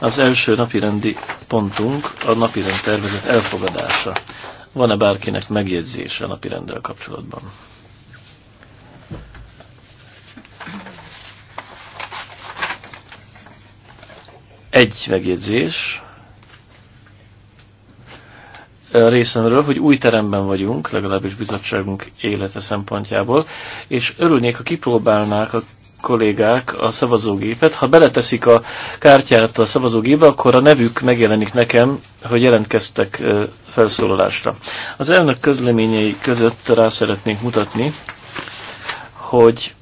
Az első napirendi pontunk a napirend tervezet elfogadása. Van-e bárkinek megjegyzése a napirenddel kapcsolatban? Egy megjegyzés részemről, hogy új teremben vagyunk, legalábbis bizottságunk élete szempontjából, és örülnék, ha kipróbálnák a kollégák a szavazógépet. Ha beleteszik a kártyát a szavazógépbe, akkor a nevük megjelenik nekem, hogy jelentkeztek felszólalásra. Az elnök közleményei között rá szeretnénk mutatni, hogy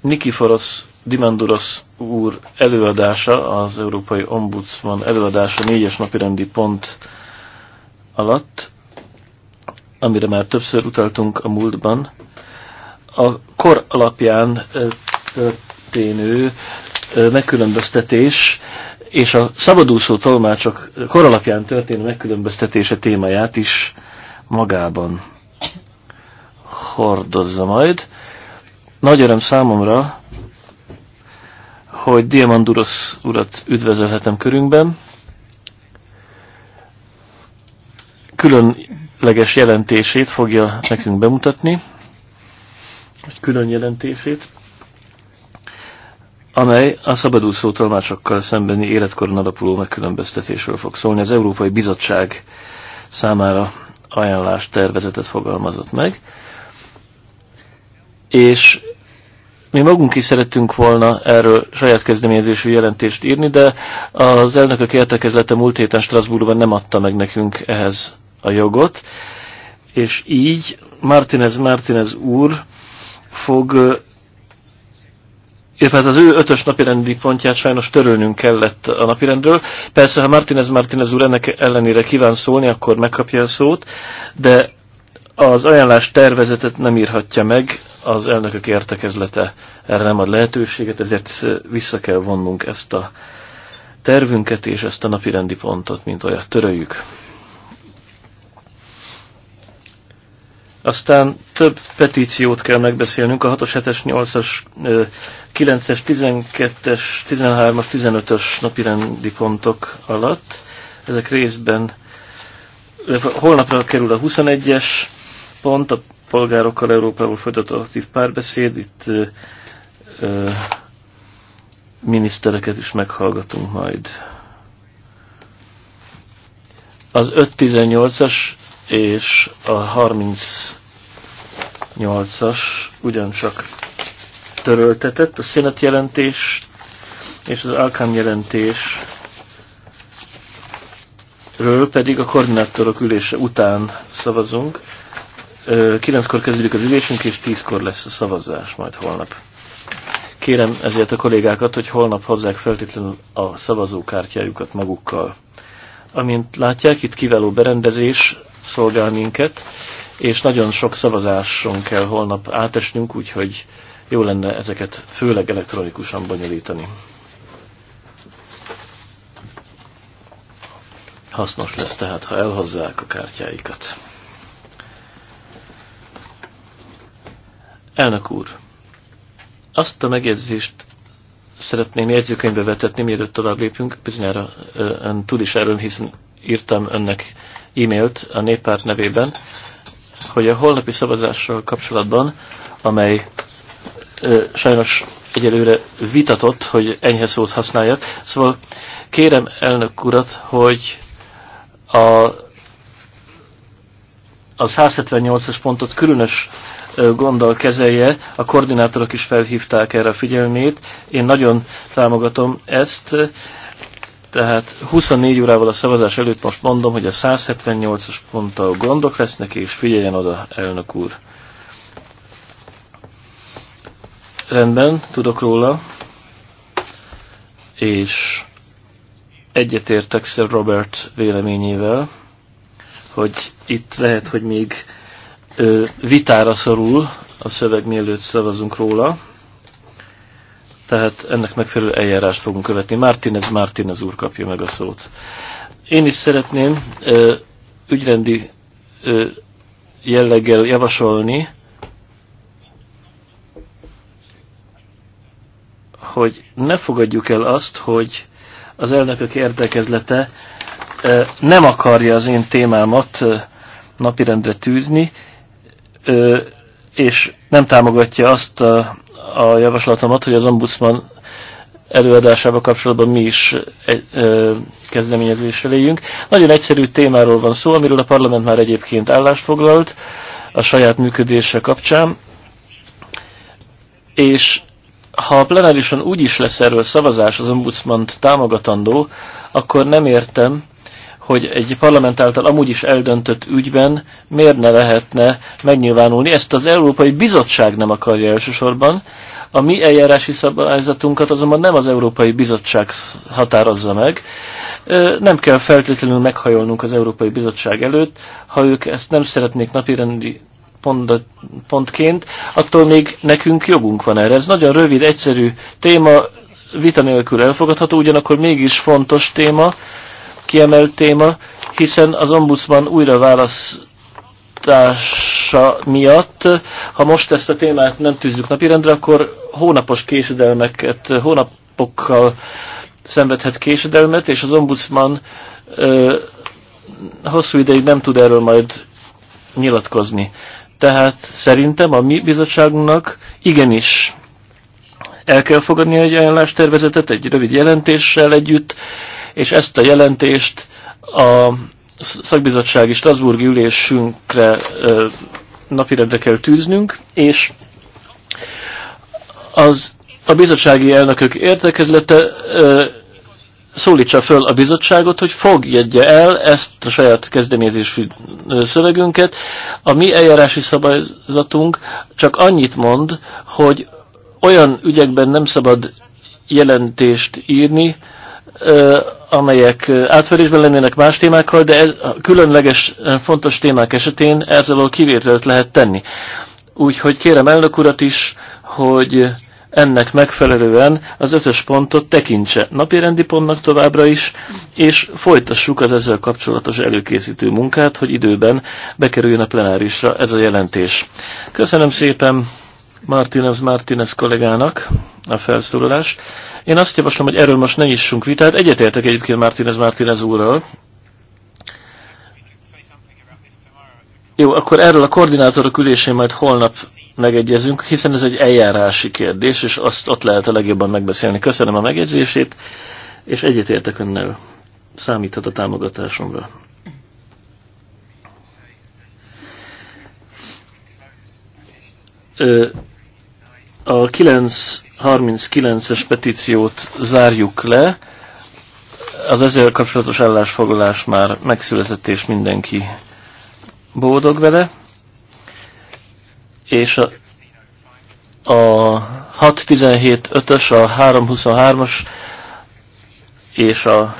Nikiforos Dimanduros úr előadása, az Európai Ombudsman előadása négyes napirendi pont alatt, amire már többször utaltunk a múltban, a kor alapján történő megkülönböztetés és a szabadúszó tolmácsok koralapján történő megkülönböztetése témáját is magában hordozza majd. Nagy öröm számomra, hogy Diamandurosz urat üdvözölhetem körünkben. Különleges jelentését fogja nekünk bemutatni, Egy külön jelentését amely a szabadúszó tolmácsokkal szembeni életkoron alapuló megkülönböztetésről fog szólni. Az Európai Bizottság számára ajánlást tervezetet fogalmazott meg, és mi magunk is szerettünk volna erről saját kezdeményezésű jelentést írni, de az elnökök értekezlete múlt héten Strasbourgban nem adta meg nekünk ehhez a jogot, és így Martinez Martinez úr fog illetve hát az ő ötös napirendi pontját sajnos törölnünk kellett a napirendről. Persze, ha Martinez Martinez úr ennek ellenére kíván szólni, akkor megkapja a szót, de az ajánlás tervezetet nem írhatja meg, az elnökök értekezlete erre nem ad lehetőséget, ezért vissza kell vonnunk ezt a tervünket és ezt a napirendi pontot, mint olyat töröljük. Aztán több petíciót kell megbeszélnünk, a 6-os, 7-es, 8-as, 9-es, 12-es, 13-as, 15-ös napirendi pontok alatt. Ezek részben holnapra kerül a 21-es pont, a polgárokkal Európával folytató aktív párbeszéd. Itt ö, ö, minisztereket is meghallgatunk majd. Az 5 18 as és a 38-as ugyancsak töröltetett, a szünet jelentés és az Alkám jelentés ről pedig a koordinátorok ülése után szavazunk. 9-kor kezdődik az ülésünk, és 10-kor lesz a szavazás majd holnap. Kérem ezért a kollégákat, hogy holnap hozzák feltétlenül a szavazókártyájukat magukkal. Amint látják, itt kiváló berendezés, szolgál minket, és nagyon sok szavazáson kell holnap átesnünk, úgyhogy jó lenne ezeket főleg elektronikusan bonyolítani. Hasznos lesz tehát, ha elhozzák a kártyáikat. Elnök úr, azt a megjegyzést szeretném jegyzőkönyvbe vetetni, mielőtt tovább lépünk, bizonyára ön tud is erről, hiszen írtam önnek e-mailt a néppárt nevében, hogy a holnapi szavazással kapcsolatban, amely ö, sajnos egyelőre vitatott, hogy enyhe szót használjak. Szóval kérem elnök urat, hogy a, a 178-as pontot különös gonddal kezelje. A koordinátorok is felhívták erre a figyelmét. Én nagyon támogatom ezt. Tehát 24 órával a szavazás előtt most mondom, hogy a 178-as ponttal gondok lesznek, és figyeljen oda, elnök úr. Rendben, tudok róla, és egyetértek Sir Robert véleményével, hogy itt lehet, hogy még ö, vitára szorul a szöveg, mielőtt szavazunk róla tehát ennek megfelelő eljárást fogunk követni. Martinez Martinez úr kapja meg a szót. Én is szeretném ö, ügyrendi ö, jelleggel javasolni, hogy ne fogadjuk el azt, hogy az elnökök érdekezlete ö, nem akarja az én témámat ö, napirendre tűzni, ö, és nem támogatja azt a a javaslatomat, hogy az ombudsman előadásába kapcsolatban mi is egy, ö, kezdeményezésre éljünk. Nagyon egyszerű témáról van szó, amiről a parlament már egyébként állást foglalt a saját működése kapcsán, és ha a plenárison úgy is lesz erről szavazás az ombudsman támogatandó, akkor nem értem, hogy egy parlament által amúgy is eldöntött ügyben miért ne lehetne megnyilvánulni. Ezt az Európai Bizottság nem akarja elsősorban. A mi eljárási szabályzatunkat azonban nem az Európai Bizottság határozza meg. Nem kell feltétlenül meghajolnunk az Európai Bizottság előtt, ha ők ezt nem szeretnék napirendi pontként, attól még nekünk jogunk van erre. Ez nagyon rövid, egyszerű téma, vita nélkül elfogadható, ugyanakkor mégis fontos téma, kiemelt téma, hiszen az ombudsman újra választása miatt, ha most ezt a témát nem tűzzük napirendre, akkor hónapos késedelmeket, hónapokkal szenvedhet késedelmet, és az ombudsman ö, hosszú ideig nem tud erről majd nyilatkozni. Tehát szerintem a mi bizottságunknak igenis el kell fogadni egy ajánlástervezetet egy rövid jelentéssel együtt, és ezt a jelentést a szakbizottsági Strasburgi ülésünkre napirendre kell tűznünk, és az a bizottsági elnökök értekezlete szólítsa föl a bizottságot, hogy fogjegye el ezt a saját kezdeményezésű szövegünket. A mi eljárási szabályzatunk csak annyit mond, hogy olyan ügyekben nem szabad jelentést írni, amelyek átverésben lennének más témákkal, de ez, különleges fontos témák esetén ezzel a kivételt lehet tenni. Úgyhogy kérem elnök urat is, hogy ennek megfelelően az ötös pontot tekintse napirendi pontnak továbbra is, és folytassuk az ezzel kapcsolatos előkészítő munkát, hogy időben bekerüljön a plenárisra ez a jelentés. Köszönöm szépen Martinez Martinez kollégának a felszólalást. Én azt javaslom, hogy erről most ne nyissunk vitát. Egyetértek egyébként Martínez Martínez úrral. Jó, akkor erről a koordinátorok ülésén majd holnap megegyezünk, hiszen ez egy eljárási kérdés, és azt ott lehet a legjobban megbeszélni. Köszönöm a megjegyzését, és egyetértek önnel. Számíthat a támogatásomra. Ö, a 939-es petíciót zárjuk le. Az ezzel kapcsolatos állásfoglalás már megszületett, és mindenki boldog vele. És a, a 617 5 ös a 3.23-as és a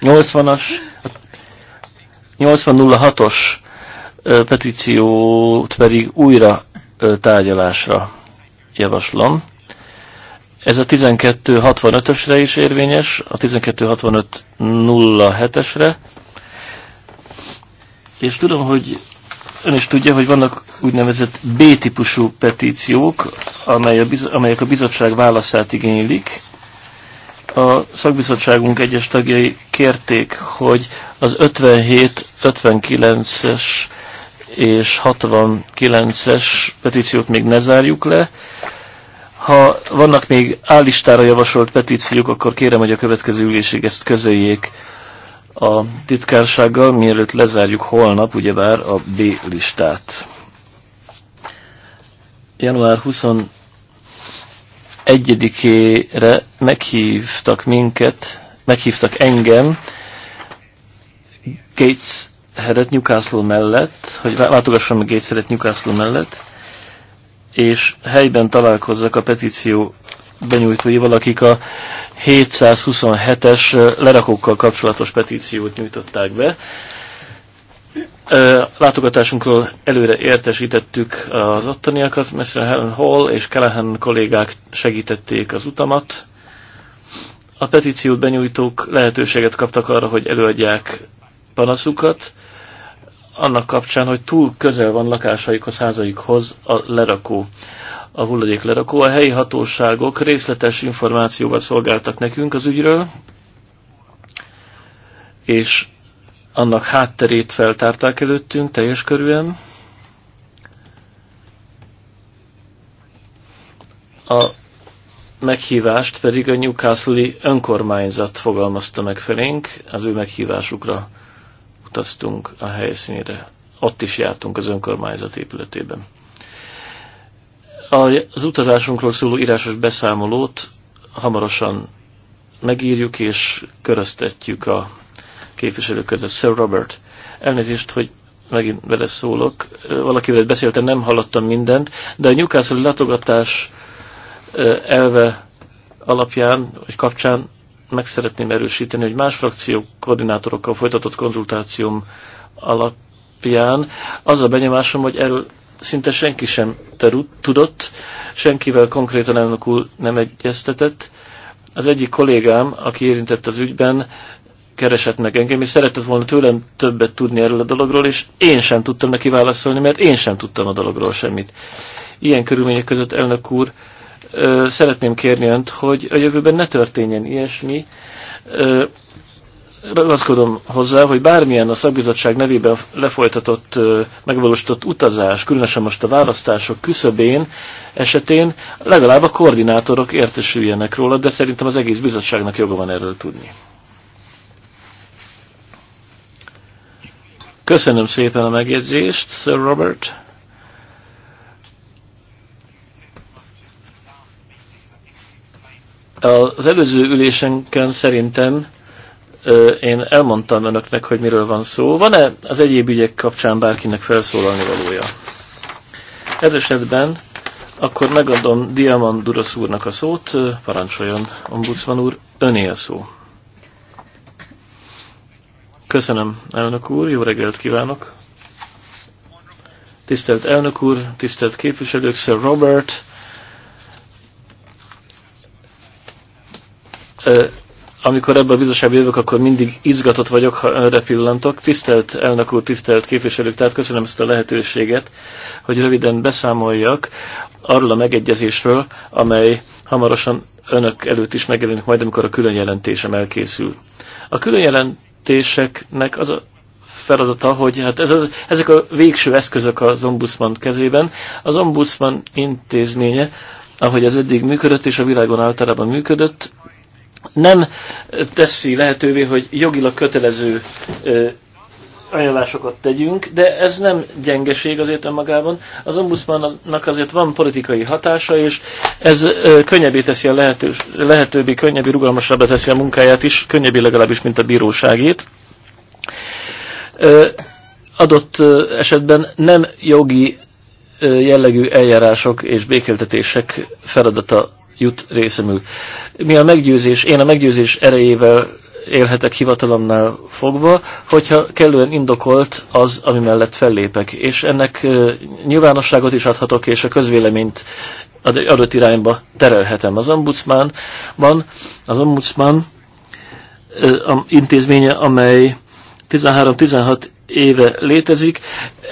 Nyolcvanas 8006-os petíciót pedig újra tárgyalásra javaslom. Ez a 1265-ösre is érvényes, a 1265-07-esre. És tudom, hogy ön is tudja, hogy vannak úgynevezett B-típusú petíciók, amelyek a bizottság válaszát igénylik. A szakbizottságunk egyes tagjai kérték, hogy az 57, 59-es és 69-es petíciót még ne zárjuk le. Ha vannak még állistára javasolt petíciók, akkor kérem, hogy a következő ülésig ezt közöljék a titkársággal, mielőtt lezárjuk holnap, ugyebár a B listát. Január 21-ére meghívtak minket, meghívtak engem Gates headet Newcastle mellett, hogy látogassam meg Gates headet Newcastle mellett, és helyben találkozzak a petíció benyújtóival, akik a 727-es lerakókkal kapcsolatos petíciót nyújtották be. Látogatásunkról előre értesítettük az ottaniakat, Mr. Helen Hall és Callahan kollégák segítették az utamat. A petíciót benyújtók lehetőséget kaptak arra, hogy előadják panaszukat, annak kapcsán, hogy túl közel van lakásaikhoz, házaikhoz a lerakó, a hulladék lerakó. A helyi hatóságok részletes információval szolgáltak nekünk az ügyről, és annak hátterét feltárták előttünk teljes körűen. A meghívást pedig a Newcastle-i önkormányzat fogalmazta meg felénk az ő meghívásukra utaztunk a helyszínre. Ott is jártunk az önkormányzat épületében. Az utazásunkról szóló írásos beszámolót hamarosan megírjuk és köröztetjük a képviselők között. Sir Robert, elnézést, hogy megint vele szólok. Valakivel beszéltem, nem hallottam mindent, de a Newcastle latogatás elve alapján, vagy kapcsán meg szeretném erősíteni, hogy más frakciók koordinátorokkal folytatott konzultációm alapján az a benyomásom, hogy erről szinte senki sem terült, tudott, senkivel konkrétan elnök úr nem egyeztetett. Az egyik kollégám, aki érintett az ügyben, keresett meg engem, és szeretett volna tőlem többet tudni erről a dologról, és én sem tudtam neki válaszolni, mert én sem tudtam a dologról semmit. Ilyen körülmények között elnök úr ö, szeretném kérni önt, hogy a jövőben ne történjen ilyesmi. Ö, ragaszkodom hozzá, hogy bármilyen a szakbizottság nevében lefolytatott, megvalósított utazás, különösen most a választások küszöbén esetén legalább a koordinátorok értesüljenek róla, de szerintem az egész bizottságnak joga van erről tudni. Köszönöm szépen a megjegyzést, Sir Robert. Az előző ülésenken szerintem én elmondtam önöknek, hogy miről van szó. Van-e az egyéb ügyek kapcsán bárkinek felszólalni valója? Ez esetben akkor megadom Diamandurosz úrnak a szót, parancsoljon, ombudsman úr, öné a szó. Köszönöm, elnök úr, jó reggelt kívánok! Tisztelt elnök úr, tisztelt képviselők, Sir Robert, amikor ebbe a bizottságba jövök, akkor mindig izgatott vagyok, ha önre pillantok. Tisztelt elnök úr, tisztelt képviselők, tehát köszönöm ezt a lehetőséget, hogy röviden beszámoljak arról a megegyezésről, amely hamarosan önök előtt is megjelenik majd, amikor a külön jelentésem elkészül. A külön jelentéseknek az a feladata, hogy hát ez az, ezek a végső eszközök az ombudsman kezében. Az ombudsman intézménye, ahogy ez eddig működött, és a világon általában működött, nem teszi lehetővé, hogy jogilag kötelező ajánlásokat tegyünk, de ez nem gyengeség azért önmagában. Az ombudsmannak azért van politikai hatása, és ez könnyebbé teszi a lehető, lehetőbbi, könnyebbé, rugalmasabbá teszi a munkáját is, könnyebbé legalábbis, mint a bíróságét. adott esetben nem jogi jellegű eljárások és békeltetések feladata jut részemű. Mi a meggyőzés, én a meggyőzés erejével élhetek hivatalomnál fogva, hogyha kellően indokolt az, ami mellett fellépek. És ennek nyilvánosságot is adhatok, és a közvéleményt adott irányba terelhetem. Az Van az ombudsman intézménye, amely 13-16 éve létezik,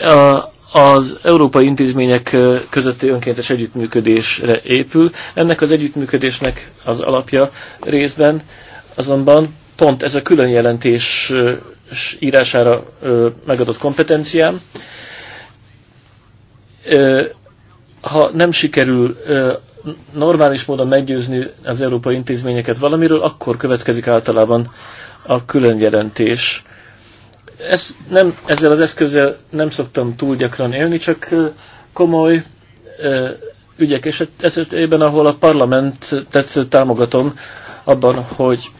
a, az európai intézmények közötti önkéntes együttműködésre épül. Ennek az együttműködésnek az alapja részben azonban pont ez a külön jelentés írására megadott kompetenciám. Ha nem sikerül normális módon meggyőzni az európai intézményeket valamiről, akkor következik általában a külön jelentés. Ez nem, ezzel az eszközzel nem szoktam túl gyakran élni, csak komoly ügyek esetében, ahol a parlament tetsző támogatom abban, hogy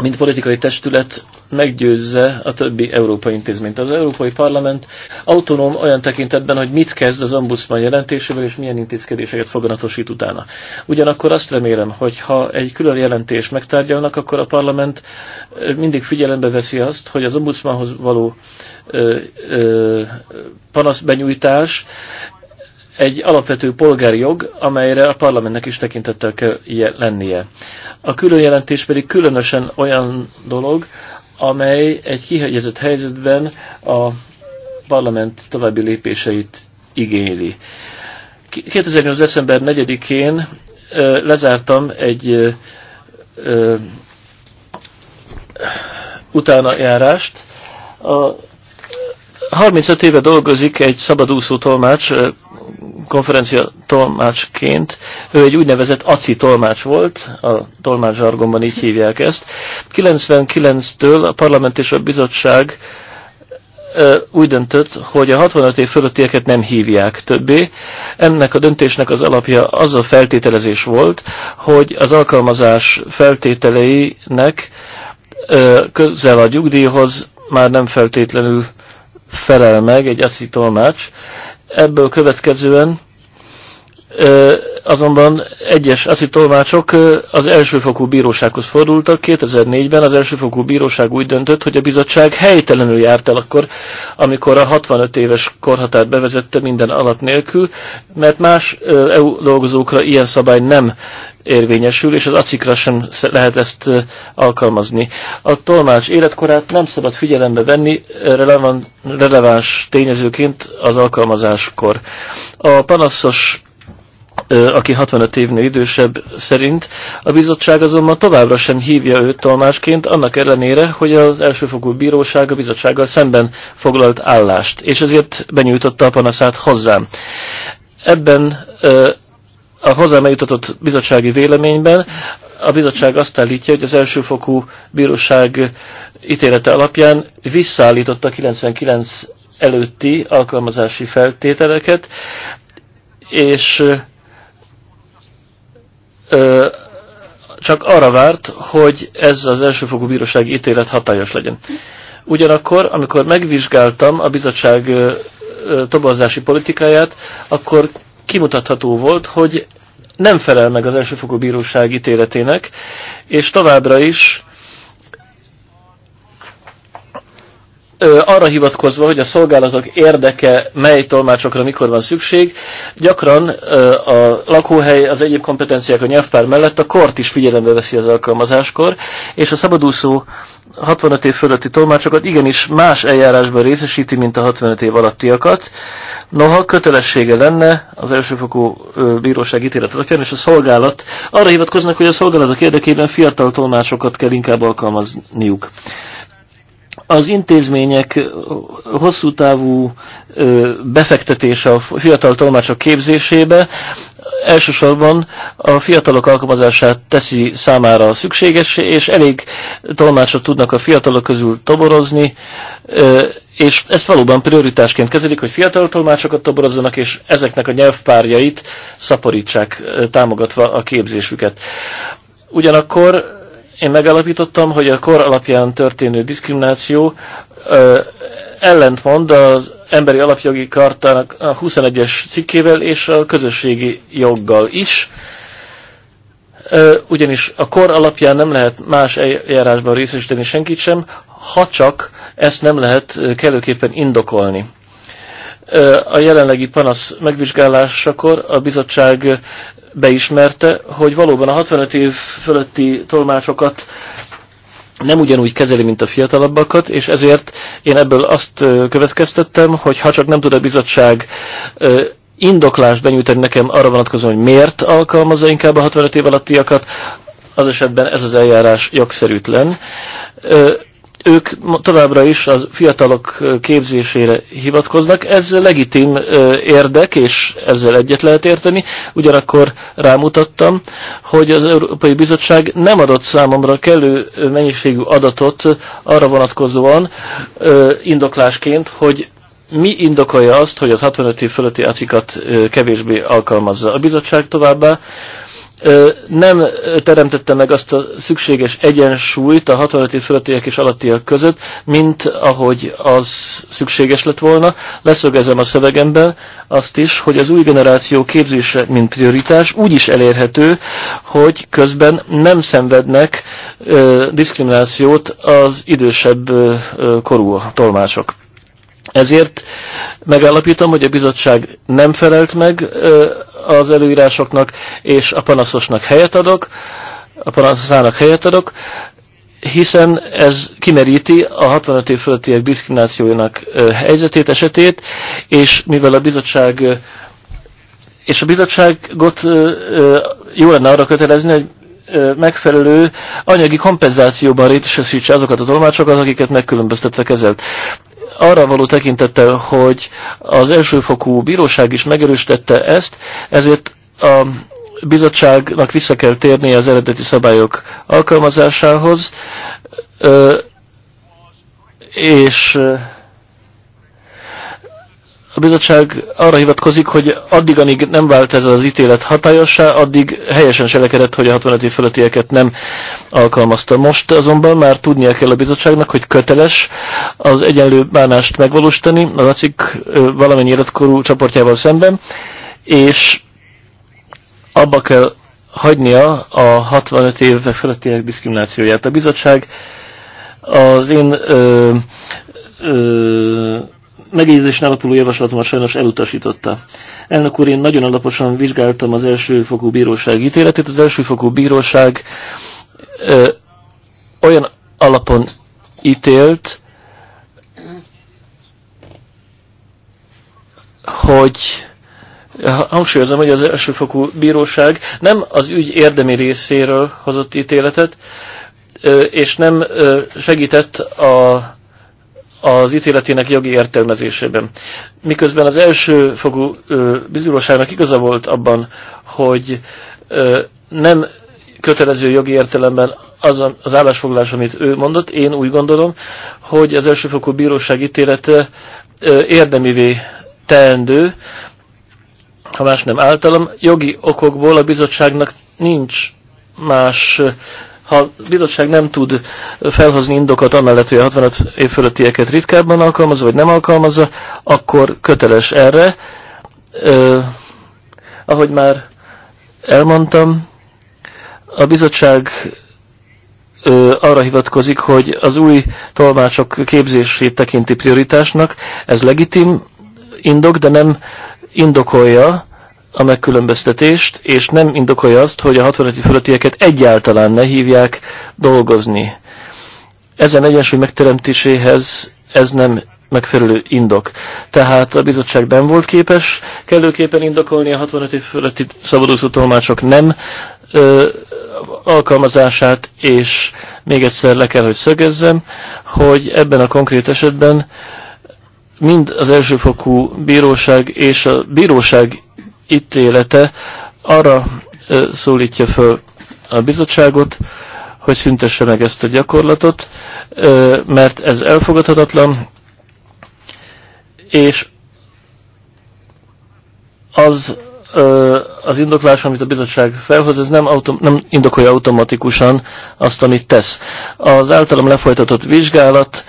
mint politikai testület meggyőzze a többi európai intézményt. Az Európai Parlament autonóm olyan tekintetben, hogy mit kezd az ombudsman jelentésével, és milyen intézkedéseket foganatosít utána. Ugyanakkor azt remélem, hogy ha egy külön jelentés megtárgyalnak, akkor a parlament mindig figyelembe veszi azt, hogy az ombudsmanhoz való ö, ö, panaszbenyújtás egy alapvető polgári jog, amelyre a parlamentnek is tekintettel kell lennie. A különjelentés pedig különösen olyan dolog, amely egy kihegyezett helyzetben a parlament további lépéseit igényli. 2008. december 4-én lezártam egy utánajárást a 35 éve dolgozik egy szabadúszó tolmács, konferencia tolmácsként. Ő egy úgynevezett aci tolmács volt, a tolmács zsargonban így hívják ezt. 99-től a parlament és a bizottság úgy döntött, hogy a 65 év fölöttieket nem hívják többé. Ennek a döntésnek az alapja az a feltételezés volt, hogy az alkalmazás feltételeinek közel a nyugdíjhoz már nem feltétlenül felel meg egy ACI Ebből következően azonban egyes aszi tolmácsok az elsőfokú bírósághoz fordultak. 2004-ben az elsőfokú bíróság úgy döntött, hogy a bizottság helytelenül járt el akkor, amikor a 65 éves korhatárt bevezette minden alap nélkül, mert más EU dolgozókra ilyen szabály nem érvényesül, és az acikra sem lehet ezt alkalmazni. A tolmács életkorát nem szabad figyelembe venni releváns tényezőként az alkalmazáskor. A panaszos aki 65 évnél idősebb szerint. A bizottság azonban továbbra sem hívja őt tolmásként, annak ellenére, hogy az elsőfokú bíróság a bizottsággal szemben foglalt állást, és ezért benyújtotta a panaszát hozzám. Ebben a hozzám eljutatott bizottsági véleményben a bizottság azt állítja, hogy az elsőfokú bíróság ítélete alapján visszaállította 99 előtti alkalmazási feltételeket, és csak arra várt, hogy ez az elsőfokú bírósági ítélet hatályos legyen. Ugyanakkor, amikor megvizsgáltam a bizottság tobozási politikáját, akkor kimutatható volt, hogy nem felel meg az elsőfokú bíróság ítéletének, és továbbra is arra hivatkozva, hogy a szolgálatok érdeke mely tolmácsokra mikor van szükség, gyakran a lakóhely, az egyéb kompetenciák a nyelvpár mellett a kort is figyelembe veszi az alkalmazáskor, és a szabadúszó 65 év fölötti tolmácsokat igenis más eljárásban részesíti, mint a 65 év alattiakat. Noha kötelessége lenne az elsőfokú bíróság ítélet alapján, és a szolgálat arra hivatkoznak, hogy a szolgálatok érdekében fiatal tolmácsokat kell inkább alkalmazniuk az intézmények hosszú távú befektetése a fiatal tolmácsok képzésébe elsősorban a fiatalok alkalmazását teszi számára szükséges, és elég tolmácsot tudnak a fiatalok közül toborozni, és ezt valóban prioritásként kezelik, hogy fiatal tolmácsokat toborozzanak, és ezeknek a nyelvpárjait szaporítsák, támogatva a képzésüket. Ugyanakkor én megalapítottam, hogy a kor alapján történő diszkrimináció ö, ellentmond az emberi alapjogi kartának a 21-es cikkével és a közösségi joggal is, ö, ugyanis a kor alapján nem lehet más eljárásban részesíteni senkit sem, ha csak ezt nem lehet kellőképpen indokolni a jelenlegi panasz megvizsgálásakor a bizottság beismerte, hogy valóban a 65 év fölötti tolmácsokat nem ugyanúgy kezeli, mint a fiatalabbakat, és ezért én ebből azt következtettem, hogy ha csak nem tud a bizottság indoklást benyújtani nekem arra vonatkozóan, hogy miért alkalmazza inkább a 65 év alattiakat, az esetben ez az eljárás jogszerűtlen ők továbbra is a fiatalok képzésére hivatkoznak. Ez legitim érdek, és ezzel egyet lehet érteni. Ugyanakkor rámutattam, hogy az Európai Bizottság nem adott számomra kellő mennyiségű adatot arra vonatkozóan indoklásként, hogy mi indokolja azt, hogy az 65 év fölötti acikat kevésbé alkalmazza a bizottság továbbá, nem teremtette meg azt a szükséges egyensúlyt a 65 év fölöttiek és alattiak között, mint ahogy az szükséges lett volna. Leszögezem a szövegemben azt is, hogy az új generáció képzése, mint prioritás úgy is elérhető, hogy közben nem szenvednek diszkriminációt az idősebb korú tolmácsok. Ezért megállapítom, hogy a bizottság nem felelt meg az előírásoknak, és a panaszosnak helyet adok, a panaszának helyet adok, hiszen ez kimeríti a 65 év fölöttiek diszkriminációjának helyzetét, esetét, és mivel a bizottság és a bizottságot jó lenne arra kötelezni, hogy megfelelő anyagi kompenzációban rétesesítse azokat a tolmácsokat, akiket megkülönböztetve kezelt arra való tekintettel, hogy az elsőfokú bíróság is megerősítette ezt, ezért a bizottságnak vissza kell térni az eredeti szabályok alkalmazásához, és a bizottság arra hivatkozik, hogy addig, amíg nem vált ez az ítélet hatályossá, addig helyesen selekedett, hogy a 65 év fölöttieket nem alkalmazta. Most azonban már tudnia kell a bizottságnak, hogy köteles az egyenlő bánást megvalósítani a ACIK valamennyi életkorú csoportjával szemben, és abba kell hagynia a 65 év fölöttiek diszkriminációját. A bizottság az én ö, ö, megjegyzésnál alapuló javaslatomat sajnos elutasította. Elnök úr, én nagyon alaposan vizsgáltam az elsőfokú bíróság ítéletét. Az elsőfokú bíróság ö, olyan alapon ítélt, hogy hangsúlyozom, hogy az elsőfokú bíróság nem az ügy érdemi részéről hozott ítéletet, és nem segített a az ítéletének jogi értelmezésében. Miközben az első fogú bizonyoságnak igaza volt abban, hogy ö, nem kötelező jogi értelemben az, a, az állásfoglalás, amit ő mondott, én úgy gondolom, hogy az elsőfokú bíróság ítélete ö, érdemivé teendő, ha más nem általam, jogi okokból a bizottságnak nincs más ha a bizottság nem tud felhozni indokat amellett, hogy a 65 év fölöttieket ritkábban alkalmazza, vagy nem alkalmazza, akkor köteles erre. Ö, ahogy már elmondtam, a bizottság ö, arra hivatkozik, hogy az új tolmácsok képzését tekinti prioritásnak. Ez legitim indok, de nem indokolja, a megkülönböztetést, és nem indokolja azt, hogy a 65 fölöttieket egyáltalán ne hívják dolgozni. Ezen egyensúly megteremtéséhez ez nem megfelelő indok. Tehát a bizottság nem volt képes kellőképpen indokolni a 65 év fölötti szabadúszó tolmácsok nem ö, alkalmazását, és még egyszer le kell, hogy szögezzem, hogy ebben a konkrét esetben mind az elsőfokú bíróság és a bíróság itt élete arra szólítja föl a bizottságot, hogy szüntesse meg ezt a gyakorlatot, mert ez elfogadhatatlan, és az az indoklás, amit a bizottság felhoz, ez nem, autom, nem indokolja automatikusan azt, amit tesz. Az általam lefolytatott vizsgálat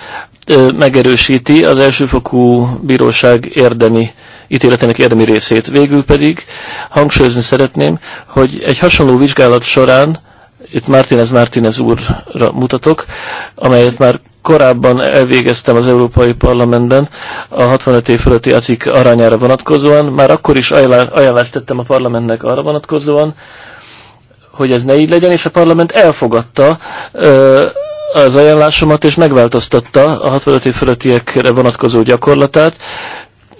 megerősíti az elsőfokú bíróság érdemi ítéletének érdemi részét. Végül pedig hangsúlyozni szeretném, hogy egy hasonló vizsgálat során, itt Martinez Martinez úrra mutatok, amelyet már korábban elvégeztem az Európai Parlamentben a 65 év fölötti acik arányára vonatkozóan, már akkor is ajánlást tettem a parlamentnek arra vonatkozóan, hogy ez ne így legyen, és a parlament elfogadta ö, az ajánlásomat, és megváltoztatta a 65 év fölöttiekre vonatkozó gyakorlatát,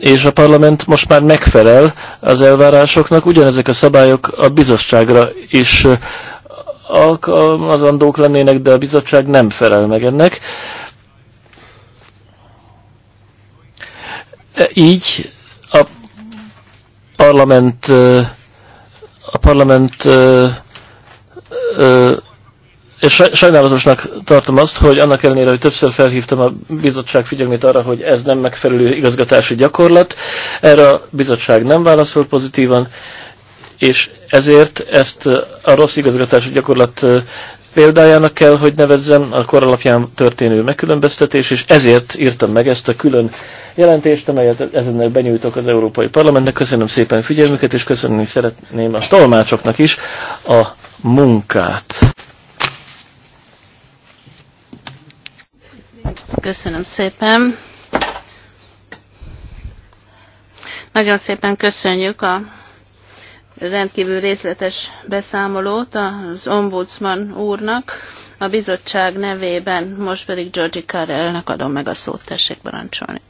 és a parlament most már megfelel az elvárásoknak, ugyanezek a szabályok a bizottságra is alkalmazandók lennének, de a bizottság nem felel meg ennek. E, így a parlament a parlament és sajnálatosnak tartom azt, hogy annak ellenére, hogy többször felhívtam a bizottság figyelmét arra, hogy ez nem megfelelő igazgatási gyakorlat, erre a bizottság nem válaszol pozitívan, és ezért ezt eh, a rossz igazgatási gyakorlat eh, példájának kell, hogy nevezzem a kor alapján történő megkülönböztetés, és ezért írtam meg ezt a külön jelentést, amelyet ezennel benyújtok az Európai Parlamentnek. Köszönöm szépen figyelmüket, és köszönni szeretném a tolmácsoknak is a munkát. Köszönöm szépen. Nagyon szépen köszönjük a rendkívül részletes beszámolót az ombudsman úrnak. A bizottság nevében most pedig Georgi Carrelnek adom meg a szót, tessék barancsolni.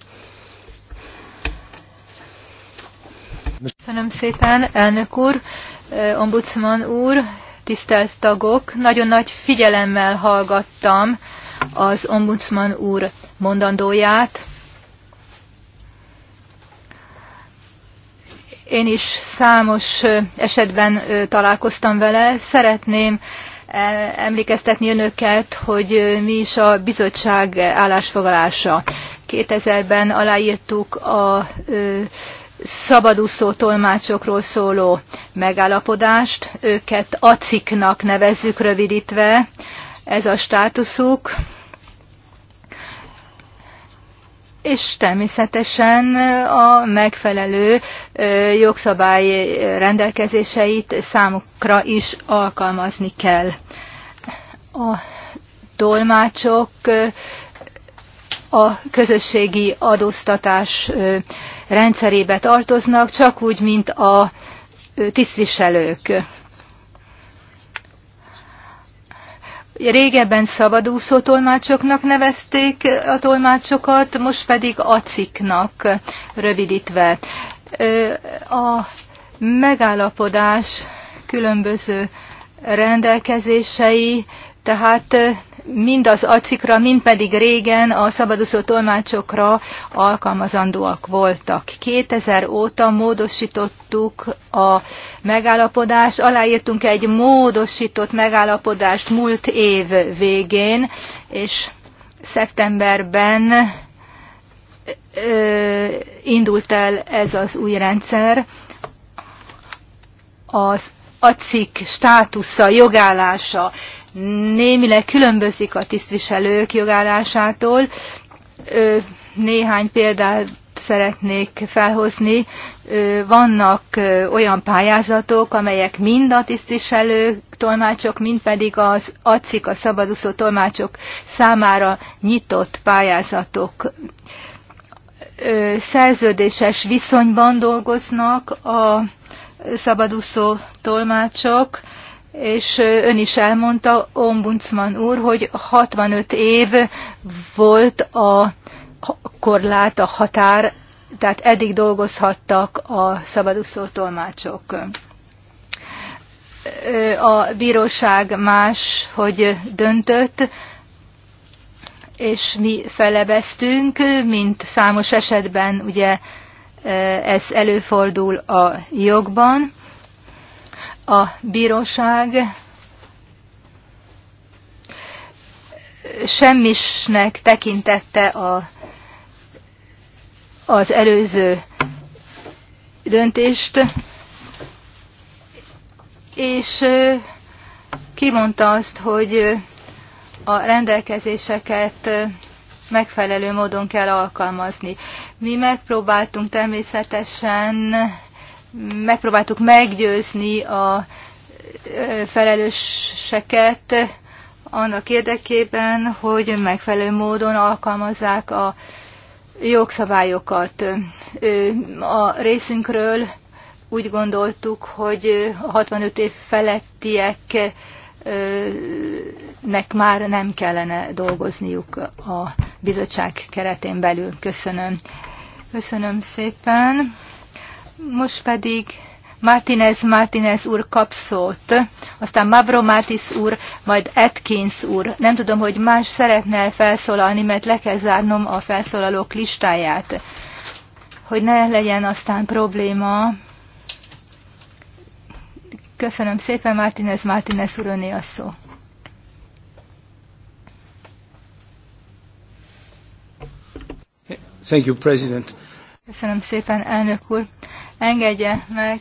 Köszönöm szépen, elnök úr, ombudsman úr, tisztelt tagok. Nagyon nagy figyelemmel hallgattam az ombudsman úr mondandóját. Én is számos esetben találkoztam vele. Szeretném emlékeztetni önöket, hogy mi is a bizottság állásfoglalása. 2000-ben aláírtuk a szabadúszó tolmácsokról szóló megállapodást, őket aciknak nevezzük rövidítve, ez a státuszuk, és természetesen a megfelelő jogszabály rendelkezéseit számukra is alkalmazni kell. A tolmácsok a közösségi adóztatás rendszerébe tartoznak, csak úgy, mint a tisztviselők. Régebben szabadúszó tolmácsoknak nevezték a tolmácsokat, most pedig aciknak rövidítve. A megállapodás különböző rendelkezései tehát mind az acikra, mind pedig régen a szabadúszó tolmácsokra alkalmazandóak voltak. 2000 óta módosítottuk a megállapodást, aláírtunk egy módosított megállapodást múlt év végén, és szeptemberben ö, indult el ez az új rendszer. Az acik státusza, jogállása némileg különbözik a tisztviselők jogállásától. Néhány példát szeretnék felhozni. Vannak olyan pályázatok, amelyek mind a tisztviselők, tolmácsok, mind pedig az ACIK, a szabadúszó tolmácsok számára nyitott pályázatok. Szerződéses viszonyban dolgoznak a szabadúszó tolmácsok, és ön is elmondta, ombudsman úr, hogy 65 év volt a korlát, a határ, tehát eddig dolgozhattak a szabadúszó tolmácsok. A bíróság más, hogy döntött, és mi felebeztünk, mint számos esetben ugye ez előfordul a jogban. A bíróság semmisnek tekintette a, az előző döntést, és kimondta azt, hogy a rendelkezéseket megfelelő módon kell alkalmazni. Mi megpróbáltunk természetesen megpróbáltuk meggyőzni a felelőseket annak érdekében, hogy megfelelő módon alkalmazzák a jogszabályokat. A részünkről úgy gondoltuk, hogy a 65 év felettieknek már nem kellene dolgozniuk a bizottság keretén belül. Köszönöm. Köszönöm szépen. Most pedig Martinez Martinez úr kap szót, aztán Mavro Mátis úr, majd Atkins úr. Nem tudom, hogy más szeretne felszólalni, mert le kell zárnom a felszólalók listáját, hogy ne legyen aztán probléma. Köszönöm szépen, Martinez Martinez úr, öné a szó. Thank you, President. Köszönöm szépen, elnök úr. Engedje meg,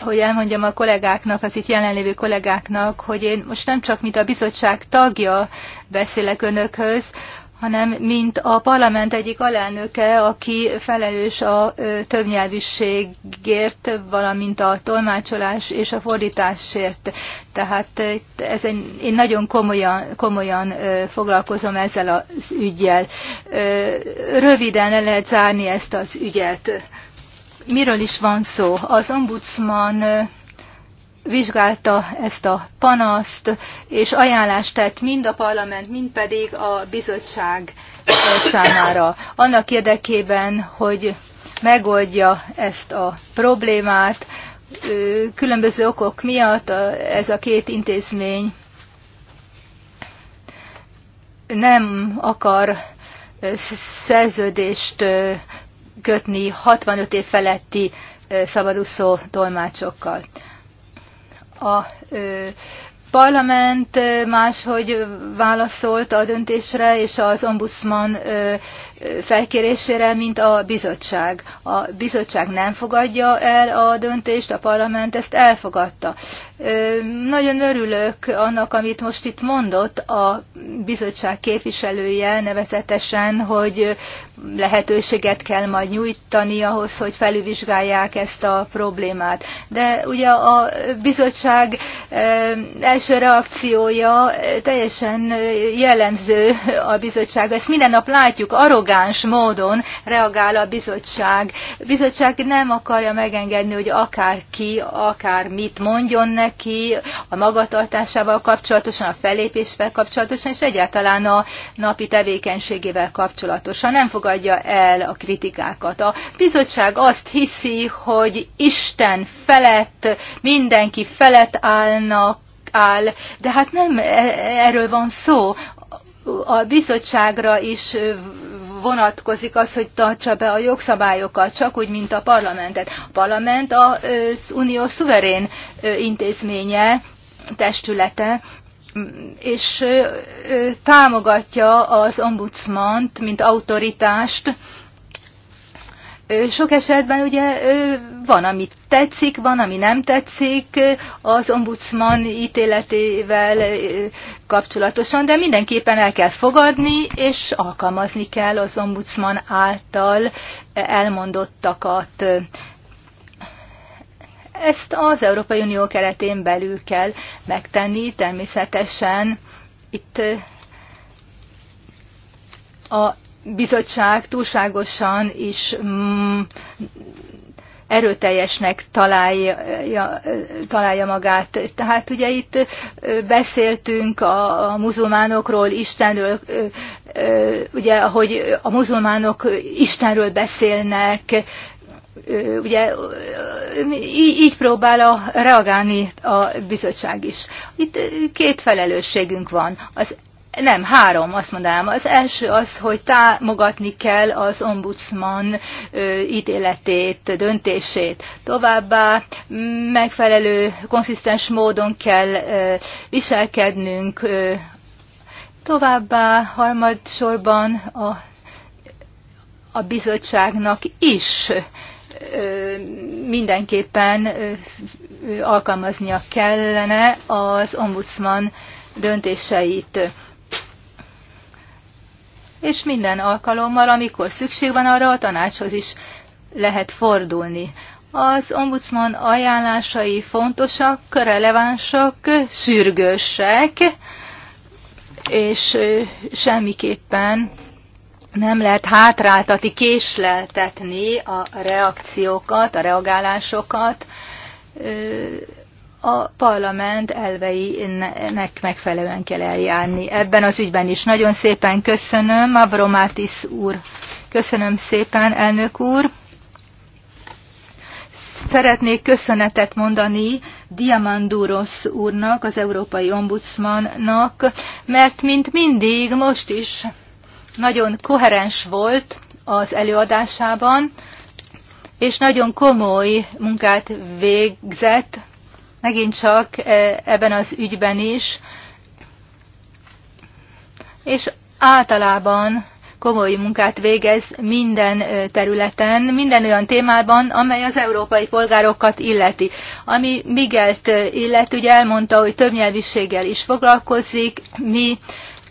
hogy elmondjam a kollégáknak, az itt jelenlévő kollégáknak, hogy én most nem csak mint a bizottság tagja beszélek önökhöz, hanem mint a parlament egyik alelnöke, aki felelős a többnyelvűségért, valamint a tolmácsolás és a fordításért. Tehát ez egy, én nagyon komolyan, komolyan foglalkozom ezzel az ügyel. Röviden le lehet zárni ezt az ügyet miről is van szó. Az ombudsman vizsgálta ezt a panaszt, és ajánlást tett mind a parlament, mind pedig a bizottság számára. Annak érdekében, hogy megoldja ezt a problémát, különböző okok miatt ez a két intézmény nem akar szerződést kötni 65 év feletti szabadúszó tolmácsokkal. A parlament máshogy válaszolt a döntésre, és az ombudsman felkérésére, mint a bizottság. A bizottság nem fogadja el a döntést, a parlament ezt elfogadta. Nagyon örülök annak, amit most itt mondott a bizottság képviselője, nevezetesen, hogy lehetőséget kell majd nyújtani ahhoz, hogy felülvizsgálják ezt a problémát. De ugye a bizottság első reakciója teljesen jellemző a bizottság. Ezt minden nap látjuk, arrogáns arrogáns módon reagál a bizottság. A bizottság nem akarja megengedni, hogy akárki, akár mit mondjon neki a magatartásával kapcsolatosan, a felépésvel kapcsolatosan, és egyáltalán a napi tevékenységével kapcsolatosan. Nem fogadja el a kritikákat. A bizottság azt hiszi, hogy Isten felett, mindenki felett állnak, áll, de hát nem e-, erről van szó. A bizottságra is vonatkozik az, hogy tartsa be a jogszabályokat, csak úgy, mint a parlamentet. A parlament az unió szuverén intézménye, testülete, mm, és támogatja az ombudsmant, mint autoritást, sok esetben ugye van, ami tetszik, van, ami nem tetszik az ombudsman ítéletével kapcsolatosan, de mindenképpen el kell fogadni, és alkalmazni kell az ombudsman által elmondottakat. Ezt az Európai Unió keretén belül kell megtenni, természetesen itt a bizottság túlságosan is mm, erőteljesnek találja, találja magát. Tehát ugye itt beszéltünk a, a muzulmánokról, Istenről, ugye, hogy a muzulmánok Istenről beszélnek, ugye így, így próbál a, reagálni a bizottság is. Itt két felelősségünk van. Az nem, három, azt mondanám. Az első az, hogy támogatni kell az ombudsman ö, ítéletét, döntését. Továbbá megfelelő, konszisztens módon kell ö, viselkednünk. Ö, továbbá harmadsorban a, a bizottságnak is ö, mindenképpen ö, alkalmaznia kellene az ombudsman döntéseit és minden alkalommal, amikor szükség van arra, a tanácshoz is lehet fordulni. Az ombudsman ajánlásai fontosak, relevánsak, sürgősek, és semmiképpen nem lehet hátráltatni, késleltetni a reakciókat, a reagálásokat a parlament elveinek megfelelően kell eljárni. Ebben az ügyben is nagyon szépen köszönöm, Avromátis úr. Köszönöm szépen, elnök úr. Szeretnék köszönetet mondani Diamanduros úrnak, az Európai Ombudsmannak, mert mint mindig most is nagyon koherens volt az előadásában, és nagyon komoly munkát végzett megint csak e, ebben az ügyben is, és általában komoly munkát végez minden e, területen, minden olyan témában, amely az európai polgárokat illeti. Ami Migelt e, illet, ugye elmondta, hogy nyelviséggel is foglalkozik, mi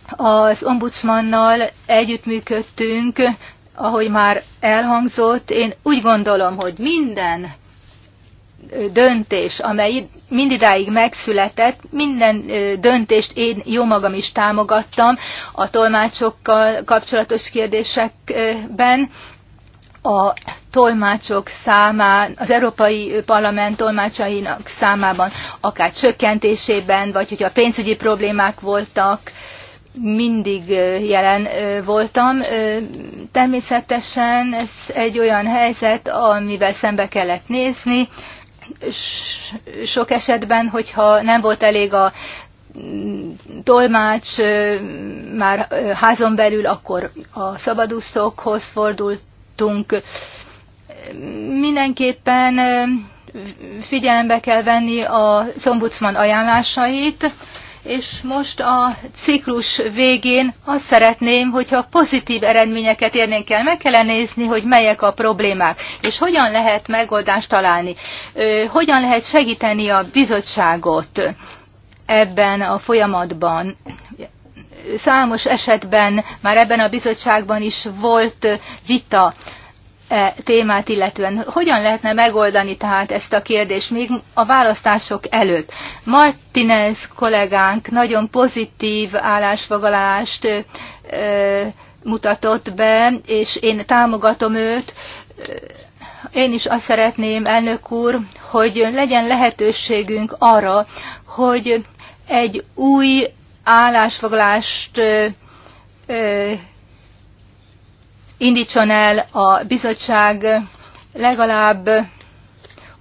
az ombudsmannal együttműködtünk, ahogy már elhangzott, én úgy gondolom, hogy minden döntés, amely mindidáig megszületett, minden döntést én jó magam is támogattam a tolmácsokkal kapcsolatos kérdésekben, a tolmácsok számán, az Európai Parlament tolmácsainak számában, akár csökkentésében, vagy hogyha pénzügyi problémák voltak, mindig jelen voltam. Természetesen ez egy olyan helyzet, amivel szembe kellett nézni, sok esetben, hogyha nem volt elég a mm, tolmács már házon belül, akkor a szabadúszókhoz fordultunk. Mindenképpen figyelembe kell venni a szombudsman ajánlásait, és most a ciklus végén azt szeretném, hogyha pozitív eredményeket érnénk el, meg kellene nézni, hogy melyek a problémák, és hogyan lehet megoldást találni, hogyan lehet segíteni a bizottságot ebben a folyamatban. Számos esetben már ebben a bizottságban is volt vita E, témát illetően. Hogyan lehetne megoldani tehát ezt a kérdést még a választások előtt? Martinez kollégánk nagyon pozitív állásfoglalást e, mutatott be, és én támogatom őt. Én is azt szeretném, elnök úr, hogy legyen lehetőségünk arra, hogy egy új állásfoglalást e, indítson el a bizottság legalább,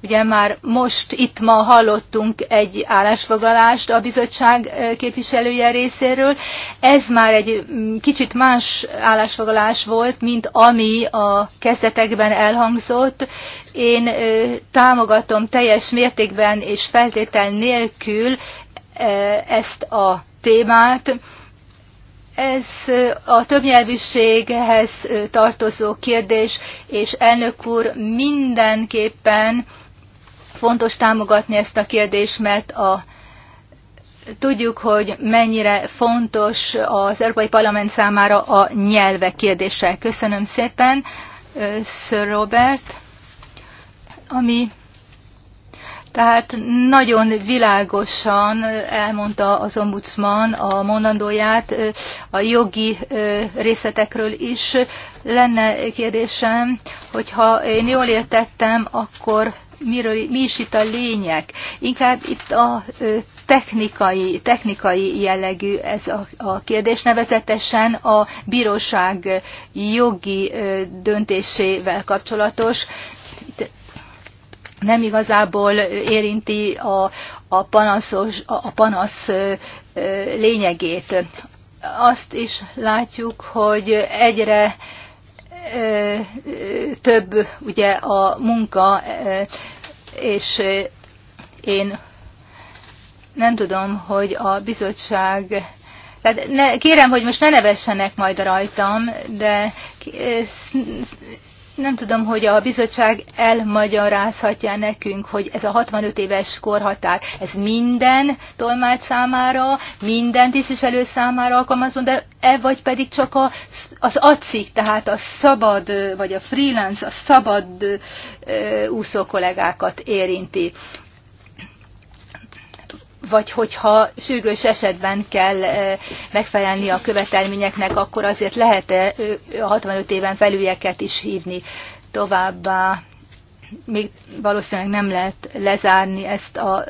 ugye már most itt ma hallottunk egy állásfoglalást a bizottság képviselője részéről. Ez már egy mm, kicsit más állásfoglalás volt, mint ami a kezdetekben elhangzott. Én támogatom teljes mértékben és feltétel nélkül ezt a témát, ez a többnyelvűséghez tartozó kérdés, és elnök úr mindenképpen fontos támogatni ezt a kérdést, mert a tudjuk, hogy mennyire fontos az Európai Parlament számára a nyelvek kérdése. Köszönöm szépen, Sir Robert. Ami tehát nagyon világosan elmondta az ombudsman a mondandóját, a jogi részletekről is. Lenne kérdésem, hogyha én jól értettem, akkor miről, mi is itt a lényeg? Inkább itt a technikai, technikai jellegű ez a, a kérdés, nevezetesen a bíróság jogi döntésével kapcsolatos nem igazából érinti a, a, panaszos, a panasz lényegét. Azt is látjuk, hogy egyre több ugye a munka, és én nem tudom, hogy a bizottság tehát ne, kérem, hogy most ne nevessenek majd rajtam, de nem tudom, hogy a bizottság elmagyarázhatja nekünk, hogy ez a 65 éves korhatár, ez minden tolmács számára, minden tisztviselő számára alkalmazom, de e vagy pedig csak a, az ACI, tehát a szabad, vagy a freelance, a szabad ö, úszó kollégákat érinti vagy hogyha sürgős esetben kell megfelelni a követelményeknek, akkor azért lehet -e a 65 éven felülieket is hívni továbbá. Még valószínűleg nem lehet lezárni ezt a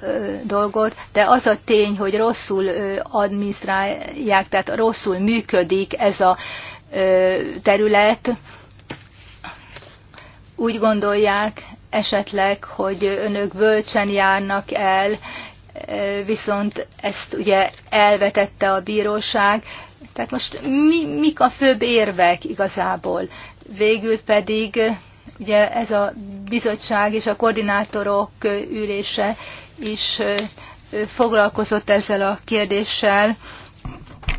dolgot, de az a tény, hogy rosszul adminisztrálják, tehát rosszul működik ez a terület, úgy gondolják esetleg, hogy önök bölcsen járnak el, viszont ezt ugye elvetette a bíróság. Tehát most mi, mik a főbb érvek igazából? Végül pedig ugye ez a bizottság és a koordinátorok ülése is foglalkozott ezzel a kérdéssel,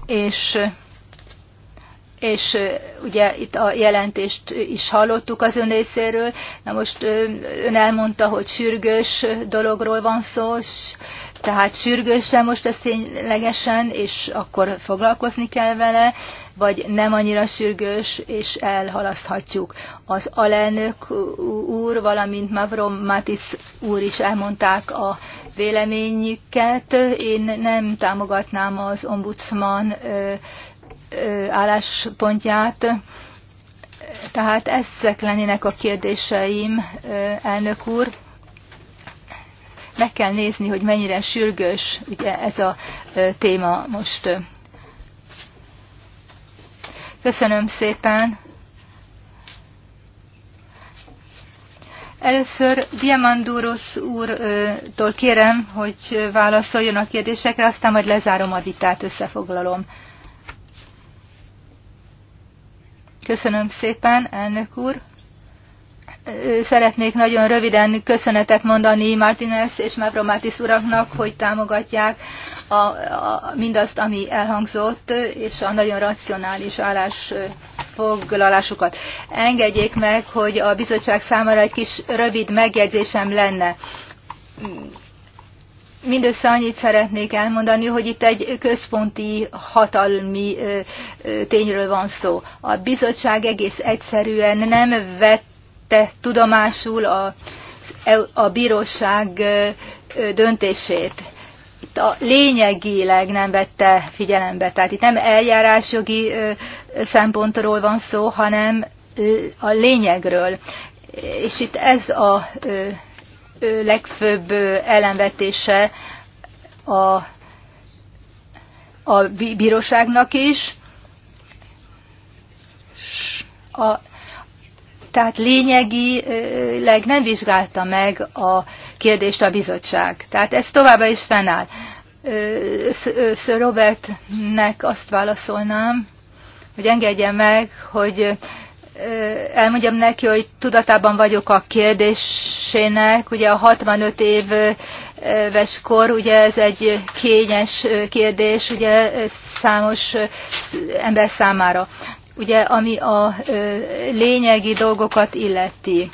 és, és ugye itt a jelentést is hallottuk az ön részéről. Na most ön elmondta, hogy sürgős dologról van szó, és tehát sürgősen most ez ténylegesen, és akkor foglalkozni kell vele, vagy nem annyira sürgős, és elhalaszthatjuk. Az alelnök úr, valamint Mavrom Matis úr is elmondták a véleményüket. Én nem támogatnám az ombudsman álláspontját. Tehát ezek lennének a kérdéseim, elnök úr meg kell nézni, hogy mennyire sürgős ugye ez a téma most. Köszönöm szépen! Először Diamandúros úrtól kérem, hogy válaszoljon a kérdésekre, aztán majd lezárom a vitát, összefoglalom. Köszönöm szépen, elnök úr! szeretnék nagyon röviden köszönetet mondani Martinez és Mavromatis uraknak, hogy támogatják a, a, mindazt, ami elhangzott, és a nagyon racionális állásfoglalásukat. Engedjék meg, hogy a bizottság számára egy kis rövid megjegyzésem lenne. Mindössze annyit szeretnék elmondani, hogy itt egy központi hatalmi tényről van szó. A bizottság egész egyszerűen nem vett vette tudomásul a, e- a bíróság döntését. Itt a lényegileg nem vette figyelembe. Tehát itt nem eljárásjogi szempontról van szó, hanem a lényegről. És itt ez a legfőbb ellenvetése a, a bíróságnak is. A tehát lényegileg nem vizsgálta meg a kérdést a bizottság. Tehát ez továbbá is fennáll. Sir Robertnek azt válaszolnám, hogy engedje meg, hogy elmondjam neki, hogy tudatában vagyok a kérdésének, ugye a 65 éves kor, ugye ez egy kényes kérdés, ugye számos ember számára ugye ami a lényegi dolgokat illeti.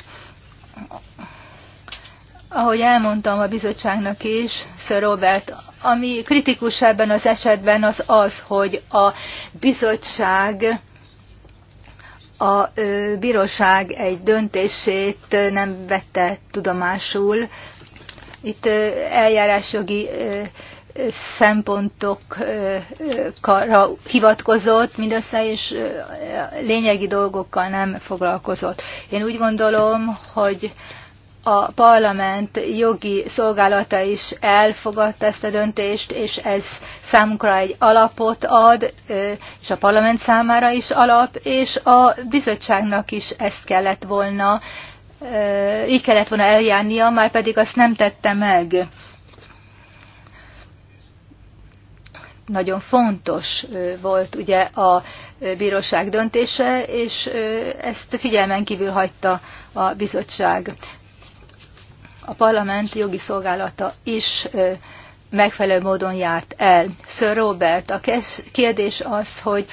Ahogy elmondtam a bizottságnak is, Sir Robert, ami kritikus ebben az esetben az az, hogy a bizottság a bíróság egy döntését nem vette tudomásul. Itt eljárásjogi szempontokra hivatkozott mindössze, és lényegi dolgokkal nem foglalkozott. Én úgy gondolom, hogy a parlament jogi szolgálata is elfogadta ezt a döntést, és ez számunkra egy alapot ad, és a parlament számára is alap, és a bizottságnak is ezt kellett volna, így kellett volna eljárnia, már pedig azt nem tette meg. nagyon fontos volt ugye a bíróság döntése, és ezt figyelmen kívül hagyta a bizottság. A parlament jogi szolgálata is megfelelő módon járt el. Sir Robert, a kérdés az, hogy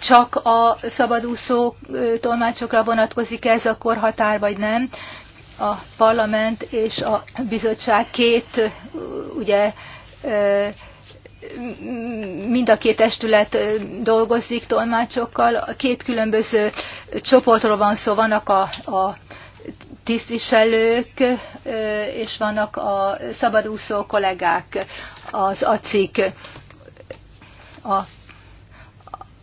csak a szabadúszó tolmácsokra vonatkozik ez a korhatár, vagy nem. A parlament és a bizottság két ugye mind a két testület dolgozik tolmácsokkal, két különböző csoportról van szó, vannak a, a tisztviselők, és vannak a szabadúszó kollégák, az acik, a,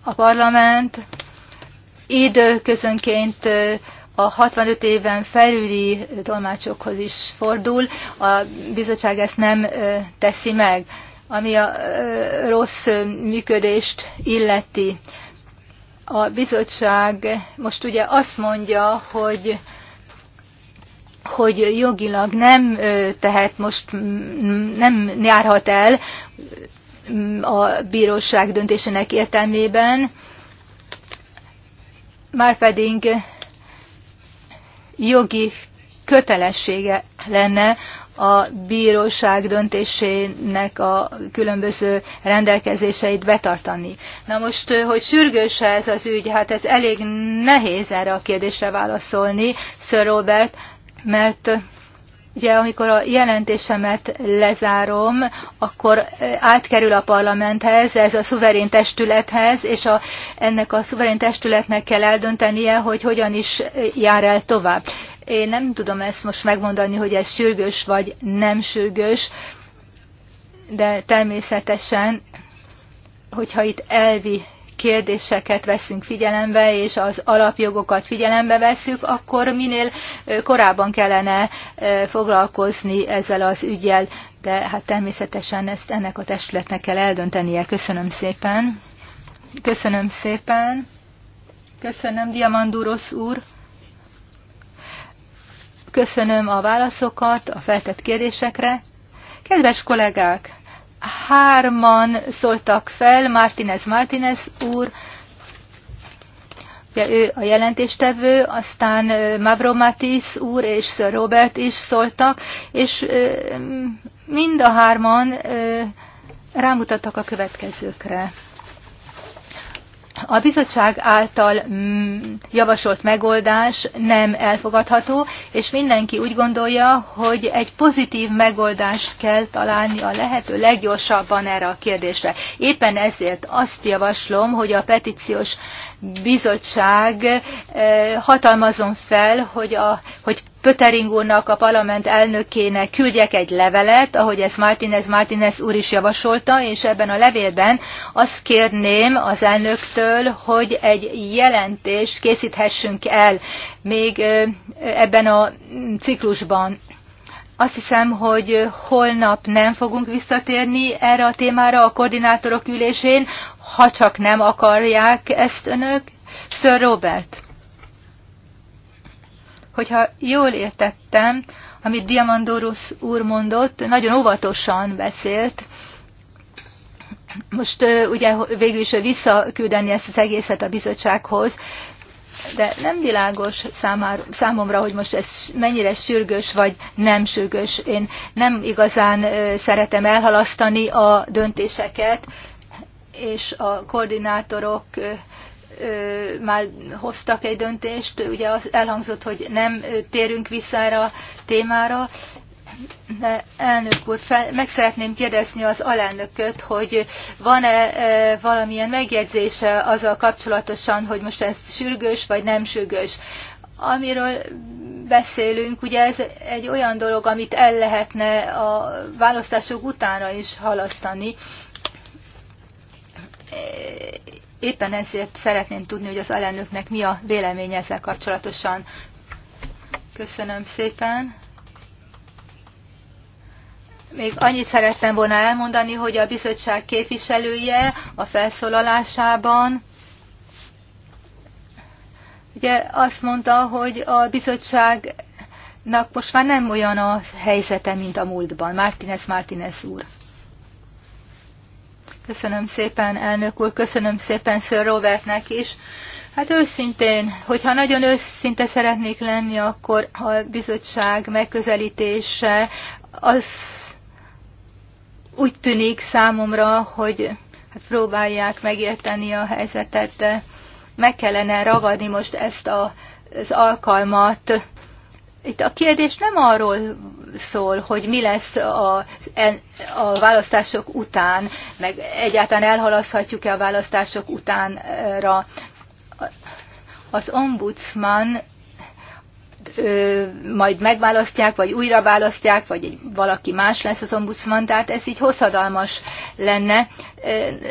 a parlament, időközönként a 65 éven felüli tolmácsokhoz is fordul, a bizottság ezt nem teszi meg ami a rossz működést illeti. A bizottság most ugye azt mondja, hogy hogy jogilag nem tehet most, nem járhat el a bíróság döntésének értelmében, már pedig jogi kötelessége lenne a bíróság döntésének a különböző rendelkezéseit betartani. Na most, hogy sürgős ez az ügy, hát ez elég nehéz erre a kérdésre válaszolni, Sir Robert, mert Ugye, amikor a jelentésemet lezárom, akkor eh, átkerül a parlamenthez, ez a szuverén testülethez, és a, ennek a szuverén testületnek kell eldöntenie, hogy hogyan is eh, jár el tovább. Én nem tudom ezt most megmondani, hogy ez sürgős vagy nem sürgős, de természetesen, hogyha itt elvi kérdéseket veszünk figyelembe, és az alapjogokat figyelembe veszük, akkor minél korábban kellene foglalkozni ezzel az ügyel, de hát természetesen ezt ennek a testületnek kell eldöntenie. Köszönöm szépen. Köszönöm szépen. Köszönöm, Diamandúrosz úr. Köszönöm a válaszokat a feltett kérdésekre. Kedves kollégák! Hárman szóltak fel, Martinez Martinez úr, ugye ő a jelentéstevő, aztán Mavromatis úr és Sir Robert is szóltak, és mind a hárman rámutattak a következőkre. A bizottság által mm, javasolt megoldás nem elfogadható, és mindenki úgy gondolja, hogy egy pozitív megoldást kell találni a lehető leggyorsabban erre a kérdésre. Éppen ezért azt javaslom, hogy a petíciós bizottság eh, hatalmazom fel, hogy, a, hogy Pöttering úrnak, a parlament elnökének küldjek egy levelet, ahogy ezt Martinez Martinez úr is javasolta, és ebben a levélben azt kérném az elnöktől, hogy egy jelentést készíthessünk el még eh, ebben a ciklusban. Azt hiszem, hogy holnap nem fogunk visszatérni erre a témára a koordinátorok ülésén, ha csak nem akarják ezt önök. Sir Robert, hogyha jól értettem, amit Diamandorus úr mondott, nagyon óvatosan beszélt, most ugye végül is visszaküldeni ezt az egészet a bizottsághoz, de nem világos számára, számomra, hogy most ez mennyire sürgős vagy nem sürgős. Én nem igazán szeretem elhalasztani a döntéseket, és a koordinátorok már hoztak egy döntést, ugye az elhangzott, hogy nem térünk vissza erre a témára, de elnök úr, fel, meg szeretném kérdezni az alelnököt, hogy van-e e, valamilyen megjegyzése azzal kapcsolatosan, hogy most ez sürgős vagy nem sürgős. Amiről beszélünk, ugye ez egy olyan dolog, amit el lehetne a választások utánra is halasztani, éppen ezért szeretném tudni, hogy az alelnöknek mi a véleménye ezzel kapcsolatosan. Köszönöm szépen. Még annyit szerettem volna elmondani, hogy a bizottság képviselője a felszólalásában ugye azt mondta, hogy a bizottságnak most már nem olyan a helyzete, mint a múltban. Martínez Martínez úr. Köszönöm szépen, elnök úr, köszönöm szépen Sir Robertnek is. Hát őszintén, hogyha nagyon őszinte szeretnék lenni, akkor a bizottság megközelítése az úgy tűnik számomra, hogy hát próbálják megérteni a helyzetet, de meg kellene ragadni most ezt a, az alkalmat, itt a kérdés nem arról szól, hogy mi lesz a, a választások után, meg egyáltalán elhalaszhatjuk-e a választások utánra. Az ombudsman ö, majd megválasztják, vagy újra választják, vagy valaki más lesz az ombudsman, tehát ez így hosszadalmas lenne.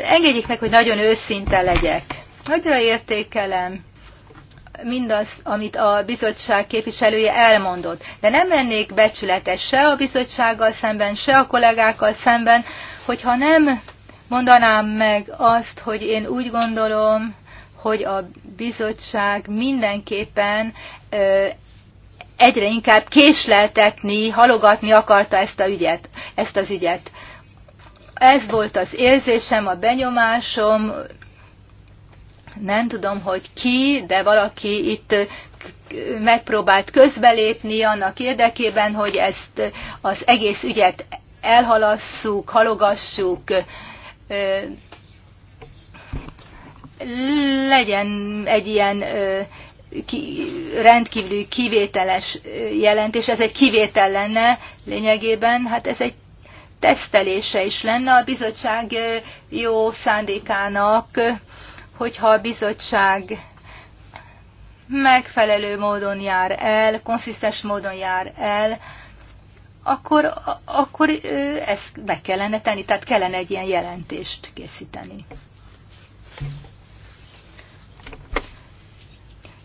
engedjék meg, hogy nagyon őszinte legyek. Nagyra értékelem mindaz, amit a bizottság képviselője elmondott. De nem lennék becsületes se a bizottsággal szemben, se a kollégákkal szemben, hogyha nem mondanám meg azt, hogy én úgy gondolom, hogy a bizottság mindenképpen egyre inkább késleltetni, halogatni akarta ezt, a ügyet, ezt az ügyet. Ez volt az érzésem, a benyomásom, nem tudom, hogy ki, de valaki itt megpróbált közbelépni annak érdekében, hogy ezt az egész ügyet elhalasszuk, halogassuk, legyen egy ilyen ki, rendkívül kivételes jelentés, ez egy kivétel lenne lényegében, hát ez egy tesztelése is lenne a bizottság jó szándékának, hogyha a bizottság megfelelő módon jár el, konszisztens módon jár el, akkor, akkor ezt meg kellene tenni, tehát kellene egy ilyen jelentést készíteni.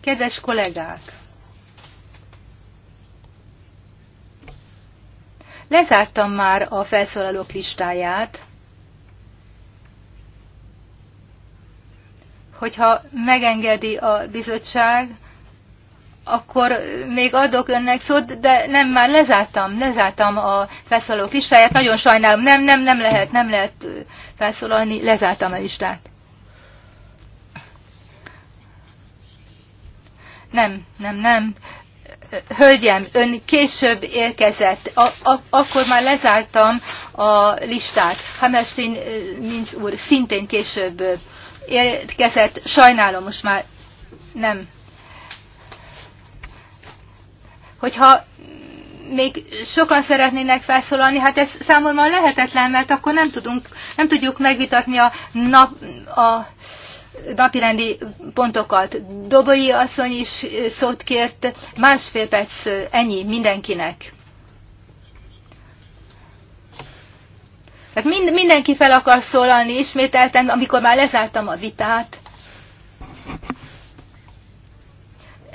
Kedves kollégák! Lezártam már a felszólalók listáját. hogyha megengedi a bizottság, akkor még adok önnek szót, de nem, már lezártam, lezártam a felszólalók listáját, nagyon sajnálom, nem, nem, nem lehet, nem lehet felszólalni, lezártam a listát. Nem, nem, nem. Hölgyem, ön később érkezett, a, a, akkor már lezártam a listát. Hamestin eh, Minc úr szintén később eh, érkezett. Sajnálom, most már nem. Hogyha még sokan szeretnének felszólalni, hát ez számomra lehetetlen, mert akkor nem, tudunk, nem tudjuk megvitatni a, nap, a napirendi pontokat. Dobai asszony is szót kért, másfél perc ennyi mindenkinek. Tehát mind, mindenki fel akar szólalni ismételtem, amikor már lezártam a vitát.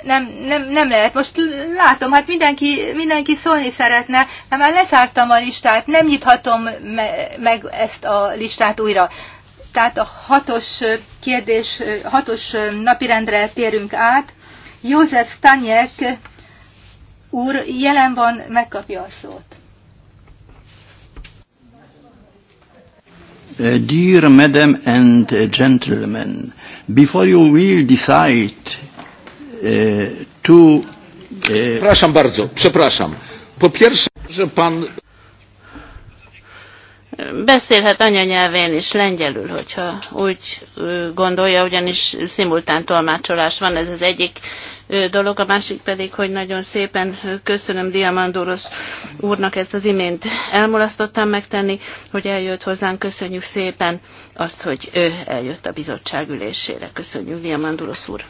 Nem, nem, nem lehet. Most látom, hát mindenki, mindenki szólni szeretne, de hát már lezártam a listát, nem nyithatom me, meg ezt a listát újra. Tehát a hatos kérdés, hatos napirendre térünk át. József Stanyek úr jelen van, megkapja a szót. Uh, dear madam and uh, gentlemen, before you will decide uh, to... Uh, Przepraszam bardzo, przepraszam. Po pierwsze, że pan... Beszélhet anyanyelvén is lengyelül, hogyha úgy gondolja, ugyanis szimultán tolmácsolás van, ez az egyik dolog, a másik pedig, hogy nagyon szépen köszönöm diamandouros úrnak ezt az imént elmulasztottam megtenni, hogy eljött hozzánk, köszönjük szépen azt, hogy ő eljött a bizottság ülésére. Köszönjük, diamandouros úr!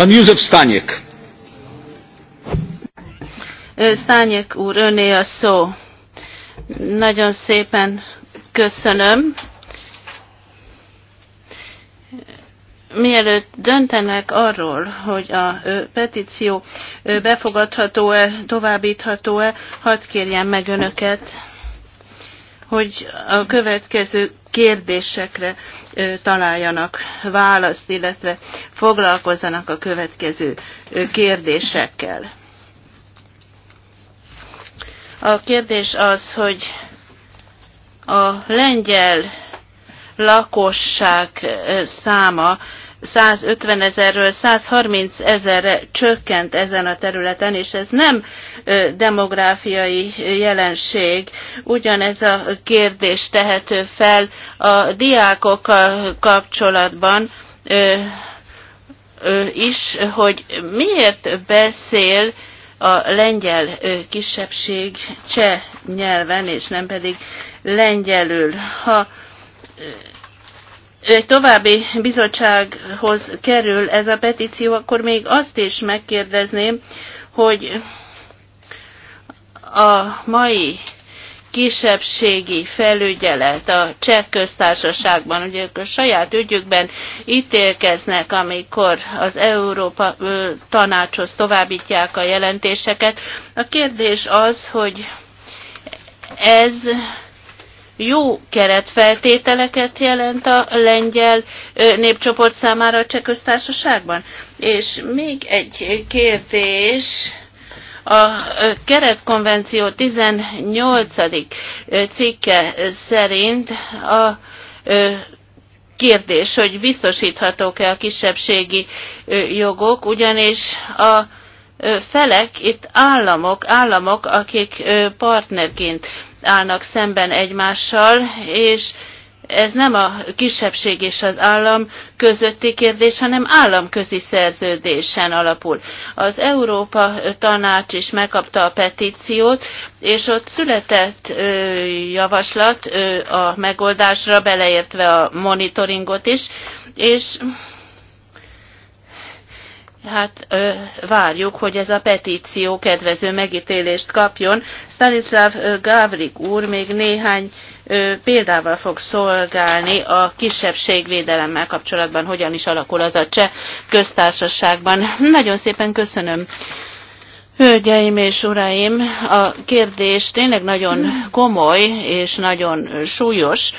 Pan Józef Staniek. úr, öné a szó. Nagyon szépen köszönöm. Mielőtt döntenek arról, hogy a petíció befogadható-e, továbbítható-e, hadd kérjem meg önöket, hogy a következő kérdésekre találjanak választ, illetve foglalkozzanak a következő kérdésekkel. A kérdés az, hogy a lengyel lakosság száma 150 ezerről 130 ezerre csökkent ezen a területen, és ez nem demográfiai jelenség. Ugyanez a kérdés tehető fel a diákokkal kapcsolatban is, hogy miért beszél a lengyel kisebbség cseh nyelven, és nem pedig lengyelül. Ha egy további bizottsághoz kerül ez a petíció, akkor még azt is megkérdezném, hogy a mai kisebbségi felügyelet a cseh köztársaságban, ugye ők a saját ügyükben ítélkeznek, amikor az Európa tanácshoz továbbítják a jelentéseket. A kérdés az, hogy ez jó keretfeltételeket jelent a lengyel népcsoport számára a cseh köztársaságban. És még egy kérdés. A keretkonvenció 18. cikke szerint a kérdés, hogy biztosíthatók-e a kisebbségi jogok, ugyanis a felek itt államok, államok, akik partnerként állnak szemben egymással, és ez nem a kisebbség és az állam közötti kérdés, hanem államközi szerződésen alapul. Az Európa Tanács is megkapta a petíciót, és ott született javaslat a megoldásra, beleértve a monitoringot is, és Hát ö, várjuk, hogy ez a petíció kedvező megítélést kapjon. Stanislav Gavrik úr még néhány ö, példával fog szolgálni a kisebbségvédelemmel kapcsolatban, hogyan is alakul az a cseh köztársaságban. Nagyon szépen köszönöm. Hölgyeim és uraim, a kérdés tényleg nagyon komoly és nagyon súlyos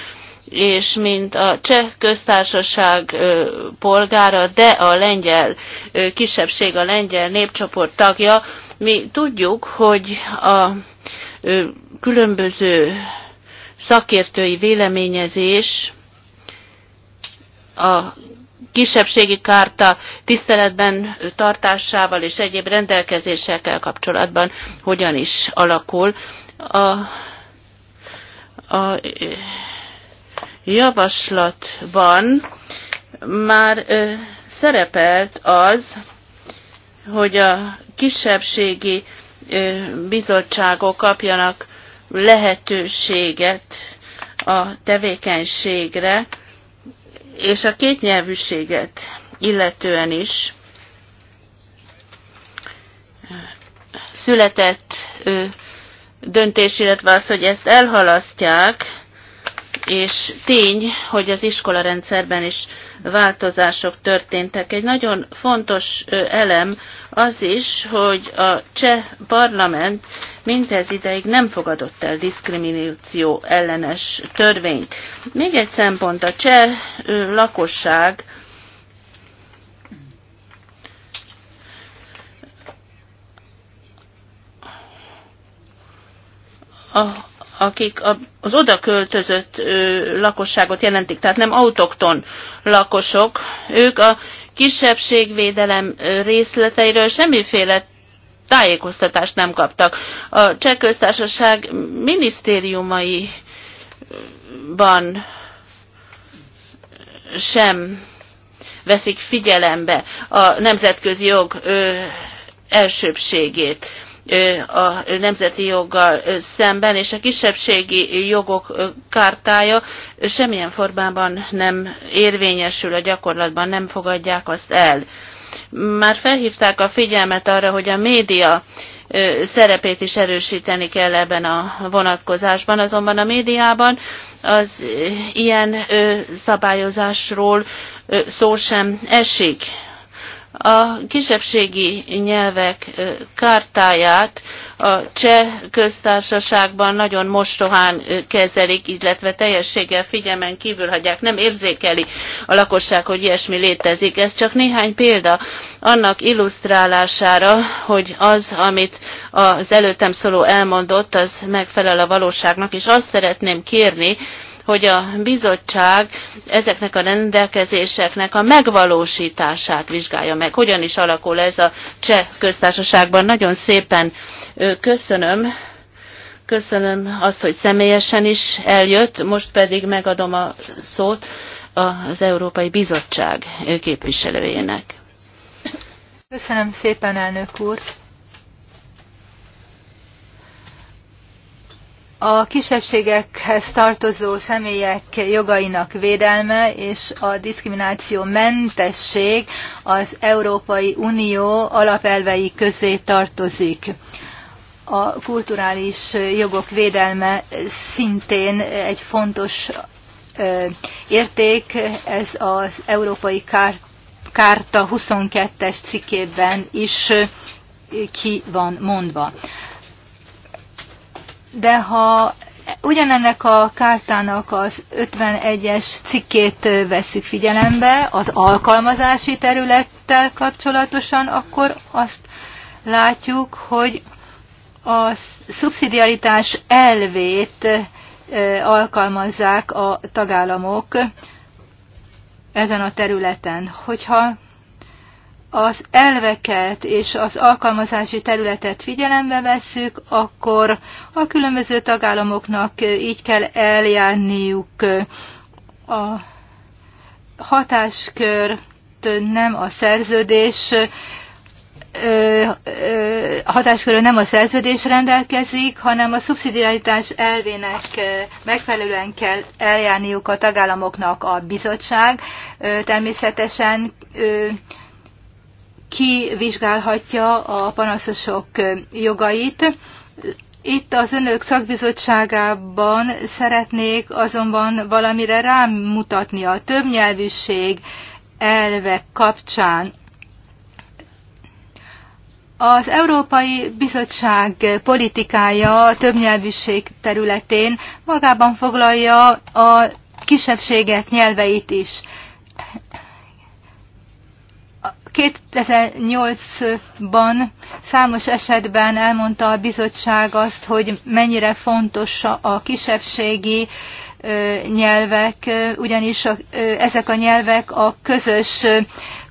és mint a cseh köztársaság polgára, de a lengyel kisebbség, a lengyel népcsoport tagja, mi tudjuk, hogy a különböző szakértői véleményezés a kisebbségi kárta tiszteletben tartásával és egyéb rendelkezésekkel kapcsolatban hogyan is alakul. A, a javaslatban már ö, szerepelt az, hogy a kisebbségi ö, bizottságok kapjanak lehetőséget a tevékenységre, és a kétnyelvűséget illetően is született ö, döntés, illetve az, hogy ezt elhalasztják, és tény, hogy az iskolarendszerben is változások történtek. Egy nagyon fontos elem az is, hogy a cseh parlament mindez ideig nem fogadott el diszkrimináció ellenes törvényt. Még egy szempont, a cseh lakosság a akik az oda költözött lakosságot jelentik, tehát nem autokton lakosok, ők a kisebbségvédelem részleteiről semmiféle tájékoztatást nem kaptak. A cseh köztársaság minisztériumaiban sem veszik figyelembe a nemzetközi jog elsőbségét a nemzeti joggal szemben, és a kisebbségi jogok kártája semmilyen formában nem érvényesül a gyakorlatban, nem fogadják azt el. Már felhívták a figyelmet arra, hogy a média szerepét is erősíteni kell ebben a vonatkozásban, azonban a médiában az ilyen szabályozásról szó sem esik a kisebbségi nyelvek kártáját a cseh köztársaságban nagyon mostohán kezelik, illetve teljességgel figyelmen kívül hagyják, nem érzékeli a lakosság, hogy ilyesmi létezik. Ez csak néhány példa annak illusztrálására, hogy az, amit az előttem szóló elmondott, az megfelel a valóságnak, és azt szeretném kérni, hogy a bizottság ezeknek a rendelkezéseknek a megvalósítását vizsgálja meg. Hogyan is alakul ez a cseh köztársaságban. Nagyon szépen köszönöm. Köszönöm azt, hogy személyesen is eljött, most pedig megadom a szót az Európai Bizottság képviselőjének. Köszönöm szépen, elnök úr! a kisebbségekhez tartozó személyek jogainak védelme és a diszkrimináció mentesség az Európai Unió alapelvei közé tartozik. A kulturális jogok védelme szintén egy fontos érték, ez az Európai Kárta 22-es cikkében is ki van mondva de ha ugyanennek a kártának az 51-es cikkét veszük figyelembe az alkalmazási területtel kapcsolatosan, akkor azt látjuk, hogy a szubszidiaritás elvét alkalmazzák a tagállamok ezen a területen. Hogyha az elveket és az alkalmazási területet figyelembe vesszük, akkor a különböző tagállamoknak így kell eljárniuk a hatáskört nem a szerződés hatáskörön nem a szerződés rendelkezik, hanem a szubszidiaritás elvének megfelelően kell eljárniuk a tagállamoknak a bizottság. Természetesen kivizsgálhatja a panaszosok jogait. Itt az önök szakbizottságában szeretnék azonban valamire rámutatni a többnyelvűség elvek kapcsán. Az Európai Bizottság politikája a többnyelvűség területén magában foglalja a kisebbségek nyelveit is. 2008-ban számos esetben elmondta a bizottság azt, hogy mennyire fontos a kisebbségi nyelvek, ugyanis a, ezek a nyelvek a közös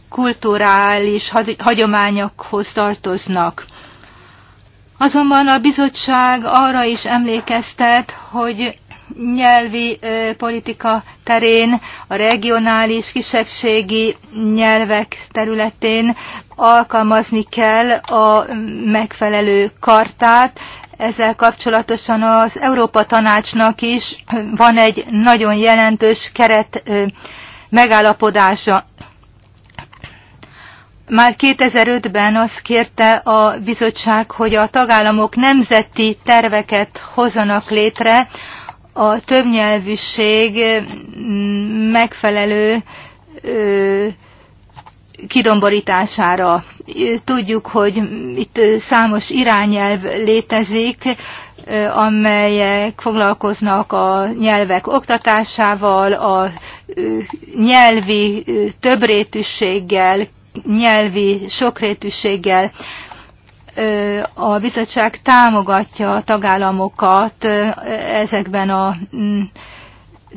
kulturális hagyományokhoz tartoznak. Azonban a bizottság arra is emlékeztet, hogy nyelvi politika terén, a regionális kisebbségi nyelvek területén alkalmazni kell a megfelelő kartát. Ezzel kapcsolatosan az Európa Tanácsnak is van egy nagyon jelentős keret megállapodása. Már 2005-ben azt kérte a bizottság, hogy a tagállamok nemzeti terveket hozzanak létre a többnyelvűség mm, megfelelő kidomborítására. Tudjuk, hogy itt számos irányelv létezik, amelyek foglalkoznak a nyelvek oktatásával, a nyelvi többrétűséggel, nyelvi sokrétűséggel a bizottság támogatja a tagállamokat ezekben a mm,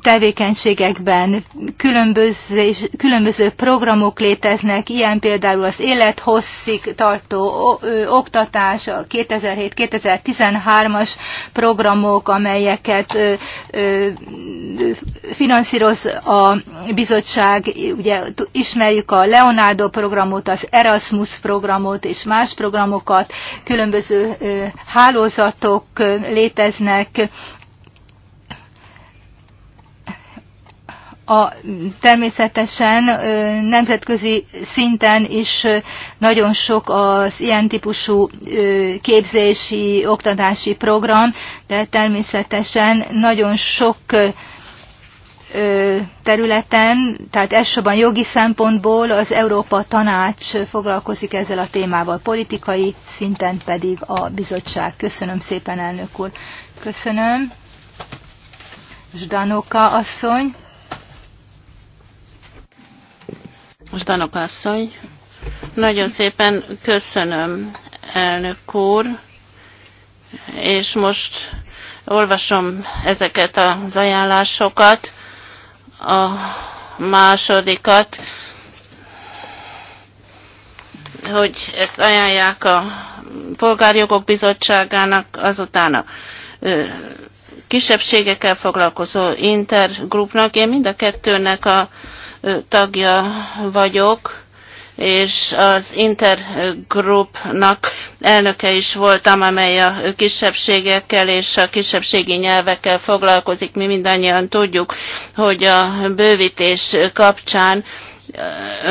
tevékenységekben különböző, különböző programok léteznek, ilyen például az élethosszig tartó oktatás, a 2007-2013-as programok, amelyeket finanszíroz a bizottság, ugye ismerjük a Leonardo programot, az Erasmus programot és más programokat, különböző hálózatok léteznek, a, természetesen nemzetközi szinten is nagyon sok az ilyen típusú képzési, oktatási program, de természetesen nagyon sok területen, tehát elsősorban jogi szempontból az Európa Tanács foglalkozik ezzel a témával, politikai szinten pedig a bizottság. Köszönöm szépen, elnök úr. Köszönöm. Zsdanoka asszony. Zsdanoka asszony. Nagyon szépen köszönöm, elnök úr. És most olvasom ezeket az ajánlásokat a másodikat, hogy ezt ajánlják a Polgárjogok Bizottságának, azután a kisebbségekkel foglalkozó intergrupnak. Én mind a kettőnek a tagja vagyok és az Intergroupnak elnöke is voltam, amely a kisebbségekkel és a kisebbségi nyelvekkel foglalkozik. Mi mindannyian tudjuk, hogy a bővítés kapcsán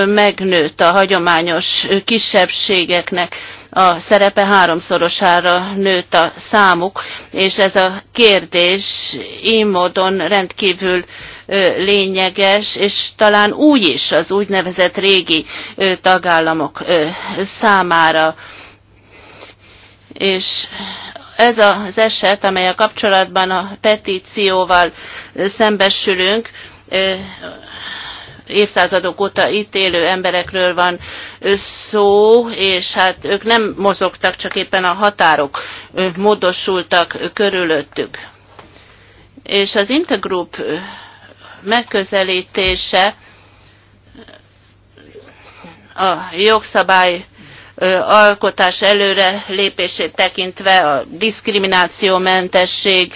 megnőtt a hagyományos kisebbségeknek a szerepe háromszorosára nőtt a számuk, és ez a kérdés így módon rendkívül lényeges, és talán úgy is az úgynevezett régi tagállamok számára. És ez az eset, amely a kapcsolatban a petícióval szembesülünk, évszázadok óta itt élő emberekről van szó, és hát ők nem mozogtak, csak éppen a határok módosultak körülöttük. És az Intergroup megközelítése a jogszabály alkotás előre lépését tekintve, a diszkriminációmentességet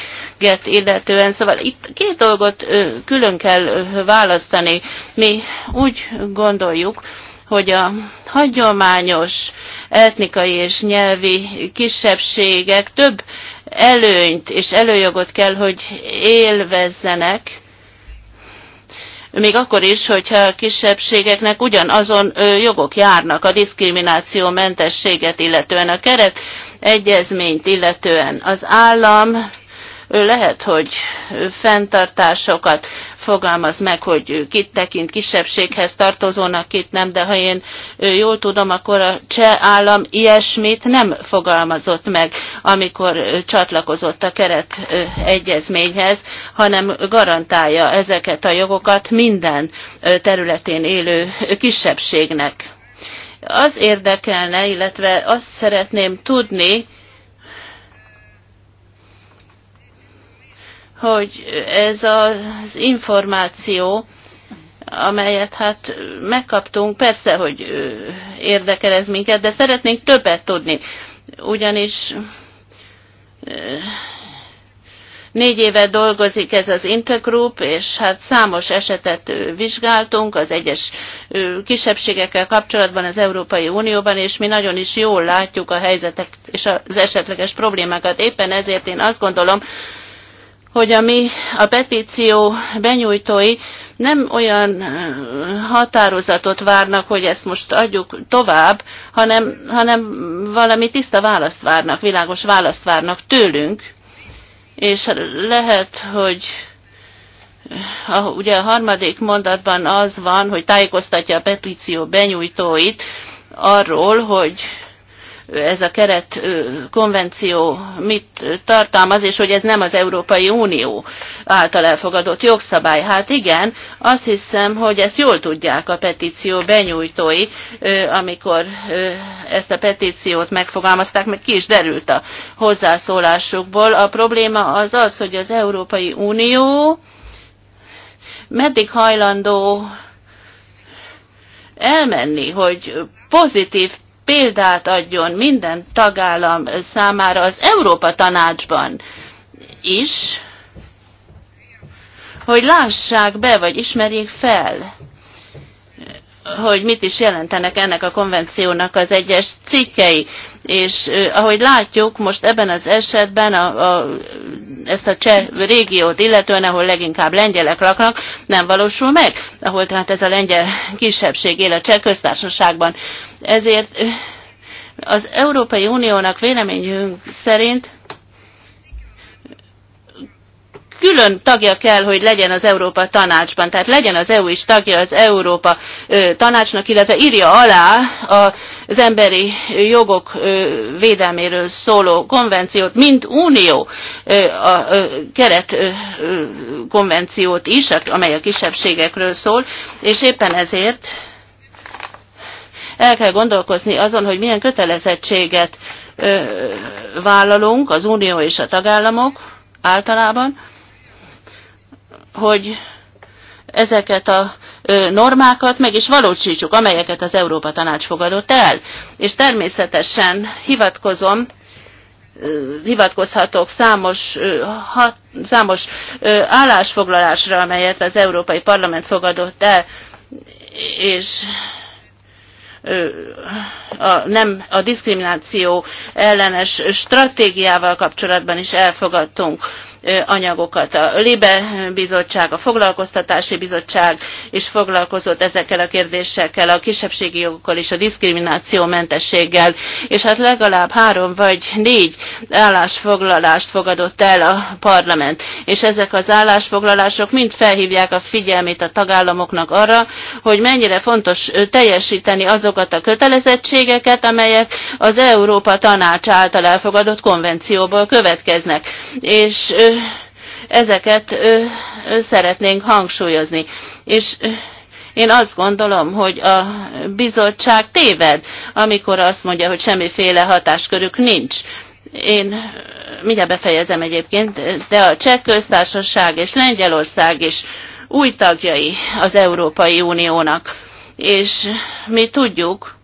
illetően. Szóval itt két dolgot külön kell választani. Mi úgy gondoljuk, hogy a hagyományos etnikai és nyelvi kisebbségek több előnyt és előjogot kell, hogy élvezzenek, még akkor is, hogyha a kisebbségeknek ugyanazon jogok járnak a diszkrimináció mentességet illetően a keret egyezményt illetően. Az állam lehet, hogy fenntartásokat fogalmaz meg, hogy kit tekint kisebbséghez tartozónak, kit nem, de ha én jól tudom, akkor a cseh állam ilyesmit nem fogalmazott meg, amikor csatlakozott a keret egyezményhez, hanem garantálja ezeket a jogokat minden területén élő kisebbségnek. Az érdekelne, illetve azt szeretném tudni, hogy ez az információ, amelyet hát megkaptunk, persze, hogy érdekel ez minket, de szeretnénk többet tudni. Ugyanis Négy éve dolgozik ez az Intergroup, és hát számos esetet vizsgáltunk az egyes kisebbségekkel kapcsolatban az Európai Unióban, és mi nagyon is jól látjuk a helyzetek és az esetleges problémákat. Éppen ezért én azt gondolom, hogy a mi a petíció benyújtói nem olyan határozatot várnak, hogy ezt most adjuk tovább, hanem, hanem valami tiszta választ várnak, világos választ várnak tőlünk, és lehet, hogy a, ugye a harmadik mondatban az van, hogy tájékoztatja a petíció benyújtóit arról, hogy ez a keret konvenció mit tartalmaz, és hogy ez nem az Európai Unió által elfogadott jogszabály. Hát igen, azt hiszem, hogy ezt jól tudják a petíció benyújtói, amikor ezt a petíciót megfogalmazták, mert ki is derült a hozzászólásukból. A probléma az az, hogy az Európai Unió meddig hajlandó elmenni, hogy pozitív példát adjon minden tagállam számára az Európa Tanácsban is, hogy lássák be, vagy ismerjék fel, hogy mit is jelentenek ennek a konvenciónak az egyes cikkei. És ahogy látjuk, most ebben az esetben a, a, ezt a cseh régiót illetően, ahol leginkább lengyelek laknak, nem valósul meg, ahol tehát ez a lengyel kisebbség él a cseh köztársaságban. Ezért az Európai Uniónak véleményünk szerint külön tagja kell, hogy legyen az Európa Tanácsban, tehát legyen az EU is tagja az Európa Tanácsnak, illetve írja alá az emberi jogok védelméről szóló konvenciót, mint unió a keret konvenciót is, amely a kisebbségekről szól, és éppen ezért el kell gondolkozni azon, hogy milyen kötelezettséget ö, vállalunk, az Unió és a tagállamok általában, hogy ezeket a normákat meg is valósítsuk, amelyeket az Európa Tanács fogadott el. És természetesen hivatkozom, hivatkozhatok számos, hat, számos állásfoglalásra, amelyet az Európai Parlament fogadott el, és a, nem, a diszkrimináció ellenes stratégiával kapcsolatban is elfogadtunk anyagokat. A LIBE bizottság, a foglalkoztatási bizottság is foglalkozott ezekkel a kérdésekkel, a kisebbségi jogokkal és a diszkriminációmentességgel, és hát legalább három vagy négy állásfoglalást fogadott el a parlament. És ezek az állásfoglalások mind felhívják a figyelmét a tagállamoknak arra, hogy mennyire fontos teljesíteni azokat a kötelezettségeket, amelyek az Európa Tanács által elfogadott konvencióból következnek. És ezeket szeretnénk hangsúlyozni. És én azt gondolom, hogy a bizottság téved, amikor azt mondja, hogy semmiféle hatáskörük nincs. Én mindjárt befejezem egyébként, de a Cseh köztársaság és Lengyelország is új tagjai az Európai Uniónak. És mi tudjuk,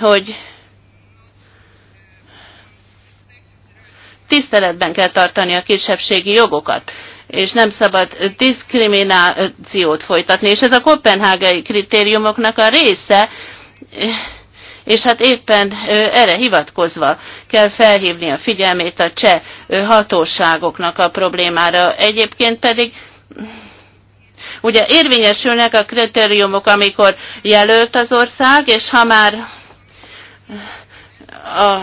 hogy tiszteletben kell tartani a kisebbségi jogokat és nem szabad diszkriminációt folytatni, és ez a kopenhágai kritériumoknak a része, és hát éppen erre hivatkozva kell felhívni a figyelmét a cseh hatóságoknak a problémára. Egyébként pedig ugye érvényesülnek a kritériumok, amikor jelölt az ország, és ha már a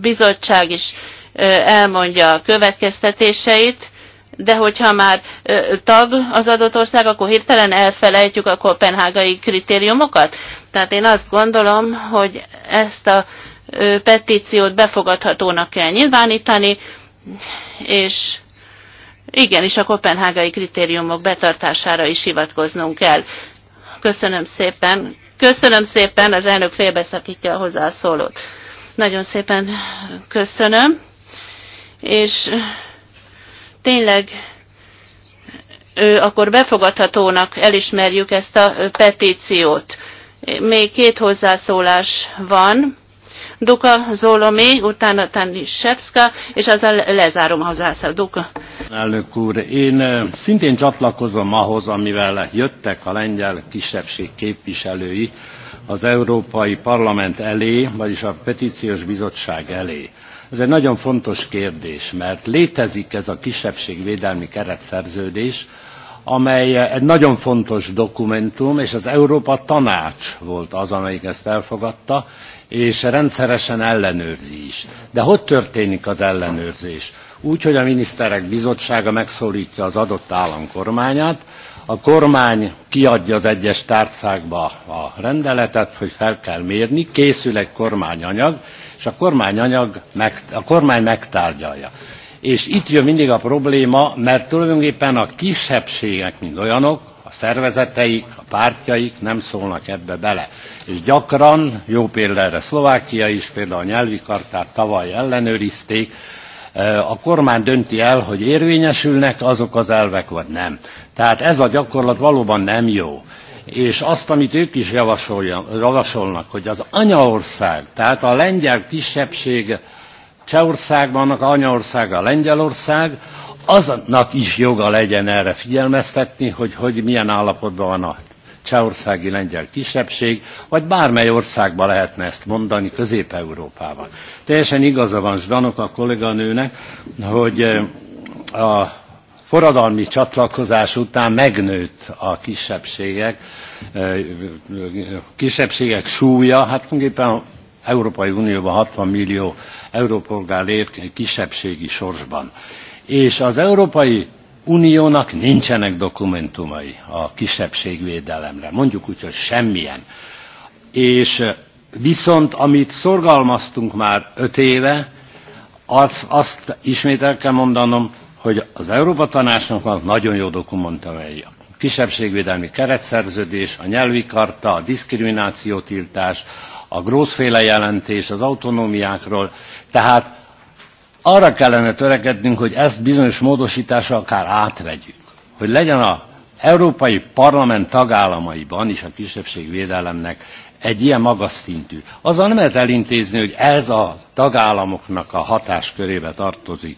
bizottság is elmondja a következtetéseit, de hogyha már tag az adott ország, akkor hirtelen elfelejtjük a kopenhágai kritériumokat. Tehát én azt gondolom, hogy ezt a petíciót befogadhatónak kell nyilvánítani, és igenis a kopenhágai kritériumok betartására is hivatkoznunk kell. Köszönöm szépen. Köszönöm szépen, az elnök félbeszakítja a hozzászólót. Nagyon szépen köszönöm és tényleg ő akkor befogadhatónak elismerjük ezt a petíciót. Még két hozzászólás van. Duka Zolomé, utána Sevska, és azzal lezárom a Duka. Elnök úr, én szintén csatlakozom ahhoz, amivel jöttek a lengyel kisebbség képviselői az Európai Parlament elé, vagyis a Petíciós Bizottság elé ez egy nagyon fontos kérdés, mert létezik ez a kisebbségvédelmi keretszerződés, amely egy nagyon fontos dokumentum, és az Európa Tanács volt az, amelyik ezt elfogadta, és rendszeresen ellenőrzi is. De hogy történik az ellenőrzés? Úgy, hogy a miniszterek bizottsága megszólítja az adott állam kormányát, a kormány kiadja az egyes tárcákba a rendeletet, hogy fel kell mérni, készül egy kormányanyag, és a anyag meg, a kormány megtárgyalja. És itt jön mindig a probléma, mert tulajdonképpen a kisebbségek, mint olyanok, a szervezeteik, a pártjaik nem szólnak ebbe bele. És gyakran, jó példa erre Szlovákia is, például a nyelvi kartát tavaly ellenőrizték, e, a kormány dönti el, hogy érvényesülnek azok az elvek, vagy nem. Tehát ez a gyakorlat valóban nem jó és azt, amit ők is javasolnak, hogy az anyaország, tehát a lengyel kisebbség Csehországban, annak a Lengyelország, aznak is joga legyen erre figyelmeztetni, hogy, hogy milyen állapotban van a csehországi lengyel kisebbség, vagy bármely országban lehetne ezt mondani, Közép-Európában. Teljesen igaza van Zsdanok a kolléganőnek, hogy eh, a forradalmi csatlakozás után megnőtt a kisebbségek, kisebbségek súlya, hát tulajdonképpen Európai Unióban 60 millió európolgár él kisebbségi sorsban. És az Európai Uniónak nincsenek dokumentumai a kisebbségvédelemre, mondjuk úgy, hogy semmilyen. És viszont amit szorgalmaztunk már öt éve, azt, azt ismét el kell mondanom, hogy az Európa Tanácsnak van nagyon jó dokumentumai. A kisebbségvédelmi keretszerződés, a nyelvi karta, a tiltás, a grószféle jelentés az autonómiákról. Tehát arra kellene törekednünk, hogy ezt bizonyos módosításra akár átvegyük. Hogy legyen a Európai Parlament tagállamaiban is a kisebbségvédelemnek egy ilyen magas szintű. Azzal nem lehet elintézni, hogy ez a tagállamoknak a hatáskörébe tartozik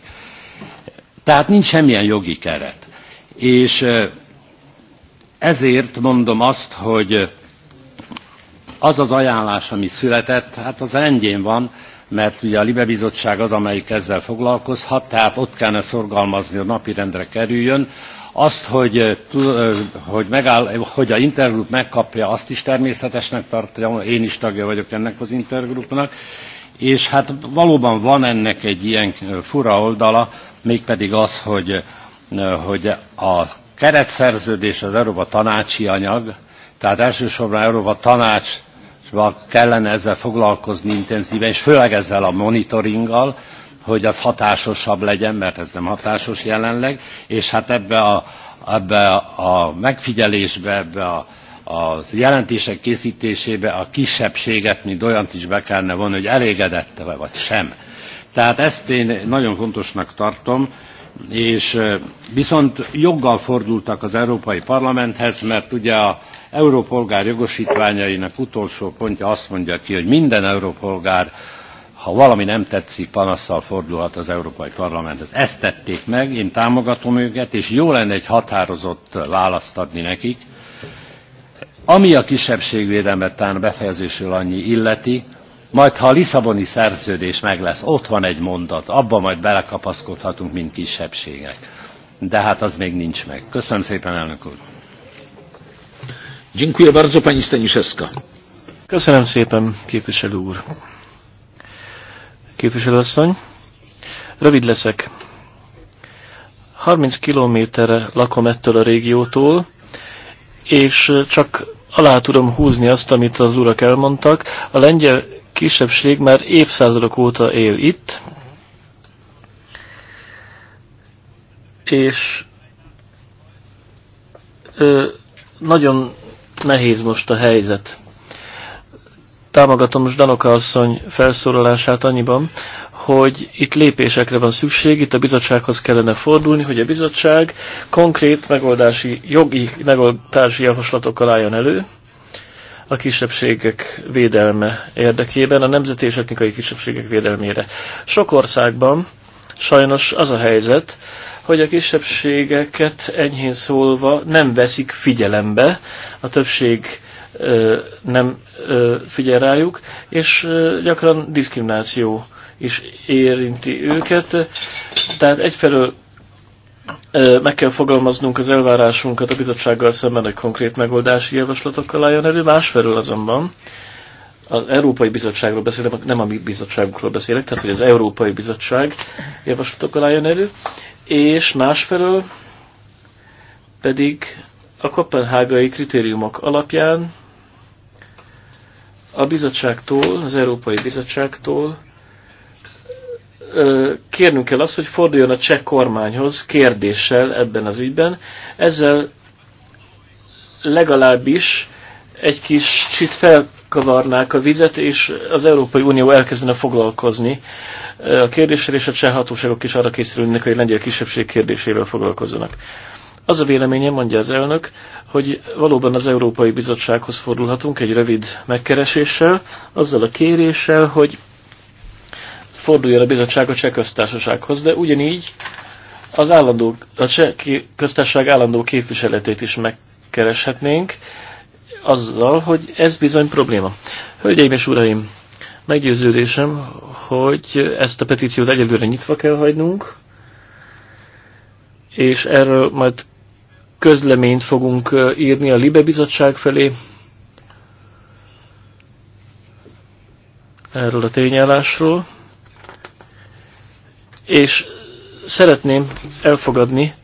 tehát nincs semmilyen jogi keret. És ezért mondom azt, hogy az az ajánlás, ami született, hát az rendjén van, mert ugye a Libe Bizottság az, amelyik ezzel foglalkozhat, tehát ott kellene szorgalmazni, hogy napirendre kerüljön. Azt, hogy, hogy, megáll, hogy a intergrup megkapja, azt is természetesnek tartja, én is tagja vagyok ennek az intergrupnak, és hát valóban van ennek egy ilyen fura oldala, mégpedig az, hogy, hogy a keretszerződés az Európa tanácsi anyag, tehát elsősorban Európa tanács kellene ezzel foglalkozni intenzíven, és főleg ezzel a monitoringgal, hogy az hatásosabb legyen, mert ez nem hatásos jelenleg, és hát ebbe a, ebbe a megfigyelésbe, ebbe a, az jelentések készítésébe a kisebbséget, mint olyant is be kellene vonni, hogy elégedette vagy sem tehát ezt én nagyon fontosnak tartom, és viszont joggal fordultak az Európai Parlamenthez, mert ugye a európolgár jogosítványainak utolsó pontja azt mondja ki, hogy minden európolgár, ha valami nem tetszik, panasszal fordulhat az Európai Parlamenthez. Ezt tették meg, én támogatom őket, és jó lenne egy határozott választ adni nekik. Ami a kisebbségvédelmet tán befejezésül annyi illeti, majd ha a Lisszaboni szerződés meg lesz, ott van egy mondat, abban majd belekapaszkodhatunk, mint kisebbségek. De hát az még nincs meg. Köszönöm szépen, elnök úr. Dziękuję bardzo, pani Staniszewska. Köszönöm szépen, képviselő úr. Képviselőasszony, rövid leszek. 30 kilométerre lakom ettől a régiótól, és csak alá tudom húzni azt, amit az urak elmondtak. A lengyel kisebbség már évszázadok óta él itt, és ö, nagyon nehéz most a helyzet. Támogatom most Danoka asszony felszólalását annyiban, hogy itt lépésekre van szükség, itt a bizottsághoz kellene fordulni, hogy a bizottság konkrét megoldási, jogi megoldási javaslatokkal álljon elő, a kisebbségek védelme érdekében, a nemzeti és etnikai kisebbségek védelmére. Sok országban sajnos az a helyzet, hogy a kisebbségeket enyhén szólva nem veszik figyelembe, a többség ö, nem ö, figyel rájuk, és ö, gyakran diszkrimináció is érinti őket. Tehát egyfelől meg kell fogalmaznunk az elvárásunkat a bizottsággal szemben, hogy konkrét megoldási javaslatokkal álljon elő. Másfelől azonban az Európai Bizottságról beszélek, nem a mi bizottságunkról beszélek, tehát hogy az Európai Bizottság javaslatokkal álljon elő, és másfelől pedig a kopenhágai kritériumok alapján a bizottságtól, az Európai Bizottságtól kérnünk kell azt, hogy forduljon a cseh kormányhoz kérdéssel ebben az ügyben. Ezzel legalábbis egy kis kicsit felkavarnák a vizet, és az Európai Unió elkezdene foglalkozni a kérdéssel, és a cseh hatóságok is arra készülnek, hogy a lengyel kisebbség kérdésével foglalkozzanak. Az a véleményem, mondja az elnök, hogy valóban az Európai Bizottsághoz fordulhatunk egy rövid megkereséssel, azzal a kéréssel, hogy forduljon a bizottság a cseh köztársasághoz, de ugyanígy az állandó, a cseh köztársaság állandó képviseletét is megkereshetnénk, azzal, hogy ez bizony probléma. Hölgyeim és uraim, meggyőződésem, hogy ezt a petíciót egyelőre nyitva kell hagynunk, és erről majd közleményt fogunk írni a Libe Bizottság felé, erről a tényállásról és szeretném elfogadni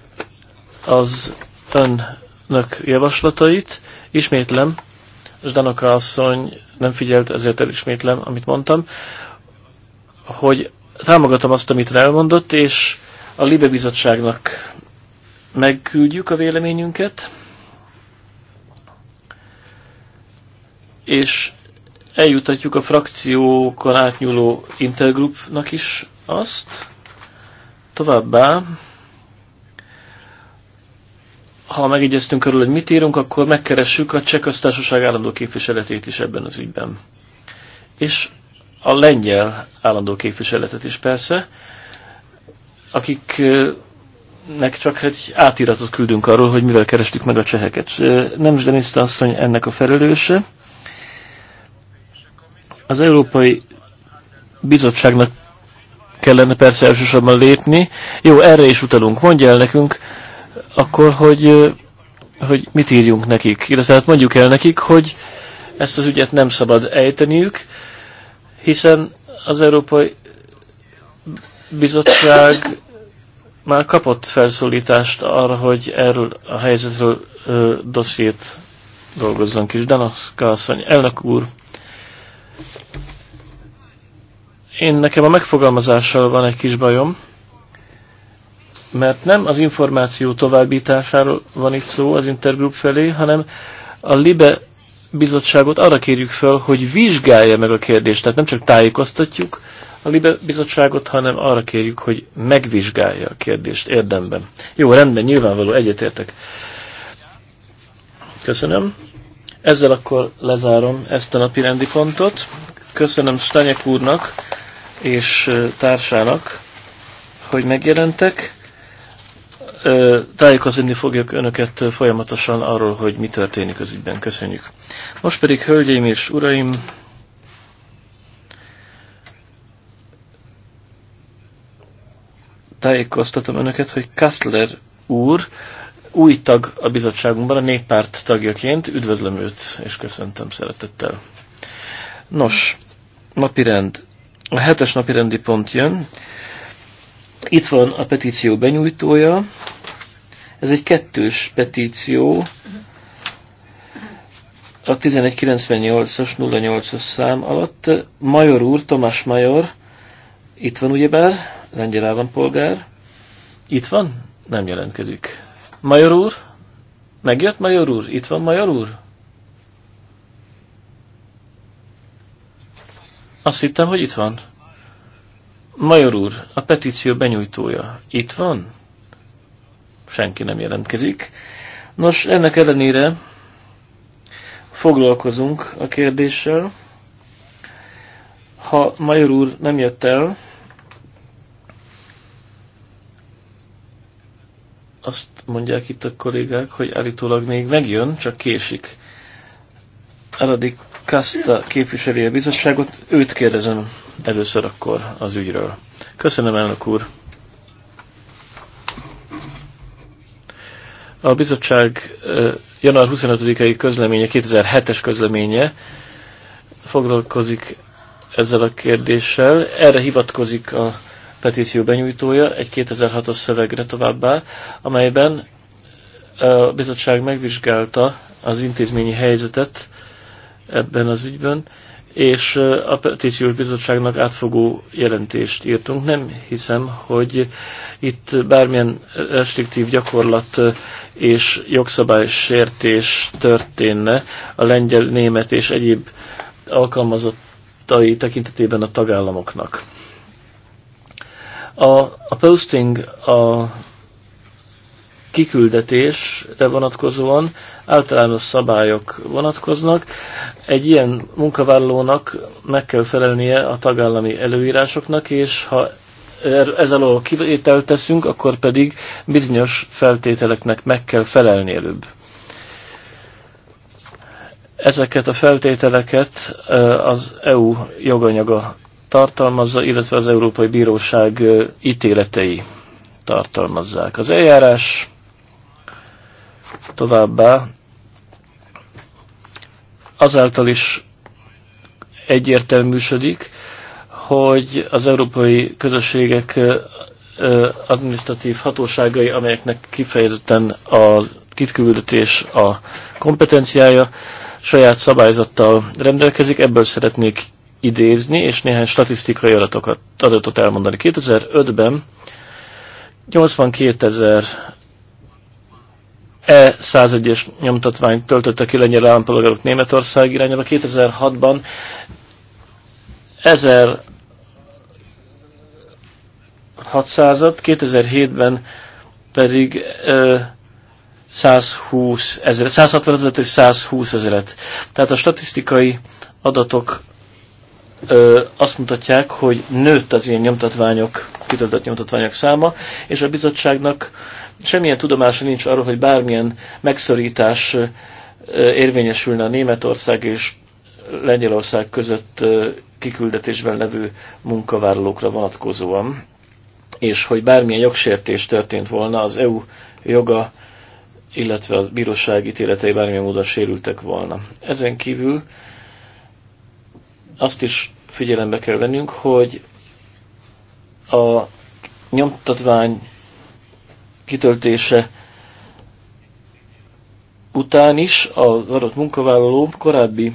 az önök javaslatait. Ismétlem, Danoka asszony nem figyelt, ezért elismétlem, amit mondtam, hogy támogatom azt, amit elmondott, és a Libe Bizottságnak megküldjük a véleményünket, és eljutatjuk a frakciókon átnyúló intergrupnak is azt, Továbbá, ha megegyeztünk arról, hogy mit írunk, akkor megkeressük a cseh köztársaság állandó képviseletét is ebben az ügyben. És a lengyel állandó képviseletet is persze, akiknek csak egy átiratot küldünk arról, hogy mivel kerestük meg a cseheket. Nem Denis asszony ennek a felelőse. Az Európai Bizottságnak kellene persze elsősorban lépni. Jó, erre is utalunk. Mondja el nekünk akkor, hogy, hogy mit írjunk nekik. Illetve hát mondjuk el nekik, hogy ezt az ügyet nem szabad ejteniük, hiszen az Európai Bizottság már kapott felszólítást arra, hogy erről a helyzetről ö, dossziét dolgozzon kis Danaszka asszony. Elnök úr, én nekem a megfogalmazással van egy kis bajom, mert nem az információ továbbításáról van itt szó az intergroup felé, hanem a LIBE bizottságot arra kérjük fel, hogy vizsgálja meg a kérdést. Tehát nem csak tájékoztatjuk a LIBE bizottságot, hanem arra kérjük, hogy megvizsgálja a kérdést érdemben. Jó, rendben, nyilvánvaló, egyetértek. Köszönöm. Ezzel akkor lezárom ezt a napi rendi pontot. Köszönöm Stanyek úrnak és társának, hogy megjelentek. Tájékozni fogjuk önöket folyamatosan arról, hogy mi történik az ügyben. Köszönjük. Most pedig, hölgyeim és uraim, tájékoztatom önöket, hogy Kastler úr új tag a bizottságunkban, a néppárt tagjaként. Üdvözlöm őt, és köszöntöm szeretettel. Nos, napirend a hetes napi rendi pont jön. Itt van a petíció benyújtója. Ez egy kettős petíció. A 1198-as 08-as szám alatt Major úr, Tomás Major, itt van ugyebár, lengyel állampolgár. Itt van? Nem jelentkezik. Major úr? Megjött Major úr? Itt van Major úr? Azt hittem, hogy itt van. Major úr, a petíció benyújtója itt van? Senki nem jelentkezik. Nos, ennek ellenére foglalkozunk a kérdéssel. Ha Major úr nem jött el, azt mondják itt a kollégák, hogy állítólag még megjön, csak késik. Eladik Kasta képviseli a bizottságot, őt kérdezem először akkor az ügyről. Köszönöm, elnök úr! A bizottság január 25-i közleménye, 2007-es közleménye foglalkozik ezzel a kérdéssel. Erre hivatkozik a petíció benyújtója egy 2006-os szövegre továbbá, amelyben a bizottság megvizsgálta az intézményi helyzetet ebben az ügyben, és a petíciós bizottságnak átfogó jelentést írtunk. Nem hiszem, hogy itt bármilyen restriktív gyakorlat és jogszabálysértés történne a lengyel, német és egyéb alkalmazottai tekintetében a tagállamoknak. A, a posting a kiküldetésre vonatkozóan általános szabályok vonatkoznak. Egy ilyen munkavállalónak meg kell felelnie a tagállami előírásoknak, és ha er- ez alól kivételt teszünk, akkor pedig bizonyos feltételeknek meg kell felelni előbb. Ezeket a feltételeket az EU joganyaga tartalmazza, illetve az Európai Bíróság ítéletei tartalmazzák. Az eljárás Továbbá azáltal is egyértelműsödik, hogy az európai közösségek administratív hatóságai, amelyeknek kifejezetten a kitküldetés a kompetenciája, saját szabályzattal rendelkezik, ebből szeretnék idézni, és néhány statisztikai adatokat, adatot elmondani. 2005-ben 82 ezer E101-es nyomtatványt töltötte ki lengyel állampolgárok Németország irányába. 2006-ban 1600-at, 2007-ben pedig ö, 120 ezeret, 160 ezeret és 120 ezeret. Tehát a statisztikai adatok ö, azt mutatják, hogy nőtt az ilyen nyomtatványok, kitöltött nyomtatványok száma, és a bizottságnak Semmilyen tudomása nincs arról, hogy bármilyen megszorítás érvényesülne a Németország és Lengyelország között kiküldetésben levő munkavállalókra vonatkozóan, és hogy bármilyen jogsértés történt volna, az EU joga, illetve a bíróság ítéletei bármilyen módon sérültek volna. Ezen kívül azt is figyelembe kell vennünk, hogy a nyomtatvány kitöltése után is az adott munkavállaló korábbi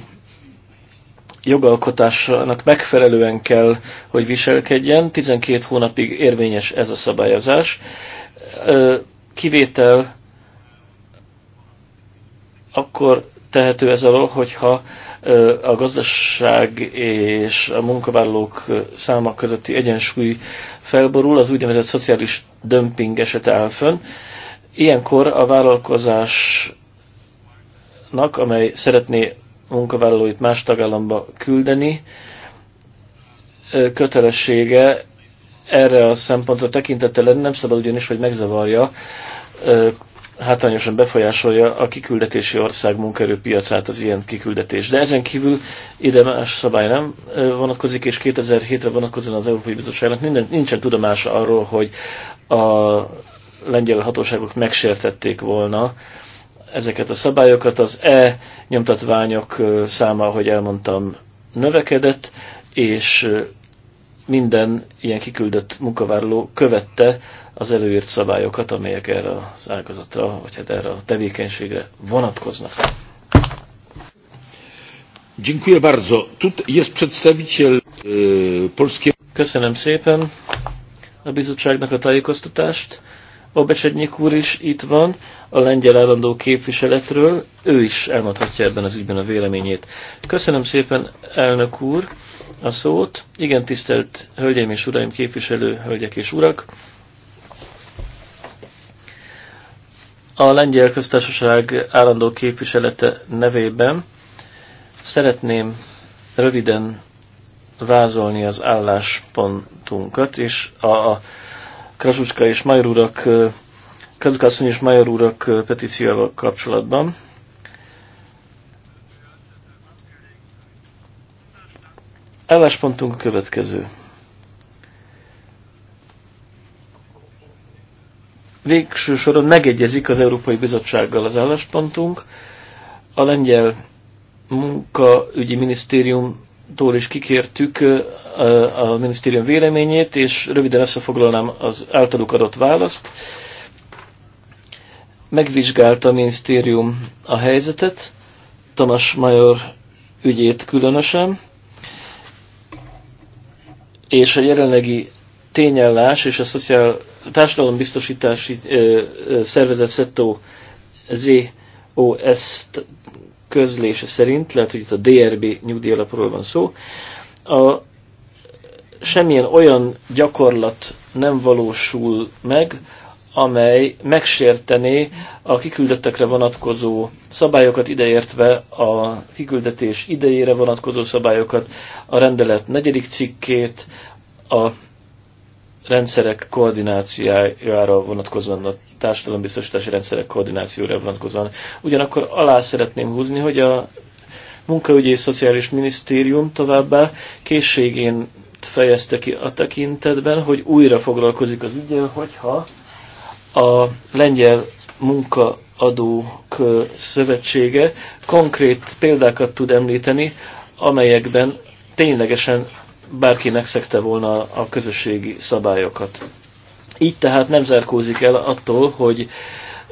jogalkotásának megfelelően kell, hogy viselkedjen. 12 hónapig érvényes ez a szabályozás. Kivétel akkor tehető ez alól, hogyha a gazdaság és a munkavállalók száma közötti egyensúly felborul, az úgynevezett szociális dömping esete áll fönn. Ilyenkor a vállalkozásnak, amely szeretné munkavállalóit más tagállamba küldeni, kötelessége erre a szempontra tekintettel nem szabad ugyanis, hogy megzavarja hátrányosan befolyásolja a kiküldetési ország munkaerőpiacát az ilyen kiküldetés. De ezen kívül ide más szabály nem vonatkozik, és 2007-re vonatkozóan az Európai Bizottságnak minden, nincsen tudomása arról, hogy a lengyel hatóságok megsértették volna ezeket a szabályokat. Az E nyomtatványok száma, ahogy elmondtam, növekedett, és minden ilyen kiküldött munkavállaló követte az előírt szabályokat, amelyek erre az ágazatra, vagy hát erre a tevékenységre vonatkoznak. Dziękuję bardzo. Tu jest przedstawiciel e, polskiego. Köszönöm szépen a bizottságnak a tájékoztatást. Obecsednyik úr is itt van, a lengyel állandó képviseletről, ő is elmondhatja ebben az ügyben a véleményét. Köszönöm szépen, elnök úr, a szót. Igen, tisztelt hölgyeim és uraim, képviselő hölgyek és urak. A lengyel köztársaság állandó képviselete nevében szeretném röviden vázolni az álláspontunkat, és a, a Krasucska és Major urak, asszony és Major urak petícióval kapcsolatban. Álláspontunk a következő. Végső soron megegyezik az Európai Bizottsággal az álláspontunk. A lengyel munkaügyi minisztériumtól is kikértük a minisztérium véleményét, és röviden összefoglalnám az általuk adott választ. Megvizsgálta a minisztérium a helyzetet, Tamas Major ügyét különösen, és a jelenlegi tényellás és a szociál társadalombiztosítási ö, ö, szervezet SZETO ZOS közlése szerint, lehet, hogy itt a DRB nyugdíjalapról van szó, a semmilyen olyan gyakorlat nem valósul meg, amely megsértené a kiküldöttekre vonatkozó szabályokat, ideértve a kiküldetés idejére vonatkozó szabályokat, a rendelet negyedik cikkét, a rendszerek koordinációjára vonatkozóan, a társadalombiztosítási rendszerek koordinációra vonatkozóan. Ugyanakkor alá szeretném húzni, hogy a munkaügyi és szociális minisztérium továbbá készségén fejezte ki a tekintetben, hogy újra foglalkozik az ügyel, hogyha a lengyel munkaadók szövetsége konkrét példákat tud említeni, amelyekben ténylegesen bárki megszegte volna a közösségi szabályokat. Így tehát nem zárkózik el attól, hogy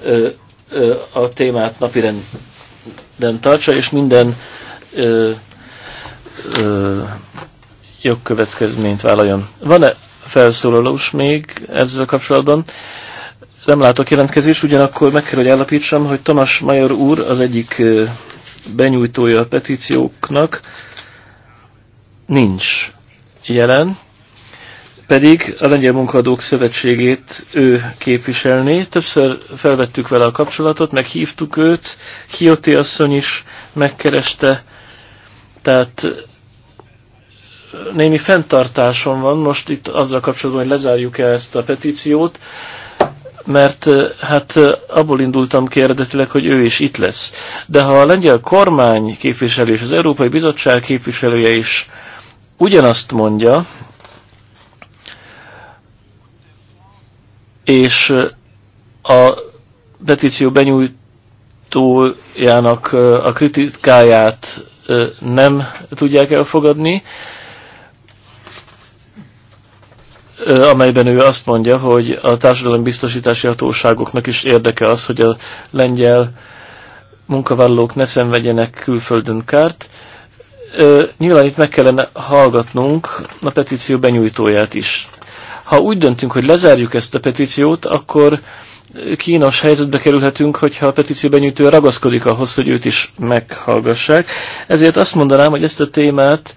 ö, ö, a témát napirenden tartsa, és minden ö, ö, jogkövetkezményt vállaljon. Van-e felszólalós még ezzel kapcsolatban? Nem látok jelentkezés, ugyanakkor meg kell, hogy állapítsam, hogy Tamas Major úr az egyik benyújtója a petícióknak nincs jelen, pedig a Lengyel Munkadók Szövetségét ő képviselné. Többször felvettük vele a kapcsolatot, meghívtuk őt, Hioti asszony is megkereste, tehát némi fenntartásom van most itt azzal kapcsolatban, hogy lezárjuk-e ezt a petíciót, mert hát abból indultam ki eredetileg, hogy ő is itt lesz. De ha a lengyel kormány képviselő és az Európai Bizottság képviselője is ugyanazt mondja, és a petíció benyújtójának a kritikáját nem tudják elfogadni, amelyben ő azt mondja, hogy a biztosítási hatóságoknak is érdeke az, hogy a lengyel munkavállalók ne szenvedjenek külföldön kárt. Nyilván itt meg kellene hallgatnunk a petíció benyújtóját is. Ha úgy döntünk, hogy lezárjuk ezt a petíciót, akkor kínos helyzetbe kerülhetünk, hogyha a petíció benyújtó ragaszkodik ahhoz, hogy őt is meghallgassák. Ezért azt mondanám, hogy ezt a témát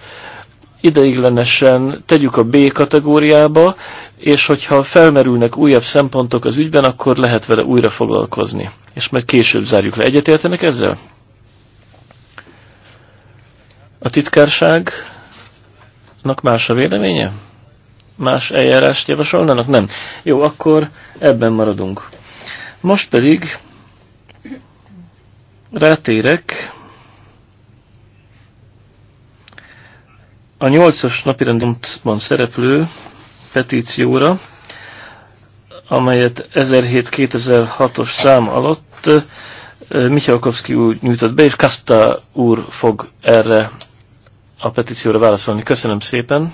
ideiglenesen tegyük a B kategóriába, és hogyha felmerülnek újabb szempontok az ügyben, akkor lehet vele újra foglalkozni. És majd később zárjuk le. Egyetértenek ezzel? A titkárságnak más a véleménye? Más eljárást javasolnának? Nem. Jó, akkor ebben maradunk. Most pedig rátérek a nyolcas napirendomban szereplő petícióra, amelyet 1007-2006-os szám alatt Michalkovszki úr nyújtott be, és Kasta úr fog erre a petícióra válaszolni. Köszönöm szépen.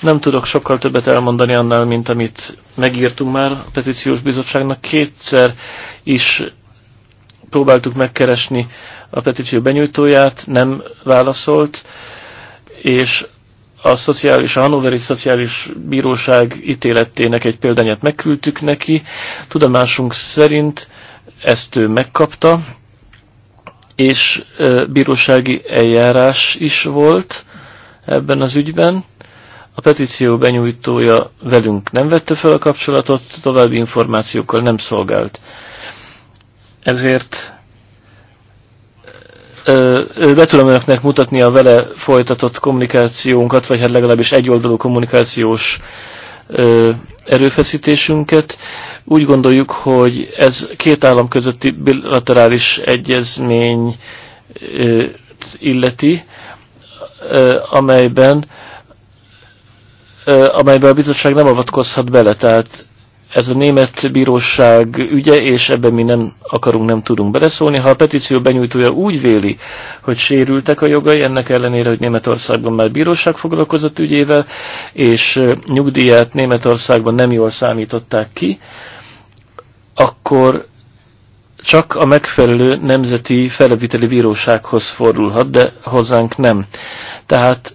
Nem tudok sokkal többet elmondani annál, mint amit megírtunk már a petíciós bizottságnak. Kétszer is próbáltuk megkeresni a petíció benyújtóját, nem válaszolt és a szociális, a Hanoveri Szociális Bíróság ítéletének egy példányát megküldtük neki. Tudomásunk szerint ezt ő megkapta, és bírósági eljárás is volt ebben az ügyben. A petíció benyújtója velünk nem vette fel a kapcsolatot, további információkkal nem szolgált. Ezért be tudom önöknek mutatni a vele folytatott kommunikációnkat, vagy hát legalábbis egyoldalú kommunikációs erőfeszítésünket. Úgy gondoljuk, hogy ez két állam közötti bilaterális egyezmény illeti, amelyben amelyben a bizottság nem avatkozhat bele, tehát ez a német bíróság ügye, és ebben mi nem akarunk, nem tudunk beleszólni. Ha a petíció benyújtója úgy véli, hogy sérültek a jogai, ennek ellenére, hogy Németországban már bíróság foglalkozott ügyével, és nyugdíját Németországban nem jól számították ki, akkor csak a megfelelő nemzeti feleviteli bírósághoz fordulhat, de hozzánk nem. Tehát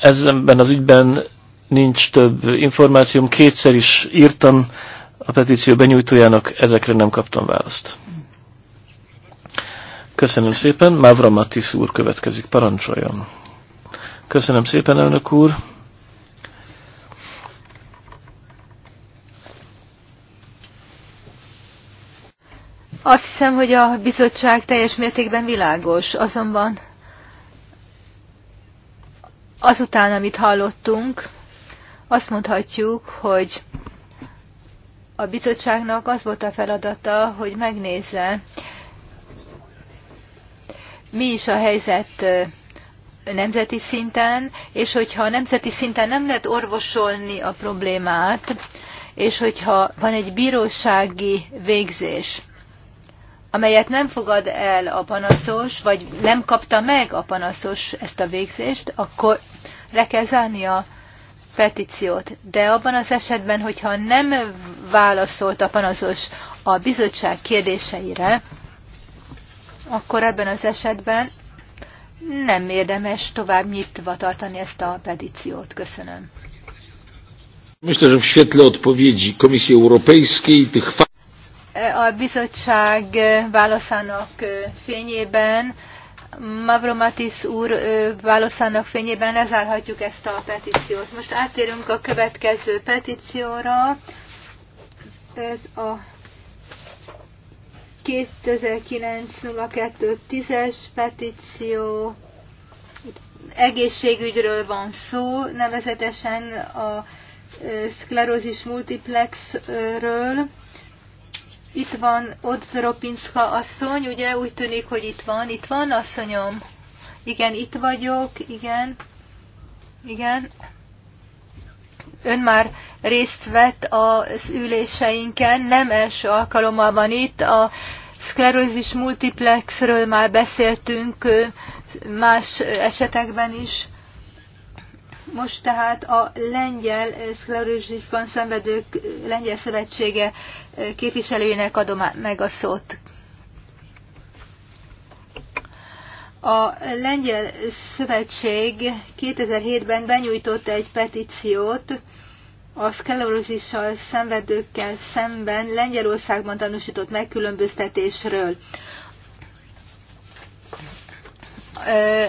ezenben az ügyben nincs több információm, kétszer is írtam a petíció benyújtójának, ezekre nem kaptam választ. Köszönöm szépen, Mávra Matisz úr következik, parancsoljon. Köszönöm szépen, elnök úr. Azt hiszem, hogy a bizottság teljes mértékben világos, azonban azután, amit hallottunk, azt mondhatjuk, hogy a bizottságnak az volt a feladata, hogy megnézze, mi is a helyzet nemzeti szinten, és hogyha nemzeti szinten nem lehet orvosolni a problémát, és hogyha van egy bírósági végzés, amelyet nem fogad el a panaszos, vagy nem kapta meg a panaszos ezt a végzést, akkor le kell zárni a petíciót, de abban az esetben, hogyha nem válaszolt a panaszos a bizottság kérdéseire, akkor ebben az esetben nem érdemes tovább nyitva tartani ezt a petíciót. Köszönöm. Myślę, że w świetle odpowiedzi Komisji Europejskiej tych e, A bizottság e, válaszának e, fényében Mavromatis úr válaszának fényében lezárhatjuk ezt a petíciót. Most átérünk a következő petícióra. Ez a 2009-02-10-es petíció. Egészségügyről van szó, nevezetesen a szklerózis multiplexről. Itt van Odzropinska asszony, ugye úgy tűnik, hogy itt van. Itt van, asszonyom? Igen, itt vagyok, igen. Igen. Ön már részt vett az üléseinken, nem első alkalommal van itt. A szklerózis multiplexről már beszéltünk más esetekben is. Most tehát a lengyel eh, szklerózisban szenvedők eh, lengyel szövetsége eh, képviselőjének adom meg a szót. A Lengyel Szövetség 2007-ben benyújtott egy petíciót a szklerózissal szenvedőkkel szemben Lengyelországban tanúsított megkülönböztetésről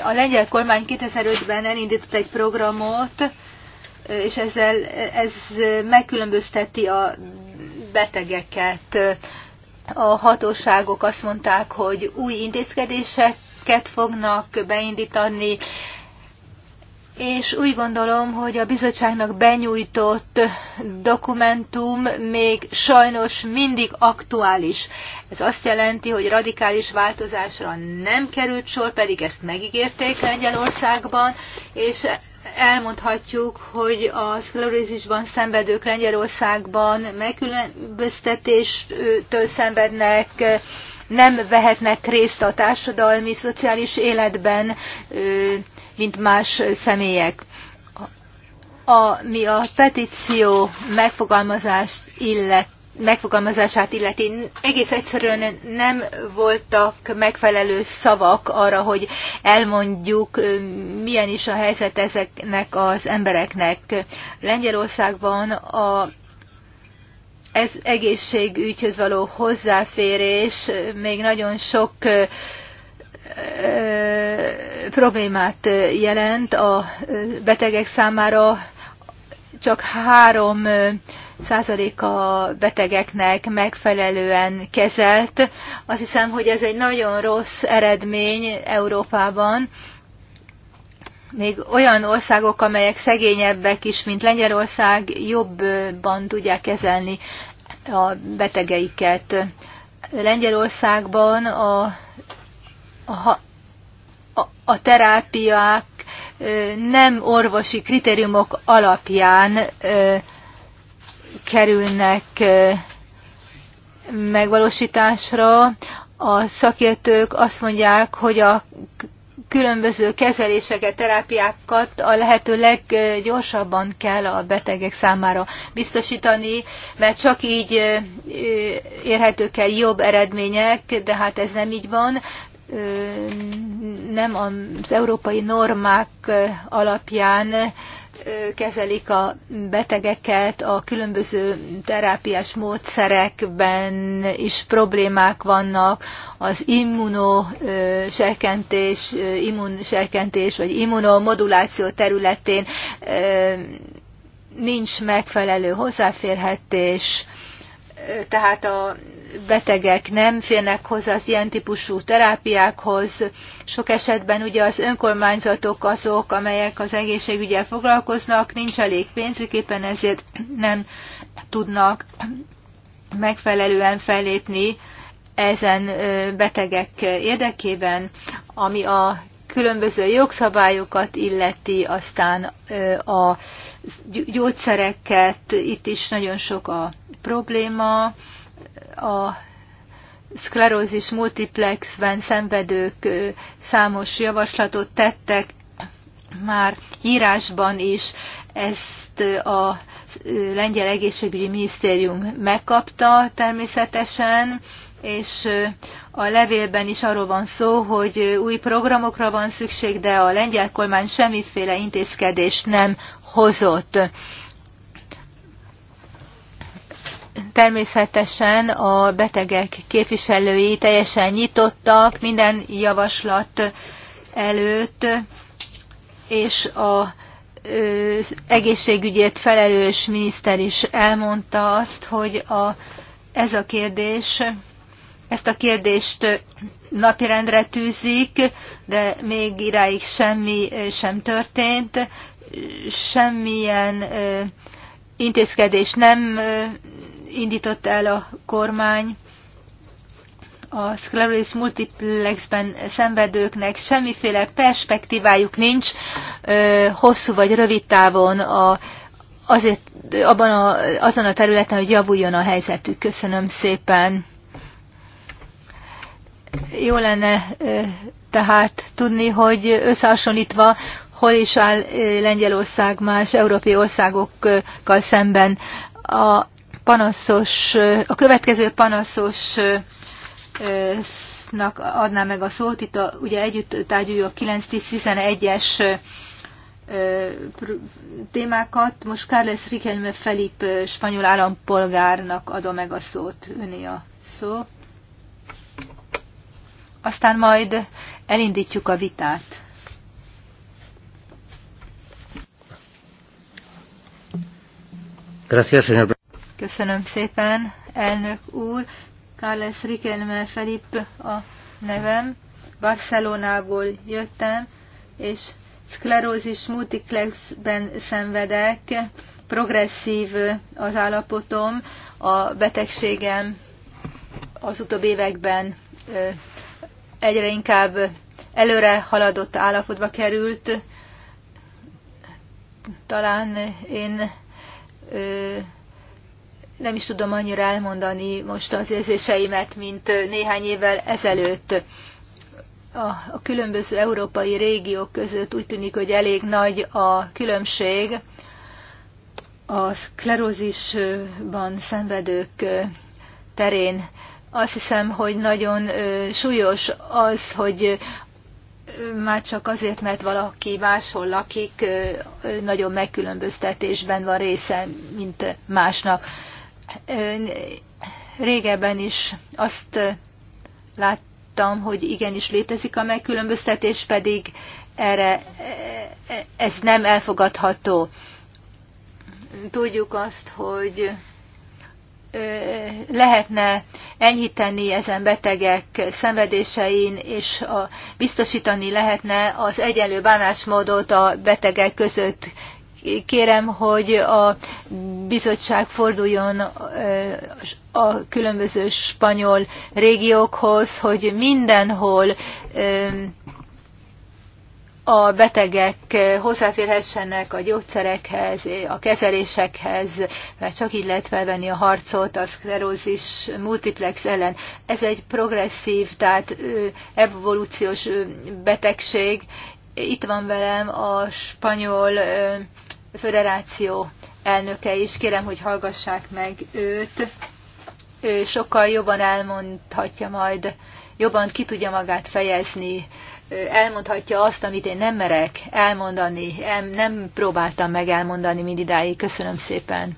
a lengyel kormány 2005-ben elindított egy programot, és ezzel ez megkülönbözteti a betegeket. A hatóságok azt mondták, hogy új intézkedéseket fognak beindítani, és úgy gondolom, hogy a bizottságnak benyújtott dokumentum még sajnos mindig aktuális. Ez azt jelenti, hogy radikális változásra nem került sor, pedig ezt megígérték Lengyelországban, és elmondhatjuk, hogy a szklerózisban szenvedők Lengyelországban megkülönböztetéstől szenvednek, nem vehetnek részt a társadalmi, szociális életben, mint más személyek. Ami a petíció megfogalmazást illet, megfogalmazását illeti, egész egyszerűen nem voltak megfelelő szavak arra, hogy elmondjuk, milyen is a helyzet ezeknek az embereknek. Lengyelországban a ez egészségügyhöz való hozzáférés még nagyon sok problémát jelent a betegek számára. Csak három százaléka betegeknek megfelelően kezelt. Azt hiszem, hogy ez egy nagyon rossz eredmény Európában. Még olyan országok, amelyek szegényebbek is, mint Lengyelország, jobban tudják kezelni a betegeiket. Lengyelországban a a, a, a terápiák nem orvosi kritériumok alapján kerülnek megvalósításra. A szakértők azt mondják, hogy a különböző kezeléseket, terápiákat a lehető leggyorsabban kell a betegek számára biztosítani, mert csak így érhetők el jobb eredmények, de hát ez nem így van nem az európai normák alapján kezelik a betegeket, a különböző terápiás módszerekben is problémák vannak, az immunoserkentés, immunserkentés vagy immunomoduláció területén nincs megfelelő hozzáférhetés, tehát a betegek nem férnek hozzá az ilyen típusú terápiákhoz. Sok esetben ugye az önkormányzatok azok, amelyek az egészségügyel foglalkoznak, nincs elég pénzük, éppen ezért nem tudnak megfelelően fellépni ezen betegek érdekében, ami a különböző jogszabályokat illeti, aztán a gyógyszereket, itt is nagyon sok a probléma, a szklerózis multiplexben szenvedők számos javaslatot tettek, már írásban is ezt a lengyel egészségügyi minisztérium megkapta természetesen, és a levélben is arról van szó, hogy új programokra van szükség, de a lengyel kormány semmiféle intézkedést nem hozott. Természetesen a betegek képviselői teljesen nyitottak minden javaslat előtt, és a az egészségügyért felelős miniszter is elmondta azt, hogy a, ez a kérdés ezt a kérdést napirendre tűzik, de még iráig semmi sem történt, semmilyen intézkedés nem indított el a kormány. A sclerosis multiplexben szenvedőknek semmiféle perspektívájuk nincs hosszú vagy rövid távon a, azért abban a, azon a területen, hogy javuljon a helyzetük. Köszönöm szépen! Jó lenne tehát tudni, hogy összehasonlítva, hol is áll Lengyelország más európai országokkal szemben. A panaszos, a következő panaszosnak adná meg a szót. Itt a, ugye együtt tárgyaljuk a 9-10-11-es témákat. Most Carles Riquelme Felip spanyol állampolgárnak adom meg a szót. Öné a szó aztán majd elindítjuk a vitát. Köszönöm szépen, elnök úr. Carles Riquelme Felip a nevem. Barcelonából jöttem, és szklerózis multiplexben szenvedek. Progresszív az állapotom, a betegségem az utóbbi években egyre inkább előre haladott állapotba került. Talán én ö, nem is tudom annyira elmondani most az érzéseimet, mint néhány évvel ezelőtt. A, a különböző európai régiók között úgy tűnik, hogy elég nagy a különbség a szklerózisban szenvedők terén azt hiszem, hogy nagyon súlyos az, hogy már csak azért, mert valaki máshol lakik, nagyon megkülönböztetésben van része, mint másnak. Régebben is azt láttam, hogy igenis létezik a megkülönböztetés, pedig erre e, e, ez nem elfogadható. Tudjuk azt, hogy lehetne enyhíteni ezen betegek szenvedésein, és a, biztosítani lehetne az egyenlő bánásmódot a betegek között. Kérem, hogy a bizottság forduljon a különböző spanyol régiókhoz, hogy mindenhol a betegek hozzáférhessenek a gyógyszerekhez, a kezelésekhez, mert csak így lehet felvenni a harcot a szklerózis multiplex ellen. Ez egy progresszív, tehát evolúciós betegség. Itt van velem a spanyol föderáció elnöke is. Kérem, hogy hallgassák meg őt. Ő sokkal jobban elmondhatja majd, jobban ki tudja magát fejezni elmondhatja azt, amit én nem merek elmondani, nem próbáltam meg elmondani mindidáig. Köszönöm szépen.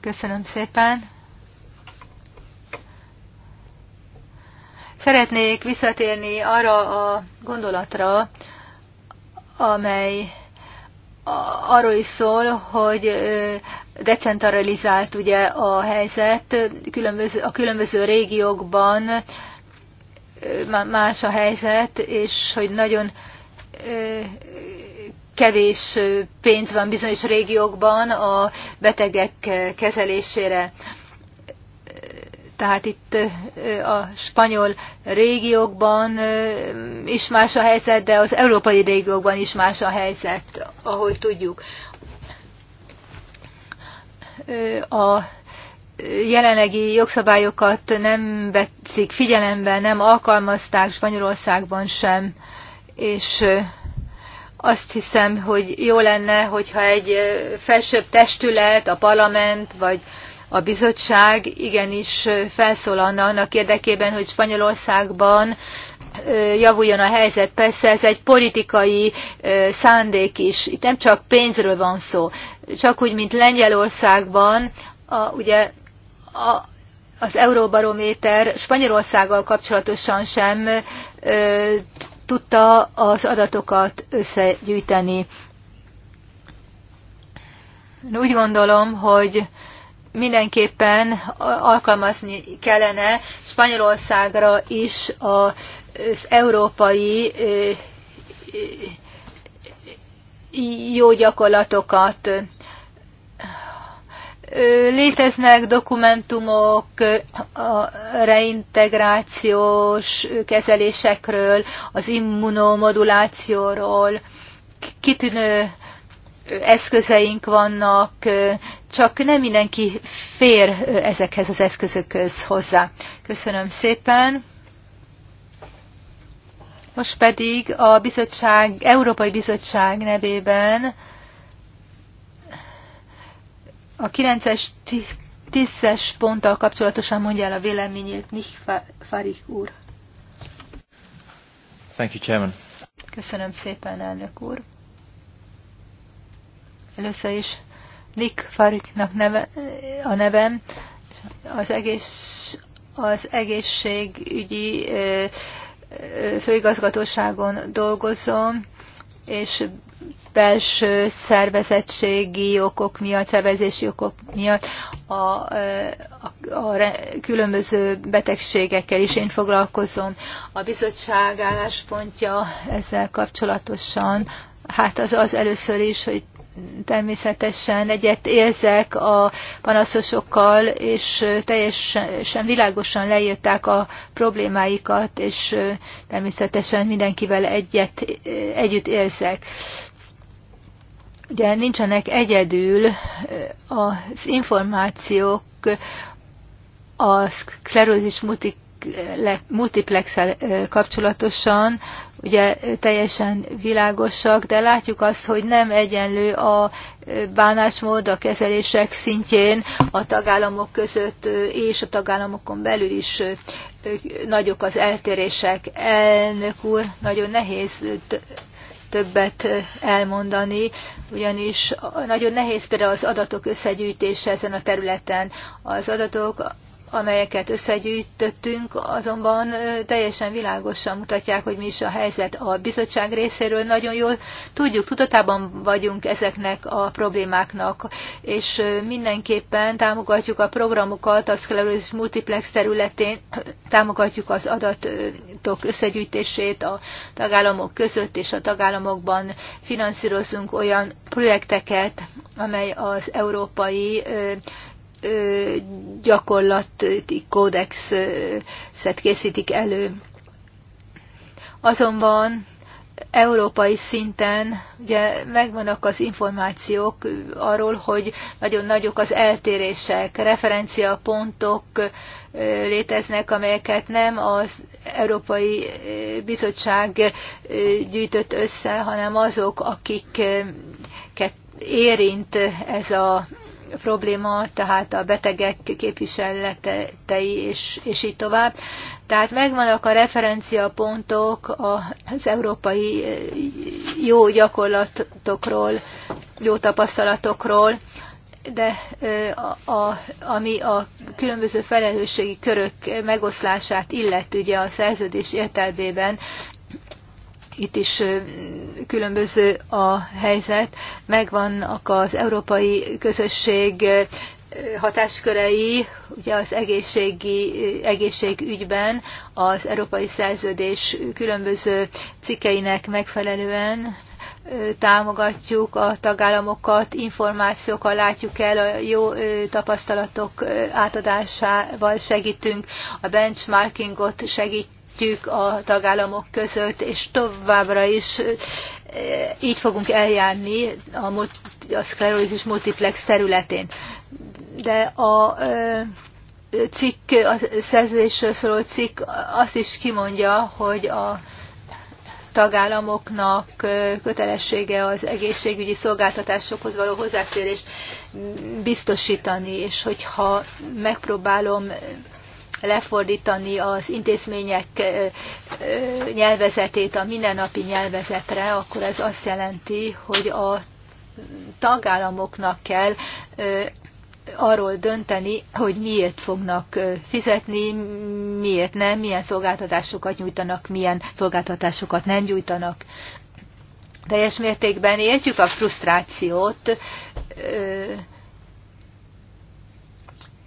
Köszönöm szépen. Szeretnék visszatérni arra a gondolatra, amely arról is szól, hogy decentralizált ugye a helyzet, különböző, a különböző régiókban más a helyzet, és hogy nagyon kevés pénz van bizonyos régiókban a betegek kezelésére. Tehát itt a spanyol régiókban is más a helyzet, de az európai régiókban is más a helyzet, ahogy tudjuk. A jelenlegi jogszabályokat nem veszik figyelembe, nem alkalmazták Spanyolországban sem, és azt hiszem, hogy jó lenne, hogyha egy felsőbb testület, a parlament, vagy a bizottság igenis felszólalna annak érdekében, hogy Spanyolországban javuljon a helyzet. Persze ez egy politikai szándék is. Itt nem csak pénzről van szó. Csak úgy, mint Lengyelországban, a, ugye a, az Euróbarométer Spanyolországgal kapcsolatosan sem ö, tudta az adatokat összegyűjteni. Úgy gondolom, hogy mindenképpen alkalmazni kellene Spanyolországra is az európai jó gyakorlatokat. Léteznek dokumentumok a reintegrációs kezelésekről, az immunomodulációról, kitűnő eszközeink vannak, csak nem mindenki fér ezekhez az eszközökhöz hozzá. Köszönöm szépen! Most pedig a bizottság, Európai Bizottság nevében a 9-es, 10-es ponttal kapcsolatosan mondja el a véleményét Nich Farik úr. Thank you, Chairman. Köszönöm szépen, elnök úr. Először is Nick Fariknak neve, a nevem, az, egész, az egészségügyi főigazgatóságon dolgozom, és belső szervezettségi okok miatt, szervezési okok miatt a, a, a különböző betegségekkel is én foglalkozom. A bizottság álláspontja ezzel kapcsolatosan, hát az, az először is, hogy természetesen egyet érzek a panaszosokkal, és teljesen világosan leírták a problémáikat, és természetesen mindenkivel egyet, együtt érzek. Ugye nincsenek egyedül az információk a szklerózis multiplexel kapcsolatosan, ugye teljesen világosak, de látjuk azt, hogy nem egyenlő a bánásmód a kezelések szintjén a tagállamok között és a tagállamokon belül is nagyok az eltérések. Elnök úr, nagyon nehéz többet elmondani, ugyanis nagyon nehéz például az adatok összegyűjtése ezen a területen. Az adatok amelyeket összegyűjtöttünk, azonban teljesen világosan mutatják, hogy mi is a helyzet a bizottság részéről. Nagyon jól tudjuk, tudatában vagyunk ezeknek a problémáknak, és mindenképpen támogatjuk a programokat a szklerózis multiplex területén, támogatjuk az adatok összegyűjtését a tagállamok között, és a tagállamokban finanszírozunk olyan projekteket, amely az európai gyakorlati kódexet készítik elő. Azonban európai szinten ugye megvannak az információk arról, hogy nagyon nagyok az eltérések, referenciapontok léteznek, amelyeket nem az Európai Bizottság gyűjtött össze, hanem azok, akik érint ez a probléma, tehát a betegek képviseletei, és, és így tovább. Tehát megvannak a referenciapontok az európai jó gyakorlatokról, jó tapasztalatokról, de a, a, ami a különböző felelősségi körök megoszlását illet ugye a szerződés értelmében itt is különböző a helyzet, megvannak az európai közösség hatáskörei, ugye az egészségi, egészségügyben az európai szerződés különböző cikkeinek megfelelően támogatjuk a tagállamokat, információkkal látjuk el, a jó tapasztalatok átadásával segítünk, a benchmarkingot segít, egyeztetjük a tagállamok között, és továbbra is így fogunk eljárni a, a szklerózis multiplex területén. De a cikk, a szerződésről szóló cikk azt is kimondja, hogy a tagállamoknak kötelessége az egészségügyi szolgáltatásokhoz való hozzáférés biztosítani, és hogyha megpróbálom lefordítani az intézmények nyelvezetét a mindennapi nyelvezetre, akkor ez azt jelenti, hogy a tagállamoknak kell arról dönteni, hogy miért fognak fizetni, miért nem, milyen szolgáltatásokat nyújtanak, milyen szolgáltatásokat nem nyújtanak. Teljes mértékben értjük a frusztrációt,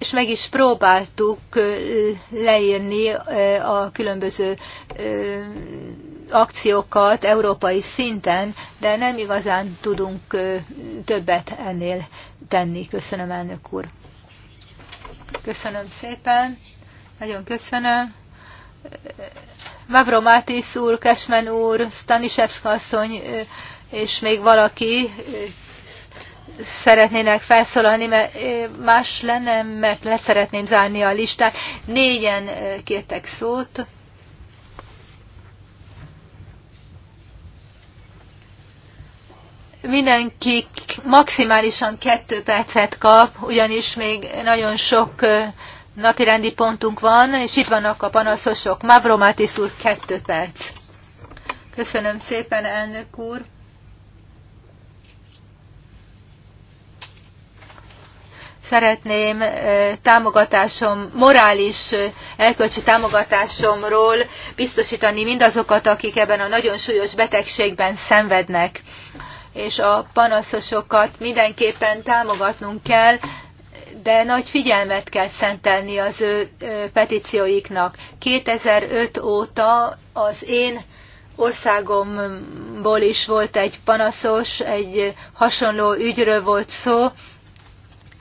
és meg is próbáltuk leírni a különböző akciókat európai szinten, de nem igazán tudunk többet ennél tenni. Köszönöm, elnök úr. Köszönöm szépen. Nagyon köszönöm. Mátész úr, Kesmen úr, Stanisevska asszony és még valaki szeretnének felszólalni, mert más lenne, mert le szeretném zárni a listát. Négyen kértek szót. Mindenki maximálisan kettő percet kap, ugyanis még nagyon sok napirendi pontunk van, és itt vannak a panaszosok. Mavromatis úr, kettő perc. Köszönöm szépen, elnök úr. szeretném támogatásom, morális elkölcsi támogatásomról biztosítani mindazokat, akik ebben a nagyon súlyos betegségben szenvednek. És a panaszosokat mindenképpen támogatnunk kell, de nagy figyelmet kell szentelni az ő petícióiknak. 2005 óta az én országomból is volt egy panaszos, egy hasonló ügyről volt szó,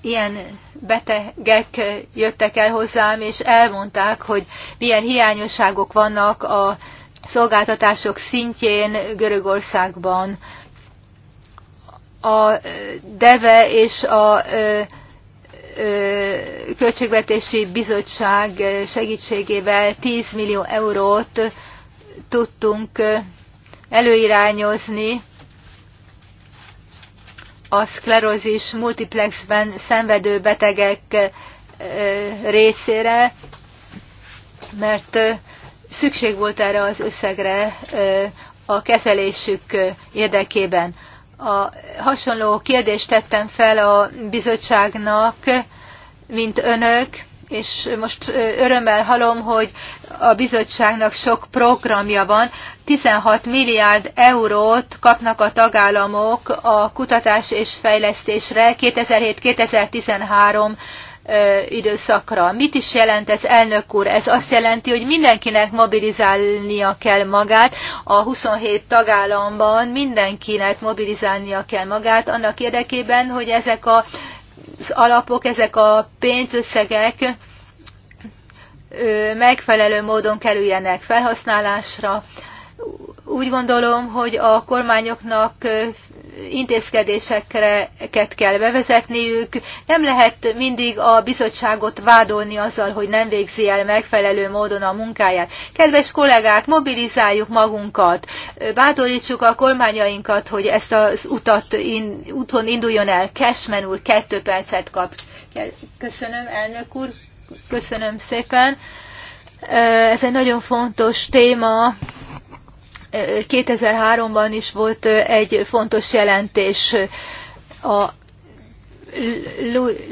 ilyen betegek jöttek el hozzám, és elmondták, hogy milyen hiányosságok vannak a szolgáltatások szintjén Görögországban. A DEVE és a Költségvetési Bizottság segítségével 10 millió eurót tudtunk előirányozni a szklerózis multiplexben szenvedő betegek részére, mert szükség volt erre az összegre a kezelésük érdekében. A hasonló kérdést tettem fel a bizottságnak, mint önök, és most örömmel hallom, hogy a bizottságnak sok programja van. 16 milliárd eurót kapnak a tagállamok a kutatás és fejlesztésre 2007-2013 időszakra. Mit is jelent ez, elnök úr? Ez azt jelenti, hogy mindenkinek mobilizálnia kell magát, a 27 tagállamban mindenkinek mobilizálnia kell magát annak érdekében, hogy ezek a az alapok, ezek a pénzösszegek megfelelő módon kerüljenek felhasználásra úgy gondolom, hogy a kormányoknak intézkedéseket kell bevezetniük. Nem lehet mindig a bizottságot vádolni azzal, hogy nem végzi el megfelelő módon a munkáját. Kedves kollégák, mobilizáljuk magunkat, bátorítsuk a kormányainkat, hogy ezt az utat in, úton induljon el. Kesmen úr, kettő percet kap. Köszönöm, elnök úr, köszönöm szépen. Ez egy nagyon fontos téma, 2003-ban is volt egy fontos jelentés a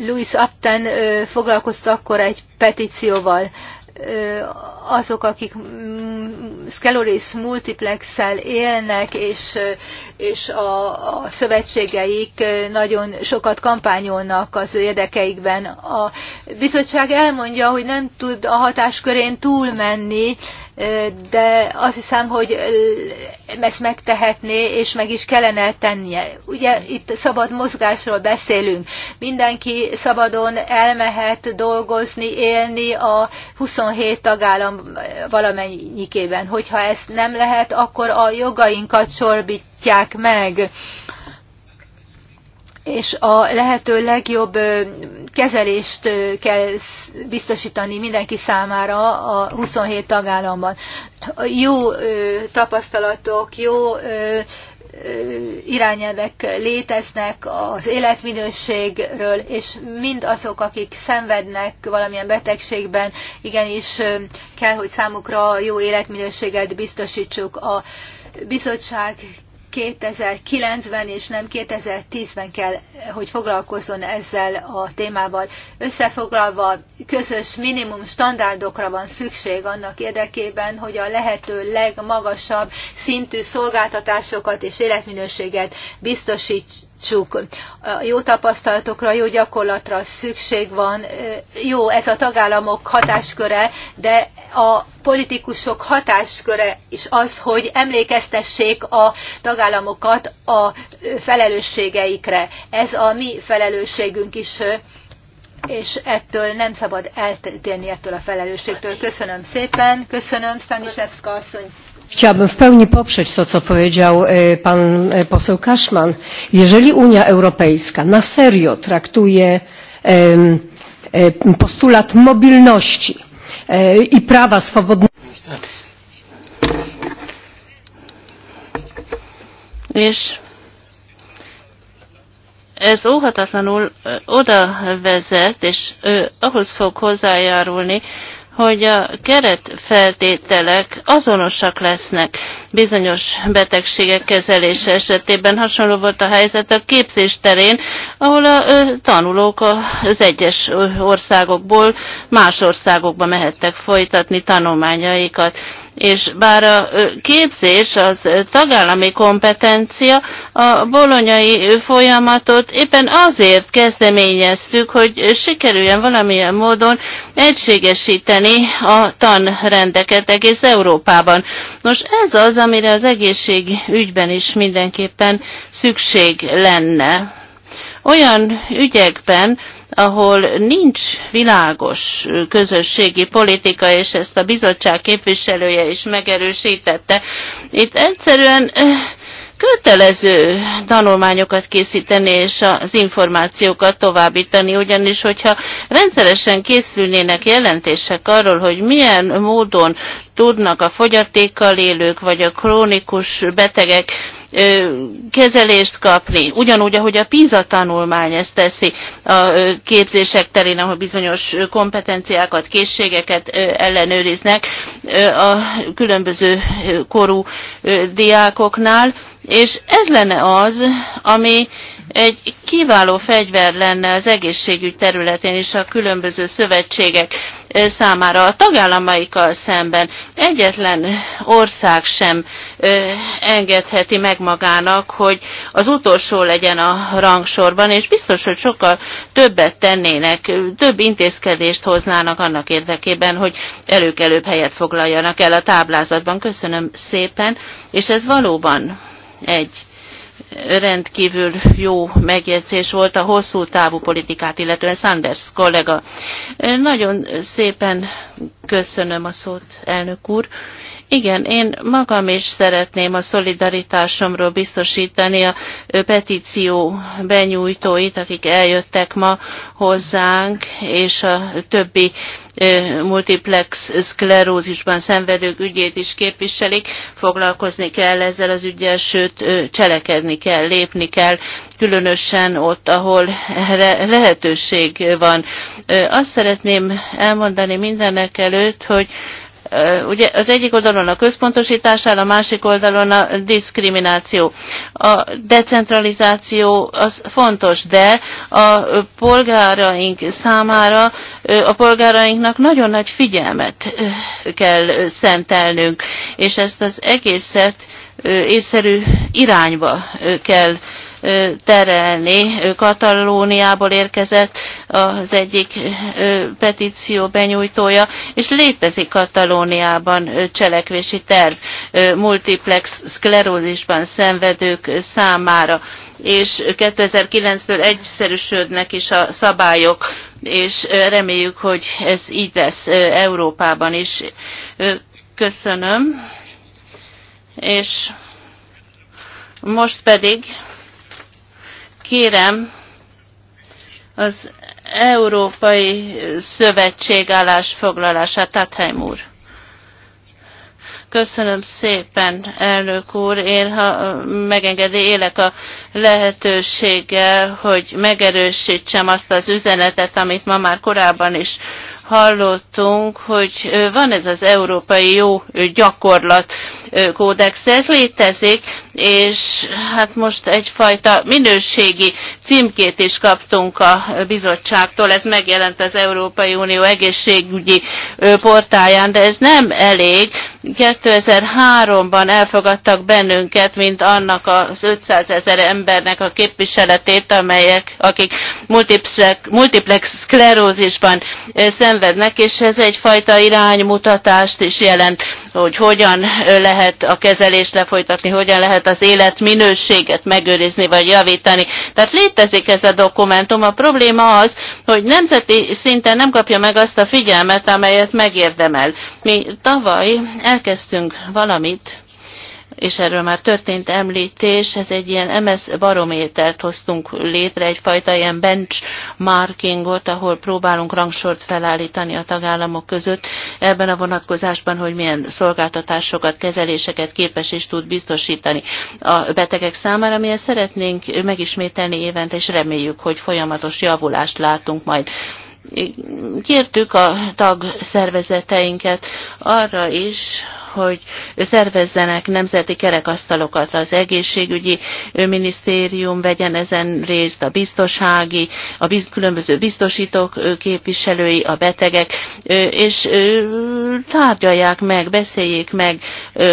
Louis Upton foglalkozta akkor egy petícióval. Azok, akik mm, Skeloris multiplexel élnek, és, és a, a szövetségeik nagyon sokat kampányolnak az ő érdekeikben. A bizottság elmondja, hogy nem tud a hatáskörén túlmenni de azt hiszem, hogy ezt megtehetné, és meg is kellene tennie. Ugye itt szabad mozgásról beszélünk. Mindenki szabadon elmehet dolgozni, élni a 27 tagállam valamennyikében. Hogyha ezt nem lehet, akkor a jogainkat sorbítják meg és a lehető legjobb kezelést kell biztosítani mindenki számára a 27 tagállamban. Jó tapasztalatok, jó irányelvek léteznek az életminőségről, és mind azok, akik szenvednek valamilyen betegségben, igenis kell, hogy számukra jó életminőséget biztosítsuk. A bizottság 2090 ben és nem 2010-ben kell, hogy foglalkozzon ezzel a témával. Összefoglalva közös minimum standardokra van szükség annak érdekében, hogy a lehető legmagasabb szintű szolgáltatásokat és életminőséget biztosítsuk javítsuk. A jó tapasztalatokra, jó gyakorlatra szükség van. Jó, ez a tagállamok hatásköre, de a politikusok hatásköre is az, hogy emlékeztessék a tagállamokat a felelősségeikre. Ez a mi felelősségünk is és ettől nem szabad eltérni ettől a felelősségtől. Köszönöm szépen, köszönöm Stanislavska asszony. Chciałabym w pełni poprzeć to, co powiedział e, pan e, poseł cashman Jeżeli Unia Europejska na serio traktuje e, postulat mobilności i prawa swobodnego. És ez óhatatlanul oda vezet, és ahhoz fog hozzájárulni, hogy a keretfeltételek azonosak lesznek bizonyos betegségek kezelése esetében. Hasonló volt a helyzet a képzés terén, ahol a tanulók az egyes országokból más országokba mehettek folytatni tanulmányaikat és bár a képzés az tagállami kompetencia, a bolonyai folyamatot éppen azért kezdeményeztük, hogy sikerüljen valamilyen módon egységesíteni a tanrendeket egész Európában. Nos, ez az, amire az egészségügyben is mindenképpen szükség lenne. Olyan ügyekben, ahol nincs világos közösségi politika, és ezt a bizottság képviselője is megerősítette. Itt egyszerűen kötelező tanulmányokat készíteni és az információkat továbbítani, ugyanis hogyha rendszeresen készülnének jelentések arról, hogy milyen módon tudnak a fogyatékkal élők vagy a krónikus betegek kezelést kapni, ugyanúgy, ahogy a PISA tanulmány ezt teszi a képzések terén, ahol bizonyos kompetenciákat, készségeket ellenőriznek a különböző korú diákoknál, és ez lenne az, ami egy kiváló fegyver lenne az egészségügy területén is a különböző szövetségek számára a tagállamaikkal szemben. Egyetlen ország sem engedheti meg magának, hogy az utolsó legyen a rangsorban, és biztos, hogy sokkal többet tennének, több intézkedést hoznának annak érdekében, hogy előkelőbb helyet foglaljanak el a táblázatban. Köszönöm szépen, és ez valóban egy rendkívül jó megjegyzés volt a hosszú távú politikát, illetően Sanders kollega. Nagyon szépen köszönöm a szót, elnök úr. Igen, én magam is szeretném a szolidaritásomról biztosítani a petíció benyújtóit, akik eljöttek ma hozzánk, és a többi multiplex szklerózisban szenvedők ügyét is képviselik. Foglalkozni kell ezzel az ügyel, sőt cselekedni kell, lépni kell, különösen ott, ahol lehetőség van. Azt szeretném elmondani mindenek előtt, hogy Ugye az egyik oldalon a központosításál, a másik oldalon a diszkrimináció. A decentralizáció az fontos, de a polgáraink számára, a polgárainknak nagyon nagy figyelmet kell szentelnünk, és ezt az egészet észszerű irányba kell terelni. Katalóniából érkezett az egyik petíció benyújtója, és létezik Katalóniában cselekvési terv multiplex szklerózisban szenvedők számára és 2009-től egyszerűsödnek is a szabályok, és reméljük, hogy ez így lesz Európában is. Köszönöm. És most pedig Kérem az Európai Szövetség állásfoglalását, Tatheim úr. Köszönöm szépen, elnök úr. Én, ha megengedi, élek a lehetőséggel, hogy megerősítsem azt az üzenetet, amit ma már korábban is hallottunk, hogy van ez az európai jó gyakorlat, kódex, ez létezik, és hát most egyfajta minőségi címkét is kaptunk a bizottságtól, ez megjelent az Európai Unió egészségügyi portáján, de ez nem elég. 2003-ban elfogadtak bennünket, mint annak az 500 ezer embernek a képviseletét, amelyek, akik multiplex, multiplex szklerózisban szenvednek, és ez egyfajta iránymutatást is jelent hogy hogyan lehet a kezelést lefolytatni, hogyan lehet az életminőséget megőrizni vagy javítani. Tehát létezik ez a dokumentum. A probléma az, hogy nemzeti szinten nem kapja meg azt a figyelmet, amelyet megérdemel. Mi tavaly elkezdtünk valamit, és erről már történt említés, ez egy ilyen MS barométert hoztunk létre, egyfajta ilyen benchmarkingot, ahol próbálunk rangsort felállítani a tagállamok között ebben a vonatkozásban, hogy milyen szolgáltatásokat, kezeléseket képes és tud biztosítani a betegek számára. amilyen szeretnénk megismételni évente, és reméljük, hogy folyamatos javulást látunk majd kértük a tagszervezeteinket arra is, hogy szervezzenek nemzeti kerekasztalokat az egészségügyi minisztérium, vegyen ezen részt a biztosági, a biz, különböző biztosítók képviselői, a betegek, és tárgyalják meg, beszéljék meg,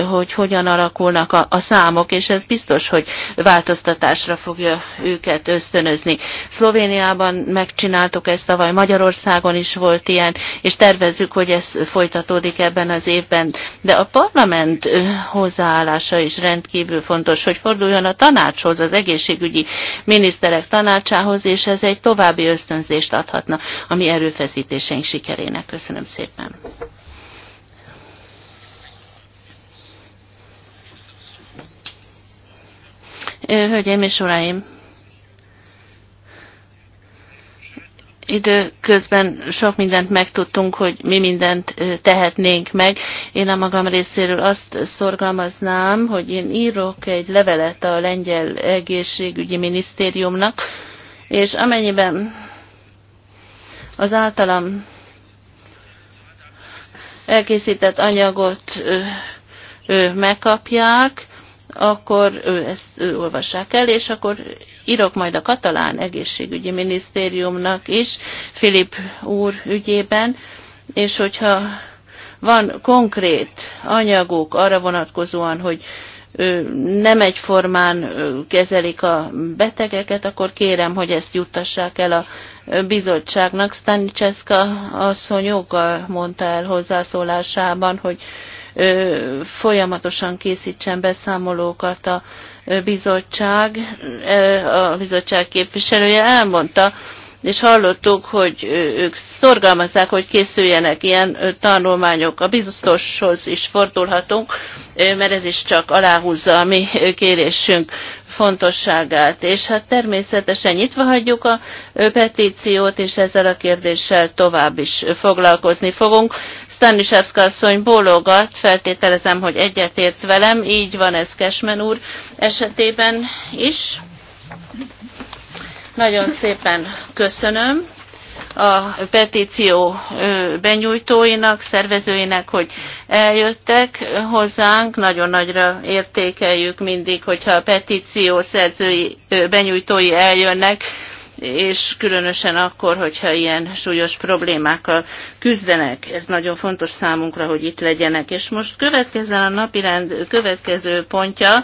hogy hogyan alakulnak a, a számok, és ez biztos, hogy változtatásra fogja őket ösztönözni. Szlovéniában megcsináltuk ezt tavaly, Magyarországon is volt ilyen, és tervezzük, hogy ez folytatódik ebben az évben. De a parlament hozzáállása is rendkívül fontos, hogy forduljon a tanácshoz, az egészségügyi miniszterek tanácsához, és ez egy további ösztönzést adhatna a mi erőfeszítéseink sikerének. Köszönöm szépen. Hölgyeim és uraim! Időközben sok mindent megtudtunk, hogy mi mindent tehetnénk meg. Én a magam részéről azt szorgalmaznám, hogy én írok egy levelet a lengyel egészségügyi minisztériumnak, és amennyiben az általam elkészített anyagot megkapják, akkor ezt olvassák el, és akkor írok majd a katalán egészségügyi minisztériumnak is, Filip úr ügyében, és hogyha van konkrét anyagok arra vonatkozóan, hogy nem egyformán kezelik a betegeket, akkor kérem, hogy ezt juttassák el a bizottságnak. Staniceska asszony joggal mondta el hozzászólásában, hogy folyamatosan készítsen beszámolókat a bizottság, a bizottság képviselője elmondta, és hallottuk, hogy ők szorgalmazzák, hogy készüljenek ilyen tanulmányok. A biztoshoz is fordulhatunk, mert ez is csak aláhúzza a mi kérésünk fontosságát. És hát természetesen nyitva hagyjuk a petíciót, és ezzel a kérdéssel tovább is foglalkozni fogunk. Stanislavska asszony bólogat, feltételezem, hogy egyetért velem, így van ez Kesmen úr esetében is. Nagyon szépen köszönöm a petíció benyújtóinak, szervezőinek, hogy eljöttek hozzánk. Nagyon nagyra értékeljük mindig, hogyha a petíció szerzői, benyújtói eljönnek, és különösen akkor, hogyha ilyen súlyos problémákkal küzdenek. Ez nagyon fontos számunkra, hogy itt legyenek. És most következzen a napirend következő pontja,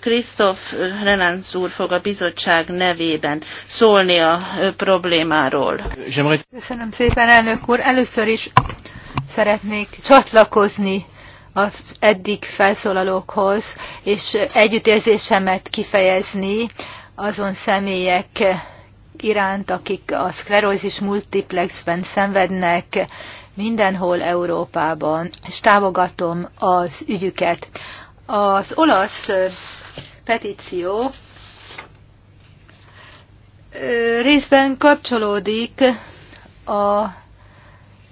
Krisztof Renánc úr fog a bizottság nevében szólni a problémáról. Köszönöm szépen, elnök úr. Először is szeretnék csatlakozni az eddig felszólalókhoz, és együttérzésemet kifejezni azon személyek iránt, akik a szklerózis multiplexben szenvednek mindenhol Európában, és támogatom az ügyüket. Az olasz petíció részben kapcsolódik a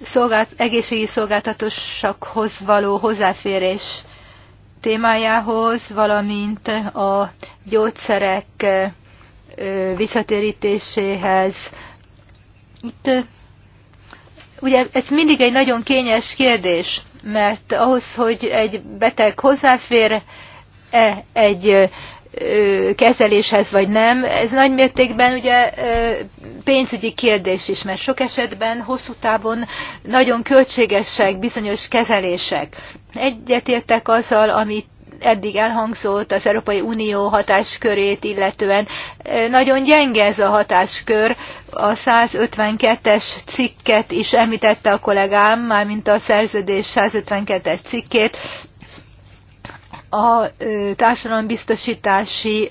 szolgált, egészségügyi szolgáltatósakhoz való hozzáférés témájához, valamint a gyógyszerek visszatérítéséhez. Itt ugye ez mindig egy nagyon kényes kérdés mert ahhoz, hogy egy beteg hozzáfér -e egy kezeléshez vagy nem, ez nagy mértékben ugye pénzügyi kérdés is, mert sok esetben hosszú távon nagyon költségesek bizonyos kezelések. Egyetértek azzal, amit eddig elhangzott az Európai Unió hatáskörét illetően. E, nagyon gyenge ez a hatáskör. A 152-es cikket is említette a kollégám, mármint a szerződés 152-es cikkét a társadalombiztosítási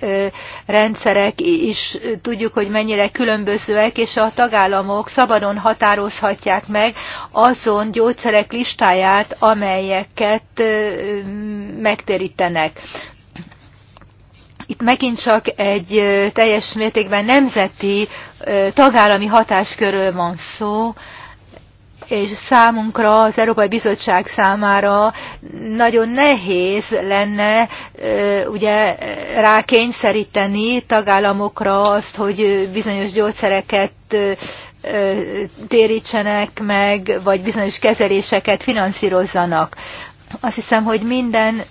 rendszerek is tudjuk, hogy mennyire különbözőek, és a tagállamok szabadon határozhatják meg azon gyógyszerek listáját, amelyeket megtérítenek. Itt megint csak egy teljes mértékben nemzeti tagállami hatáskörről van szó, és számunkra, az Európai Bizottság számára nagyon nehéz lenne ugye rákényszeríteni tagállamokra azt, hogy bizonyos gyógyszereket térítsenek meg, vagy bizonyos kezeléseket finanszírozzanak. Azt hiszem, hogy minden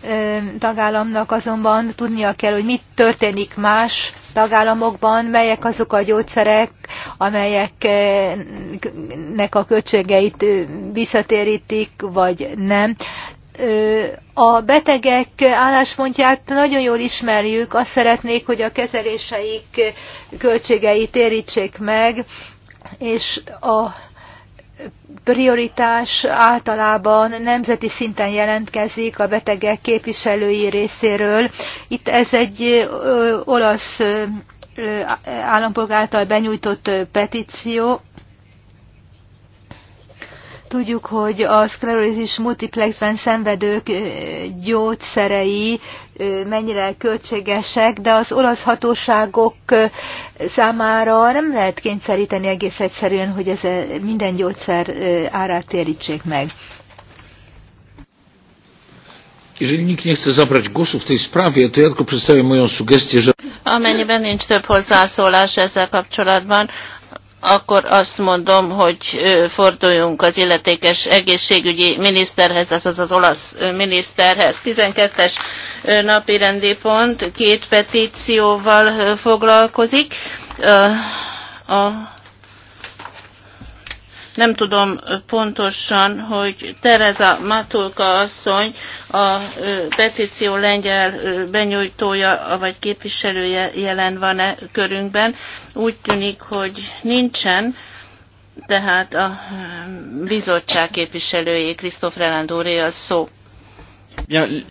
tagállamnak azonban tudnia kell, hogy mit történik más tagállamokban, melyek azok a gyógyszerek, amelyeknek a költségeit visszatérítik, vagy nem. A betegek álláspontját nagyon jól ismerjük, azt szeretnék, hogy a kezeléseik költségeit térítsék meg, és a prioritás általában nemzeti szinten jelentkezik a betegek képviselői részéről. Itt ez egy olasz állampolgártal benyújtott petíció, Tudjuk, hogy a szklerózis multiplexben szenvedők gyógyszerei mennyire költségesek, de az olasz hatóságok számára nem lehet kényszeríteni egész egyszerűen, hogy ez minden gyógyszer árát térítsék meg. Jeżeli nikt nie chce zabrać głosu w tej sprawie, to ja tylko przedstawię moją sugestię, że... Amennyiben nincs több hozzászólás ezzel kapcsolatban, akkor azt mondom, hogy forduljunk az illetékes egészségügyi miniszterhez, ez az az olasz miniszterhez. 12-es napi rendi pont két petícióval foglalkozik. A nem tudom pontosan, hogy Tereza Matulka asszony, a petíció lengyel benyújtója vagy képviselője jelen van-e körünkben. Úgy tűnik, hogy nincsen. Tehát a bizottság képviselője, Krisztóf Relandóré a szó.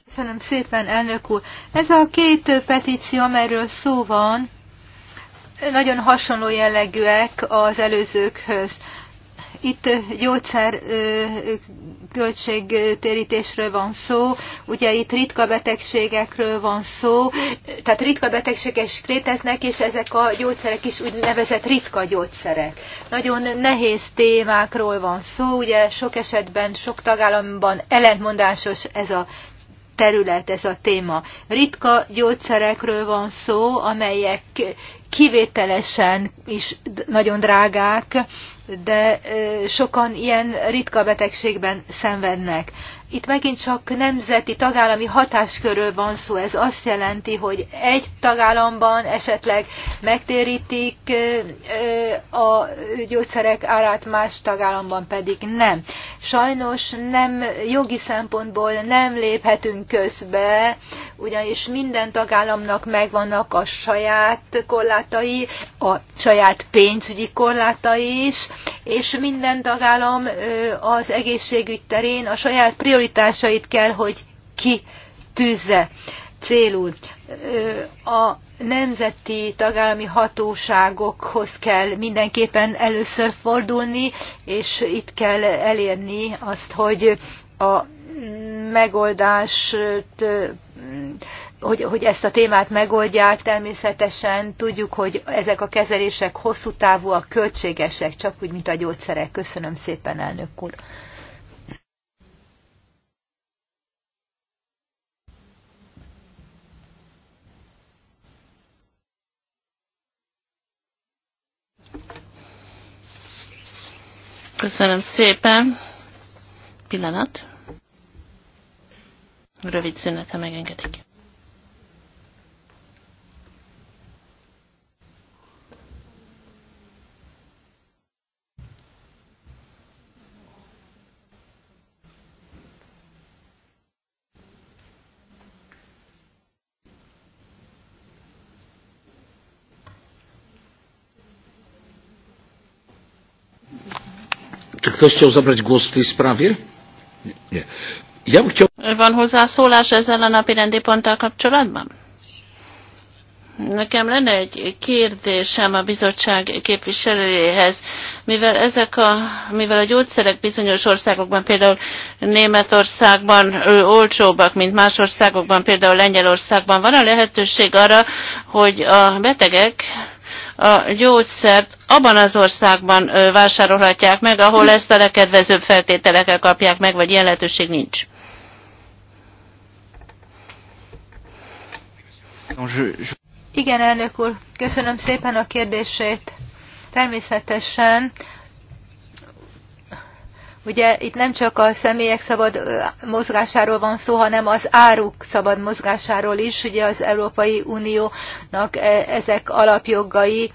Köszönöm szépen, elnök úr. Ez a két petíció, amelyről szó van, nagyon hasonló jellegűek az előzőkhöz. Itt gyógyszer költségtérítésről van szó, ugye itt ritka betegségekről van szó, tehát ritka betegségek is léteznek, és ezek a gyógyszerek is úgynevezett ritka gyógyszerek. Nagyon nehéz témákról van szó, ugye sok esetben, sok tagállamban ellentmondásos ez a terület, ez a téma. Ritka gyógyszerekről van szó, amelyek kivételesen is nagyon drágák, de sokan ilyen ritka betegségben szenvednek. Itt megint csak nemzeti tagállami hatáskörről van szó. Ez azt jelenti, hogy egy tagállamban esetleg megtérítik a gyógyszerek árát, más tagállamban pedig nem. Sajnos nem jogi szempontból nem léphetünk közbe, ugyanis minden tagállamnak megvannak a saját korlátai, a saját pénzügyi korlátai is, és minden tagállam az egészségügy terén a saját prioritásait kell, hogy ki tűzze célul a nemzeti tagállami hatóságokhoz kell mindenképpen először fordulni, és itt kell elérni azt, hogy a megoldást, hogy, hogy ezt a témát megoldják, természetesen tudjuk, hogy ezek a kezelések hosszú távúak, költségesek, csak úgy, mint a gyógyszerek. Köszönöm szépen, elnök úr. Köszönöm szépen. Pillanat. Rövid szünete megengedik. Czy ktoś chciał zabrać głos w tej sprawie? Nie. nie. Ja bym chciał... Van hozzászólás ezzel a napi rendi ponttal kapcsolatban? Nekem lenne egy kérdésem a bizottság képviselőjéhez, mivel ezek a, mivel a gyógyszerek bizonyos országokban, például Németországban olcsóbbak, mint más országokban, például Lengyelországban, van a lehetőség arra, hogy a betegek a gyógyszert abban az országban vásárolhatják meg, ahol ezt a legkedvezőbb feltételekkel kapják meg, vagy ilyen lehetőség nincs. Igen, elnök úr, köszönöm szépen a kérdését. Természetesen Ugye itt nem csak a személyek szabad mozgásáról van szó, hanem az áruk szabad mozgásáról is. Ugye az Európai Uniónak e, ezek alapjogai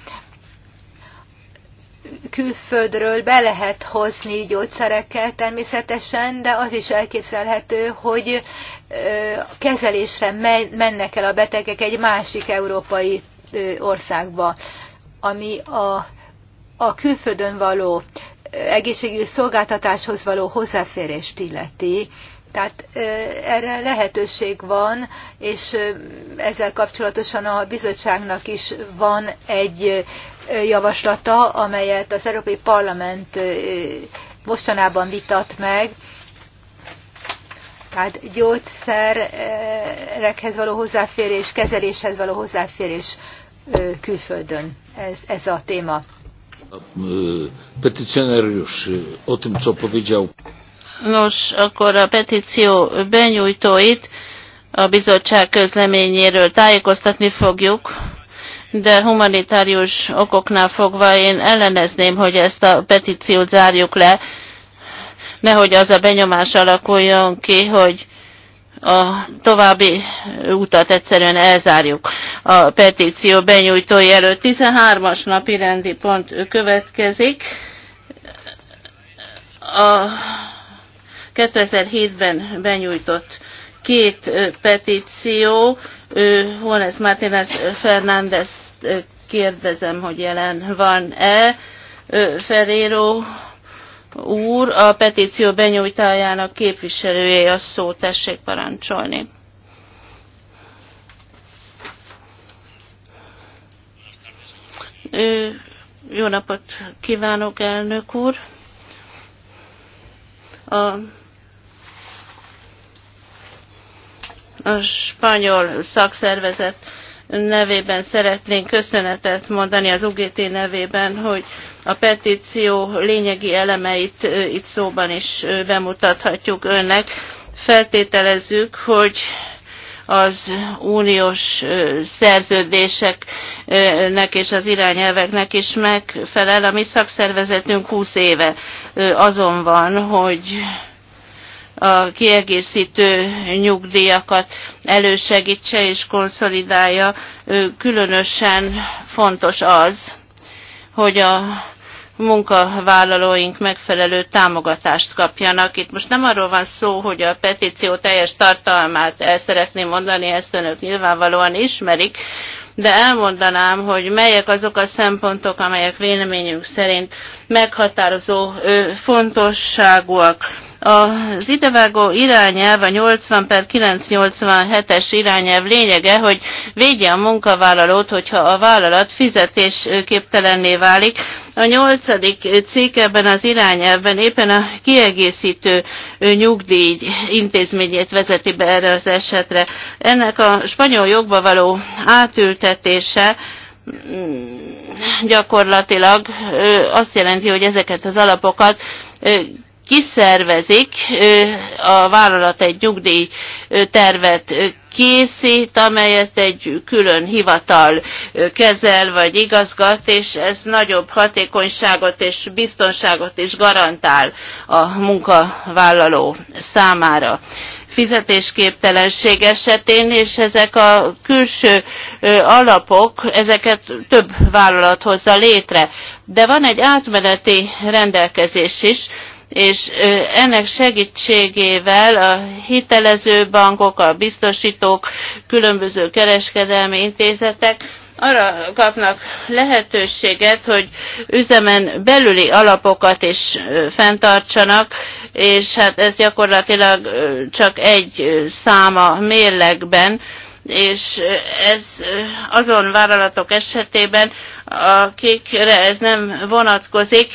külföldről be lehet hozni gyógyszerekkel természetesen, de az is elképzelhető, hogy kezelésre mennek el a betegek egy másik európai országba, ami a, a külföldön való egészségügyi szolgáltatáshoz való hozzáférést illeti. Tehát erre lehetőség van, és ezzel kapcsolatosan a bizottságnak is van egy javaslata, amelyet az Európai Parlament mostanában vitat meg. Tehát gyógyszerekhez való hozzáférés, kezeléshez való hozzáférés külföldön. Ez, ez a téma. E, petycjonariuszy e, o tym, co powiedział. Nos, akkor a petíció benyújtóit a bizottság közleményéről tájékoztatni fogjuk, de humanitárius okoknál fogva én ellenezném, hogy ezt a petíciót zárjuk le, nehogy az a benyomás alakuljon ki, hogy a további utat egyszerűen elzárjuk a petíció benyújtói előtt. 13-as napi rendi pont következik. A 2007-ben benyújtott két petíció, Juanes Martínez Fernández kérdezem, hogy jelen van-e, Ferrero úr, a petíció benyújtájának képviselője a szó, tessék parancsolni. Jó napot kívánok, elnök úr! A a spanyol szakszervezet nevében szeretnénk köszönetet mondani az UGT nevében, hogy a petíció lényegi elemeit itt szóban is bemutathatjuk önnek. Feltételezzük, hogy az uniós szerződéseknek és az irányelveknek is megfelel. A mi szakszervezetünk 20 éve azon van, hogy a kiegészítő nyugdíjakat elősegítse és konszolidálja. Különösen fontos az, hogy a munkavállalóink megfelelő támogatást kapjanak. Itt most nem arról van szó, hogy a petíció teljes tartalmát el szeretném mondani, ezt önök nyilvánvalóan ismerik, de elmondanám, hogy melyek azok a szempontok, amelyek véleményünk szerint meghatározó fontosságúak az idevágó irányelv, a 80 per 987-es irányelv lényege, hogy védje a munkavállalót, hogyha a vállalat fizetésképtelenné válik. A nyolcadik cikk ebben az irányelvben éppen a kiegészítő nyugdíj intézményét vezeti be erre az esetre. Ennek a spanyol jogba való átültetése mm, gyakorlatilag azt jelenti, hogy ezeket az alapokat kiszervezik, a vállalat egy nyugdíj tervet készít, amelyet egy külön hivatal kezel vagy igazgat, és ez nagyobb hatékonyságot és biztonságot is garantál a munkavállaló számára fizetésképtelenség esetén, és ezek a külső alapok, ezeket több vállalat hozza létre. De van egy átmeneti rendelkezés is, és ennek segítségével a hitelező bankok, a biztosítók, különböző kereskedelmi intézetek arra kapnak lehetőséget, hogy üzemen belüli alapokat is fenntartsanak, és hát ez gyakorlatilag csak egy száma mérlegben, és ez azon vállalatok esetében, akikre ez nem vonatkozik,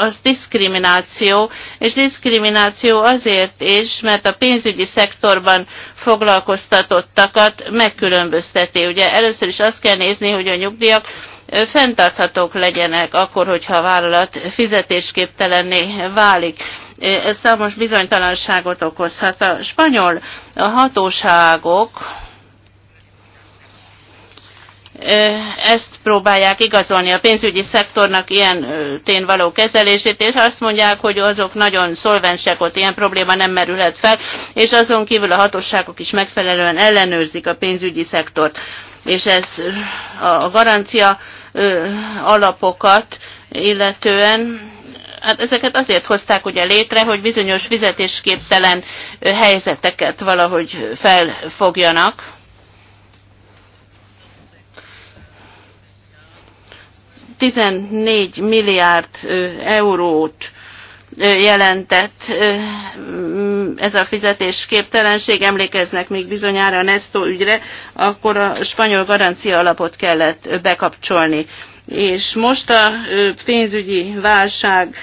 az diszkrimináció, és diszkrimináció azért is, mert a pénzügyi szektorban foglalkoztatottakat megkülönbözteti. Ugye először is azt kell nézni, hogy a nyugdíjak fenntarthatók legyenek akkor, hogyha a vállalat fizetésképtelenné válik. Ez számos bizonytalanságot okozhat. A spanyol hatóságok ezt próbálják igazolni a pénzügyi szektornak ilyen tén való kezelését, és azt mondják, hogy azok nagyon szolvensek, ott ilyen probléma nem merülhet fel, és azon kívül a hatóságok is megfelelően ellenőrzik a pénzügyi szektort. És ez a garancia alapokat illetően hát ezeket azért hozták ugye létre, hogy bizonyos fizetésképtelen helyzeteket valahogy felfogjanak 14 milliárd eurót jelentett ez a képtelenség. emlékeznek még bizonyára a Nesto ügyre, akkor a spanyol garancia alapot kellett bekapcsolni. És most a pénzügyi válság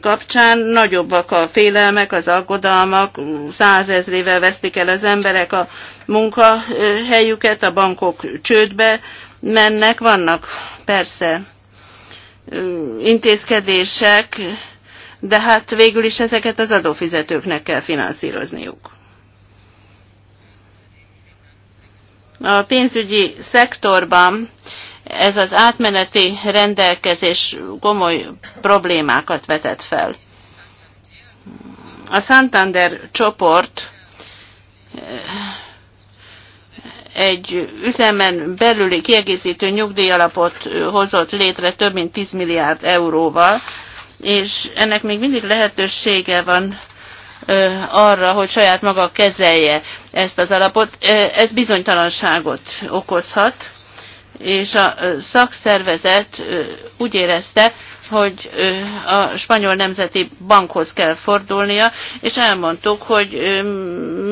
kapcsán nagyobbak a félelmek, az aggodalmak, százezrével vesztik el az emberek a munkahelyüket, a bankok csődbe mennek, vannak persze intézkedések, de hát végül is ezeket az adófizetőknek kell finanszírozniuk. A pénzügyi szektorban ez az átmeneti rendelkezés komoly problémákat vetett fel. A Santander csoport egy üzemen belüli kiegészítő nyugdíjalapot hozott létre több mint 10 milliárd euróval, és ennek még mindig lehetősége van arra, hogy saját maga kezelje ezt az alapot. Ez bizonytalanságot okozhat, és a szakszervezet úgy érezte, hogy a spanyol nemzeti bankhoz kell fordulnia, és elmondtuk, hogy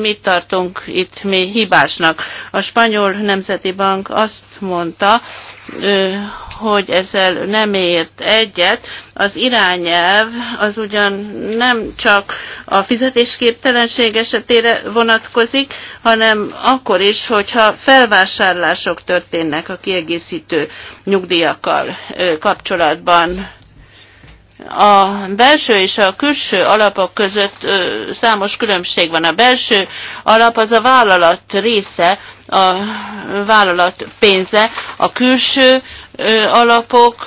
mit tartunk itt mi hibásnak. A spanyol nemzeti bank azt mondta, hogy ezzel nem ért egyet. Az irányelv az ugyan nem csak a fizetésképtelenség esetére vonatkozik, hanem akkor is, hogyha felvásárlások történnek a kiegészítő nyugdíjakkal kapcsolatban a belső és a külső alapok között számos különbség van. A belső alap az a vállalat része, a vállalat pénze, a külső alapok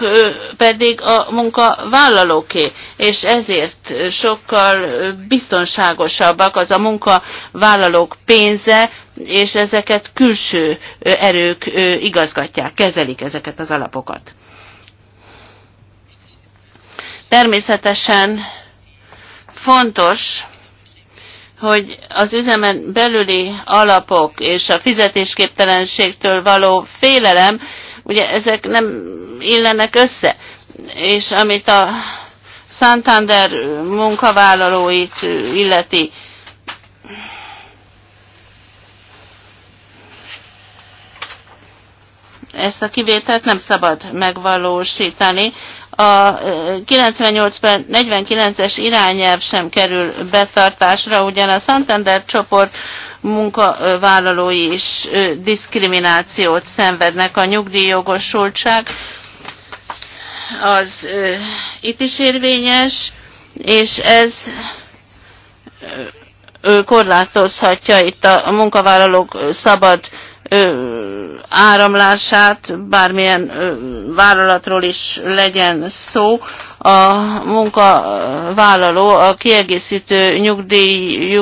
pedig a munkavállalóké, és ezért sokkal biztonságosabbak az a munkavállalók pénze, és ezeket külső erők igazgatják, kezelik ezeket az alapokat. Természetesen fontos, hogy az üzemen belüli alapok és a fizetésképtelenségtől való félelem, ugye ezek nem illenek össze, és amit a Santander munkavállalóit illeti, ezt a kivételt nem szabad megvalósítani a 98 49-es irányelv sem kerül betartásra, ugyan a Santander csoport munkavállalói is diszkriminációt szenvednek a nyugdíjjogosultság. Az itt is érvényes, és ez korlátozhatja itt a munkavállalók szabad áramlását, bármilyen vállalatról is legyen szó, a munkavállaló a kiegészítő nyugdíj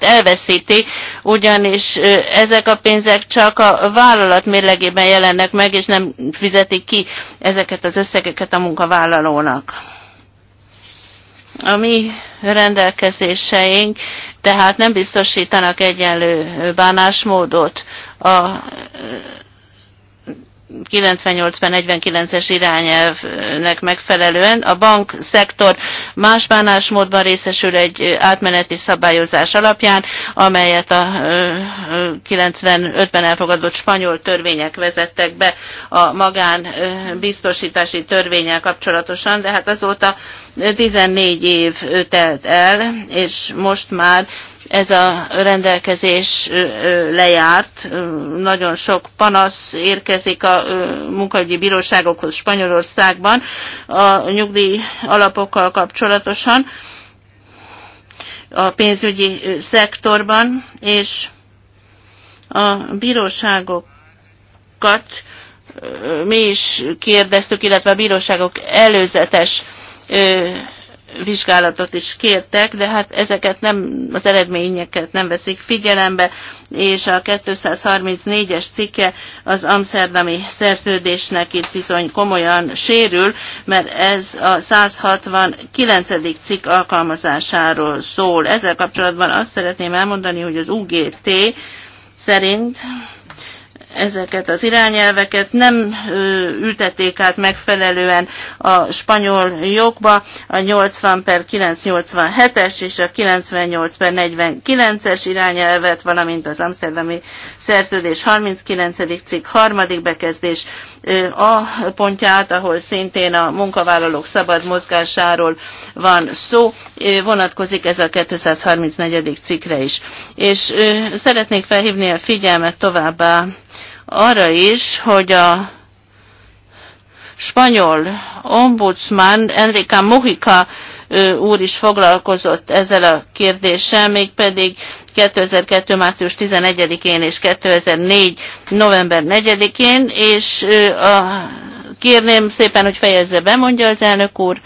elveszíti, ugyanis ezek a pénzek csak a vállalat mérlegében jelennek meg, és nem fizetik ki ezeket az összegeket a munkavállalónak. A mi rendelkezéseink tehát nem biztosítanak egyenlő bánásmódot a 98-49-es irányelvnek megfelelően a bankszektor más bánásmódban részesül egy átmeneti szabályozás alapján, amelyet a 95-ben elfogadott spanyol törvények vezettek be a magánbiztosítási törvényel kapcsolatosan, de hát azóta 14 év telt el, és most már ez a rendelkezés lejárt. Nagyon sok panasz érkezik a munkaügyi bíróságokhoz Spanyolországban a nyugdíj alapokkal kapcsolatosan a pénzügyi szektorban, és a bíróságokat mi is kérdeztük, illetve a bíróságok előzetes vizsgálatot is kértek, de hát ezeket nem, az eredményeket nem veszik figyelembe, és a 234-es cikke az amszerdami szerződésnek itt bizony komolyan sérül, mert ez a 169. cikk alkalmazásáról szól. Ezzel kapcsolatban azt szeretném elmondani, hogy az UGT szerint ezeket az irányelveket, nem ültették át megfelelően a spanyol jogba a 80 per 987-es és a 98 per 49-es irányelvet, valamint az Amsterdami Szerződés 39. cikk harmadik bekezdés a pontját, ahol szintén a munkavállalók szabad mozgásáról van szó, vonatkozik ez a 234. cikkre is. És szeretnék felhívni a figyelmet továbbá arra is, hogy a spanyol ombudsman Enrique Mujica úr is foglalkozott ezzel a kérdéssel, mégpedig 2002. március 11-én és 2004. november 4-én, és a, kérném szépen, hogy fejezze be, mondja az elnök úr,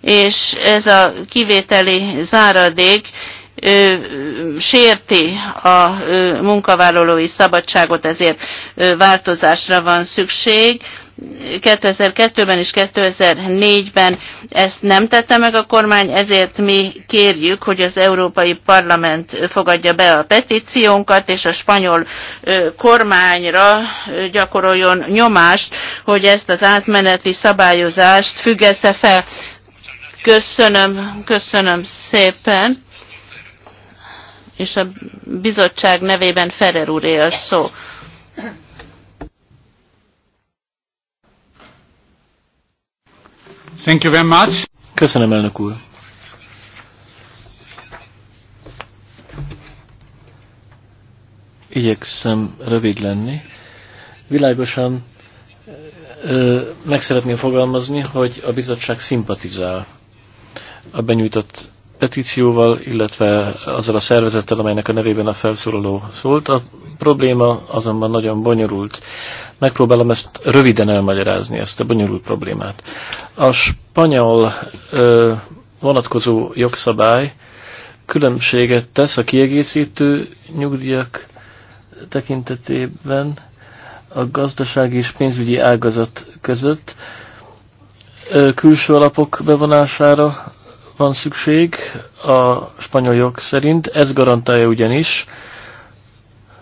és ez a kivételi záradék sérti a munkavállalói szabadságot, ezért változásra van szükség. 2002-ben és 2004-ben ezt nem tette meg a kormány, ezért mi kérjük, hogy az Európai Parlament fogadja be a petíciónkat, és a spanyol kormányra gyakoroljon nyomást, hogy ezt az átmeneti szabályozást függesse fel. Köszönöm, köszönöm szépen és a bizottság nevében Ferrer úr él szó. Thank you very much. Köszönöm, elnök úr. Igyekszem rövid lenni. Világosan ö, meg szeretném fogalmazni, hogy a bizottság szimpatizál a benyújtott petícióval, illetve azzal a szervezettel, amelynek a nevében a felszólaló szólt. A probléma azonban nagyon bonyolult. Megpróbálom ezt röviden elmagyarázni, ezt a bonyolult problémát. A spanyol ö, vonatkozó jogszabály különbséget tesz a kiegészítő nyugdíjak tekintetében a gazdasági és pénzügyi ágazat között külső alapok bevonására van szükség a spanyol jog szerint. Ez garantálja ugyanis,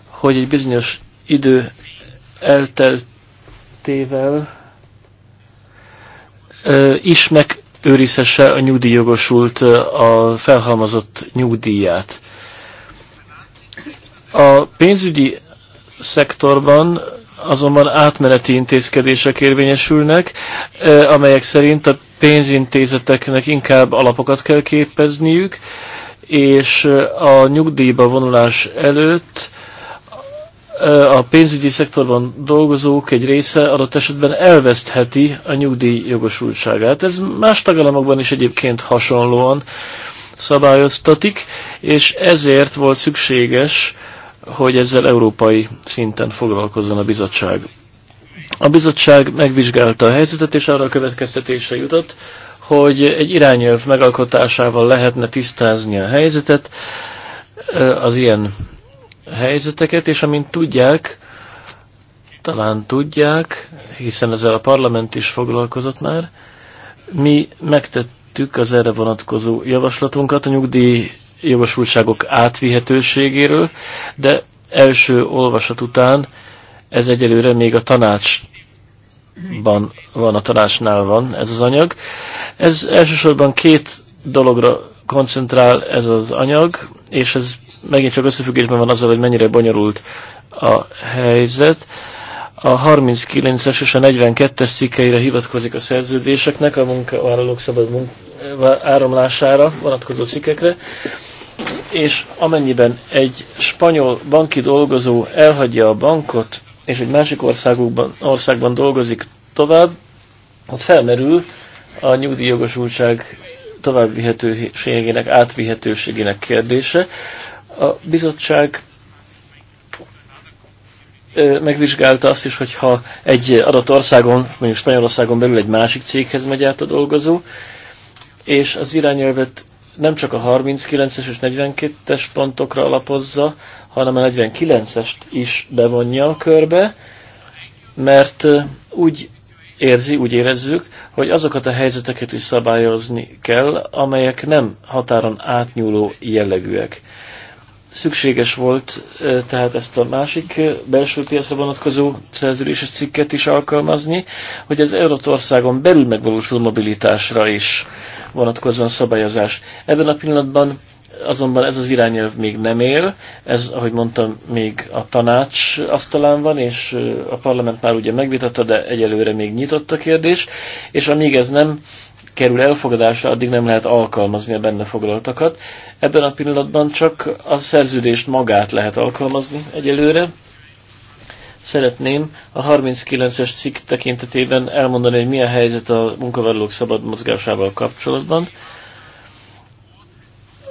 hogy egy bizonyos idő elteltével is megőrizhesse a nyugdíjjogosult a felhalmozott nyugdíját. A pénzügyi szektorban azonban átmeneti intézkedések érvényesülnek, amelyek szerint a pénzintézeteknek inkább alapokat kell képezniük, és a nyugdíjba vonulás előtt a pénzügyi szektorban dolgozók egy része adott esetben elvesztheti a nyugdíj jogosultságát. Ez más tagállamokban is egyébként hasonlóan szabályoztatik, és ezért volt szükséges hogy ezzel európai szinten foglalkozzon a bizottság. A bizottság megvizsgálta a helyzetet, és arra a következtetésre jutott, hogy egy irányelv megalkotásával lehetne tisztázni a helyzetet, az ilyen helyzeteket, és amint tudják, talán tudják, hiszen ezzel a parlament is foglalkozott már, mi megtettük az erre vonatkozó javaslatunkat a nyugdíj jogosultságok átvihetőségéről, de első olvasat után ez egyelőre még a tanácsban van, a tanácsnál van ez az anyag. Ez elsősorban két dologra koncentrál ez az anyag, és ez megint csak összefüggésben van azzal, hogy mennyire bonyolult a helyzet a 39-es és a 42-es cikkeire hivatkozik a szerződéseknek a munkavállalók szabad munk áramlására vonatkozó cikkekre, és amennyiben egy spanyol banki dolgozó elhagyja a bankot, és egy másik országban, országban dolgozik tovább, ott felmerül a nyugdíjjogosultság továbbvihetőségének, átvihetőségének kérdése. A bizottság megvizsgálta azt is, hogyha egy adott országon, mondjuk Spanyolországon belül egy másik céghez megy át a dolgozó, és az irányelvet nem csak a 39-es és 42-es pontokra alapozza, hanem a 49-est is bevonja a körbe, mert úgy érzi, úgy érezzük, hogy azokat a helyzeteket is szabályozni kell, amelyek nem határon átnyúló jellegűek. Szükséges volt tehát ezt a másik belső piacra vonatkozó szerződéses cikket is alkalmazni, hogy az Eurótországon belül megvalósul mobilitásra is vonatkozóan szabályozás. Ebben a pillanatban azonban ez az irányelv még nem él, ez, ahogy mondtam, még a tanács asztalán van, és a parlament már ugye megvitatta, de egyelőre még nyitott a kérdés, és amíg ez nem kerül elfogadásra, addig nem lehet alkalmazni a benne foglaltakat. Ebben a pillanatban csak a szerződést magát lehet alkalmazni egyelőre. Szeretném a 39-es cikk tekintetében elmondani, hogy mi a helyzet a munkavállalók szabad mozgásával kapcsolatban.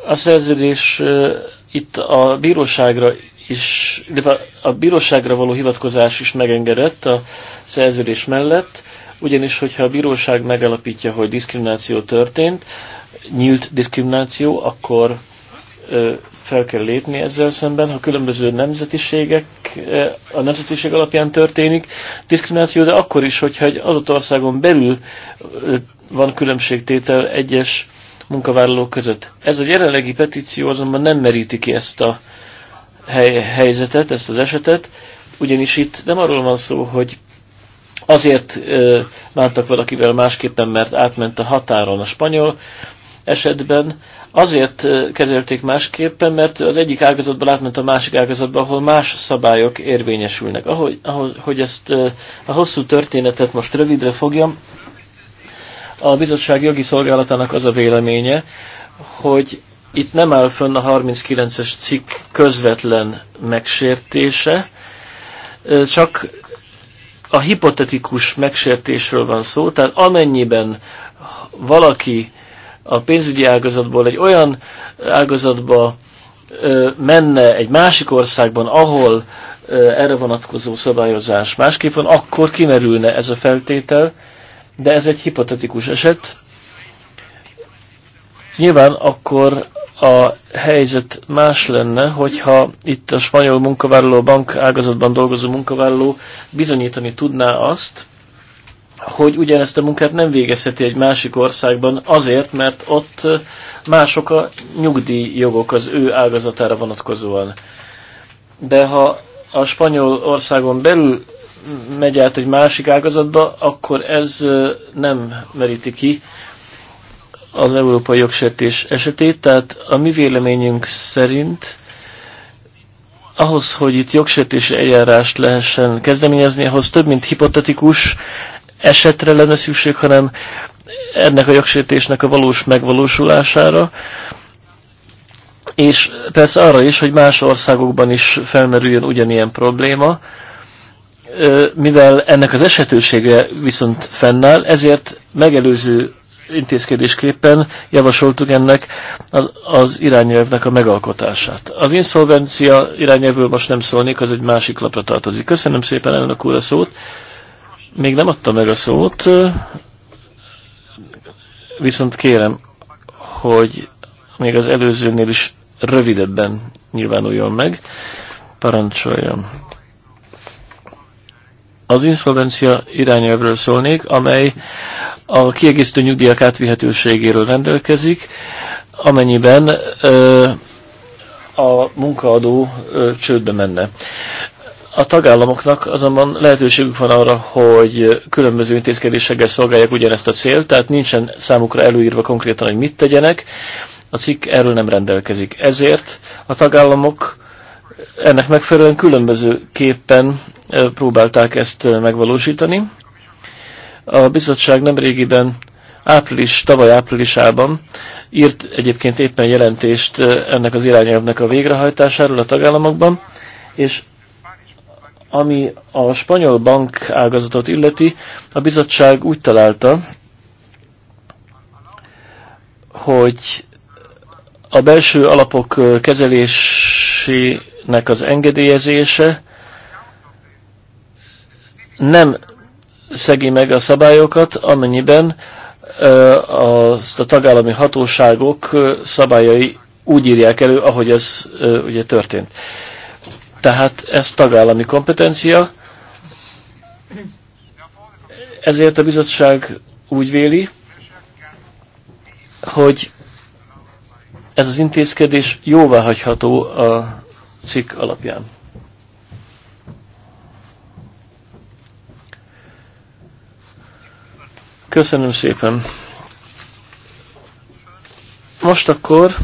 A szerződés itt a bíróságra is, illetve a bíróságra való hivatkozás is megengedett a szerződés mellett, ugyanis hogyha a bíróság megalapítja, hogy diszkrimináció történt, nyílt diszkrimináció, akkor fel kell lépni ezzel szemben, ha különböző nemzetiségek, a nemzetiség alapján történik diszkrimináció, de akkor is, hogyha egy adott országon belül van különbségtétel egyes munkavállalók között. Ez a jelenlegi petíció azonban nem meríti ki ezt a hely, helyzetet, ezt az esetet, ugyanis itt nem arról van szó, hogy azért bántak valakivel másképpen, mert átment a határon a spanyol esetben, azért kezelték másképpen, mert az egyik ágazatból átment a másik ágazatba, ahol más szabályok érvényesülnek. Ahogy, ahogy hogy ezt a hosszú történetet most rövidre fogjam, a bizottság jogi szolgálatának az a véleménye, hogy itt nem áll fönn a 39-es cikk közvetlen megsértése, csak a hipotetikus megsértésről van szó, tehát amennyiben valaki a pénzügyi ágazatból egy olyan ágazatba ö, menne egy másik országban, ahol ö, erre vonatkozó szabályozás másképp van, akkor kimerülne ez a feltétel, de ez egy hipotetikus eset. Nyilván akkor a helyzet más lenne, hogyha itt a spanyol munkavállaló, bank ágazatban dolgozó munkavállaló bizonyítani tudná azt, hogy ugyanezt a munkát nem végezheti egy másik országban azért, mert ott mások a nyugdíjjogok az ő ágazatára vonatkozóan. De ha a spanyol országon belül megy át egy másik ágazatba, akkor ez nem meríti ki az európai jogsértés esetét, tehát a mi véleményünk szerint ahhoz, hogy itt jogsértési eljárást lehessen kezdeményezni, ahhoz több, mint hipotetikus esetre lenne szükség, hanem ennek a jogsértésnek a valós megvalósulására, és persze arra is, hogy más országokban is felmerüljön ugyanilyen probléma, mivel ennek az esetősége viszont fennáll, ezért megelőző intézkedésképpen javasoltuk ennek az, az irányelvnek a megalkotását. Az inszolvencia irányelvről most nem szólnék, az egy másik lapra tartozik. Köszönöm szépen elnök úr a szót. Még nem adta meg a szót, viszont kérem, hogy még az előzőnél is rövidebben nyilvánuljon meg. Parancsoljon. Az inszolvencia irányelvről szólnék, amely a kiegészítő nyugdíjak átvihetőségéről rendelkezik, amennyiben ö, a munkaadó ö, csődbe menne. A tagállamoknak azonban lehetőségük van arra, hogy különböző intézkedésekkel szolgálják ugyanezt a célt, tehát nincsen számukra előírva konkrétan, hogy mit tegyenek. A cikk erről nem rendelkezik. Ezért a tagállamok ennek megfelelően különbözőképpen próbálták ezt megvalósítani. A bizottság nemrégiben április, tavaly áprilisában írt egyébként éppen jelentést eh, ennek az irányelvnek a végrehajtásáról a tagállamokban, és ami a spanyol bank ágazatot illeti, a bizottság úgy találta, hogy a belső alapok eh, kezelésének az engedélyezése nem szegi meg a szabályokat, amennyiben azt a tagállami hatóságok szabályai úgy írják elő, ahogy ez ugye történt. Tehát ez tagállami kompetencia, ezért a bizottság úgy véli, hogy ez az intézkedés jóváhagyható a cikk alapján. Köszönöm szépen. Most akkor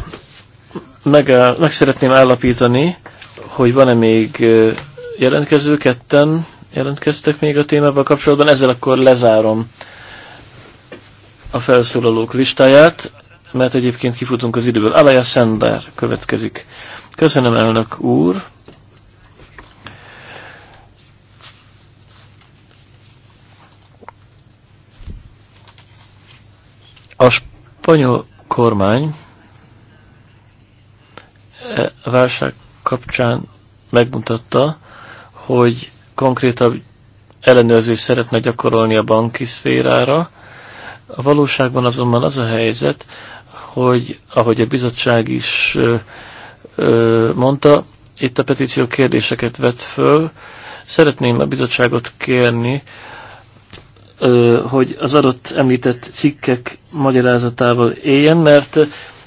meg, meg szeretném állapítani, hogy van-e még jelentkező, ketten jelentkeztek még a témával kapcsolatban, ezzel akkor lezárom a felszólalók listáját, mert egyébként kifutunk az időből. Alaya Sender következik. Köszönöm, elnök úr! A spanyol kormány a e, válság kapcsán megmutatta, hogy konkrétabb ellenőrzést szeretne gyakorolni a banki szférára. A valóságban azonban az a helyzet, hogy ahogy a bizottság is mondta, itt a petíció kérdéseket vett föl. Szeretném a bizottságot kérni, hogy az adott említett cikkek magyarázatával éljen, mert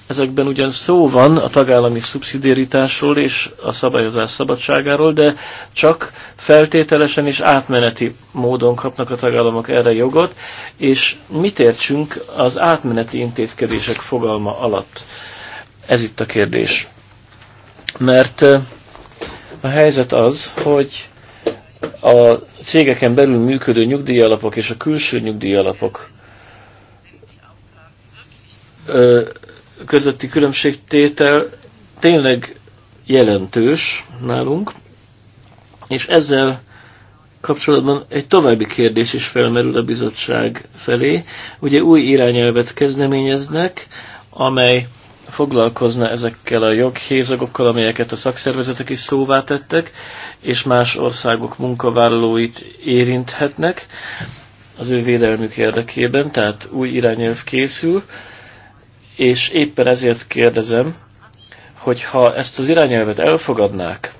ezekben ugyan szó van a tagállami szubszidiaritásról és a szabályozás szabadságáról, de csak feltételesen és átmeneti módon kapnak a tagállamok erre jogot, és mit értsünk az átmeneti intézkedések fogalma alatt? Ez itt a kérdés. Mert a helyzet az, hogy a cégeken belül működő nyugdíjalapok és a külső nyugdíjalapok közötti különbségtétel tényleg jelentős nálunk, és ezzel kapcsolatban egy további kérdés is felmerül a bizottság felé. Ugye új irányelvet kezdeményeznek, amely foglalkozna ezekkel a joghézagokkal, amelyeket a szakszervezetek is szóvá tettek, és más országok munkavállalóit érinthetnek az ő védelmük érdekében, tehát új irányelv készül, és éppen ezért kérdezem, hogy ha ezt az irányelvet elfogadnák,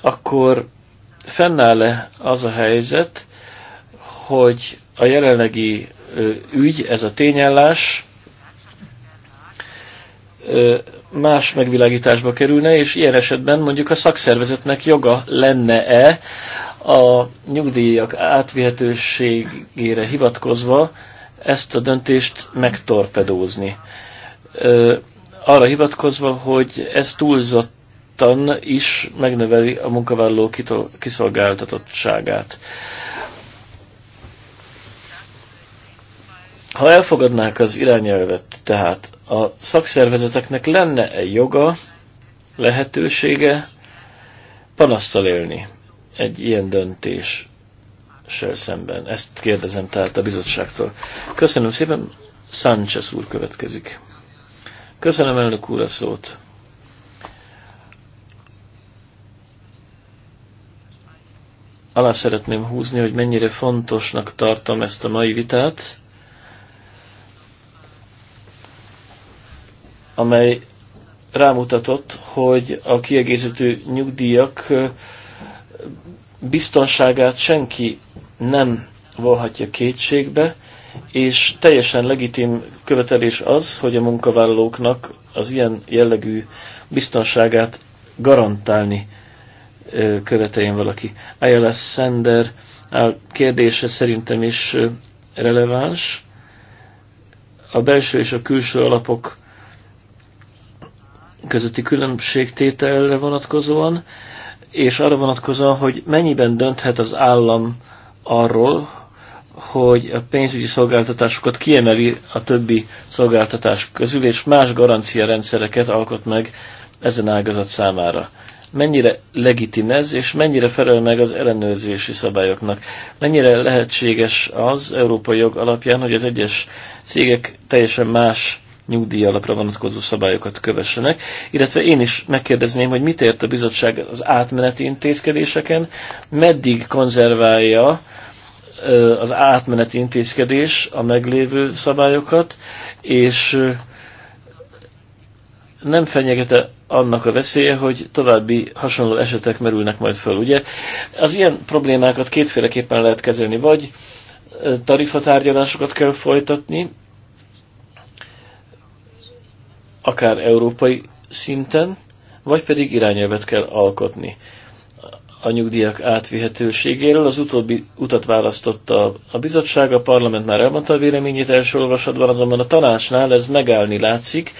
akkor fennáll-e az a helyzet, hogy a jelenlegi ügy, ez a tényállás, más megvilágításba kerülne, és ilyen esetben mondjuk a szakszervezetnek joga lenne-e a nyugdíjak átvihetőségére hivatkozva ezt a döntést megtorpedózni. Arra hivatkozva, hogy ez túlzott is megnöveli a munkavállaló kiszolgáltatottságát. Ha elfogadnák az irányelvet, tehát a szakszervezeteknek lenne egy joga, lehetősége panasztal élni egy ilyen döntés szemben? Ezt kérdezem tehát a bizottságtól. Köszönöm szépen, Sánchez úr következik. Köszönöm elnök úr a szót. Alá szeretném húzni, hogy mennyire fontosnak tartom ezt a mai vitát, amely rámutatott, hogy a kiegészítő nyugdíjak biztonságát senki nem volhatja kétségbe, és teljesen legitim követelés az, hogy a munkavállalóknak az ilyen jellegű biztonságát garantálni követeljen valaki. ILS Sender kérdése szerintem is releváns. A belső és a külső alapok közötti különbségtételre vonatkozóan, és arra vonatkozóan, hogy mennyiben dönthet az állam arról, hogy a pénzügyi szolgáltatásokat kiemeli a többi szolgáltatás közül, és más rendszereket alkot meg ezen ágazat számára. Mennyire legitim ez, és mennyire felel meg az ellenőrzési szabályoknak? Mennyire lehetséges az európai jog alapján, hogy az egyes cégek teljesen más alapra vonatkozó szabályokat kövessenek, illetve én is megkérdezném, hogy mit ért a bizottság az átmeneti intézkedéseken, meddig konzerválja az átmeneti intézkedés a meglévő szabályokat, és nem fenyegete annak a veszélye, hogy további hasonló esetek merülnek majd föl, ugye? Az ilyen problémákat kétféleképpen lehet kezelni, vagy tarifatárgyalásokat kell folytatni, akár európai szinten, vagy pedig irányelvet kell alkotni a nyugdíjak átvihetőségéről. Az utóbbi utat választotta a bizottság, a parlament már elmondta a véleményét első olvasatban, azonban a tanácsnál ez megállni látszik.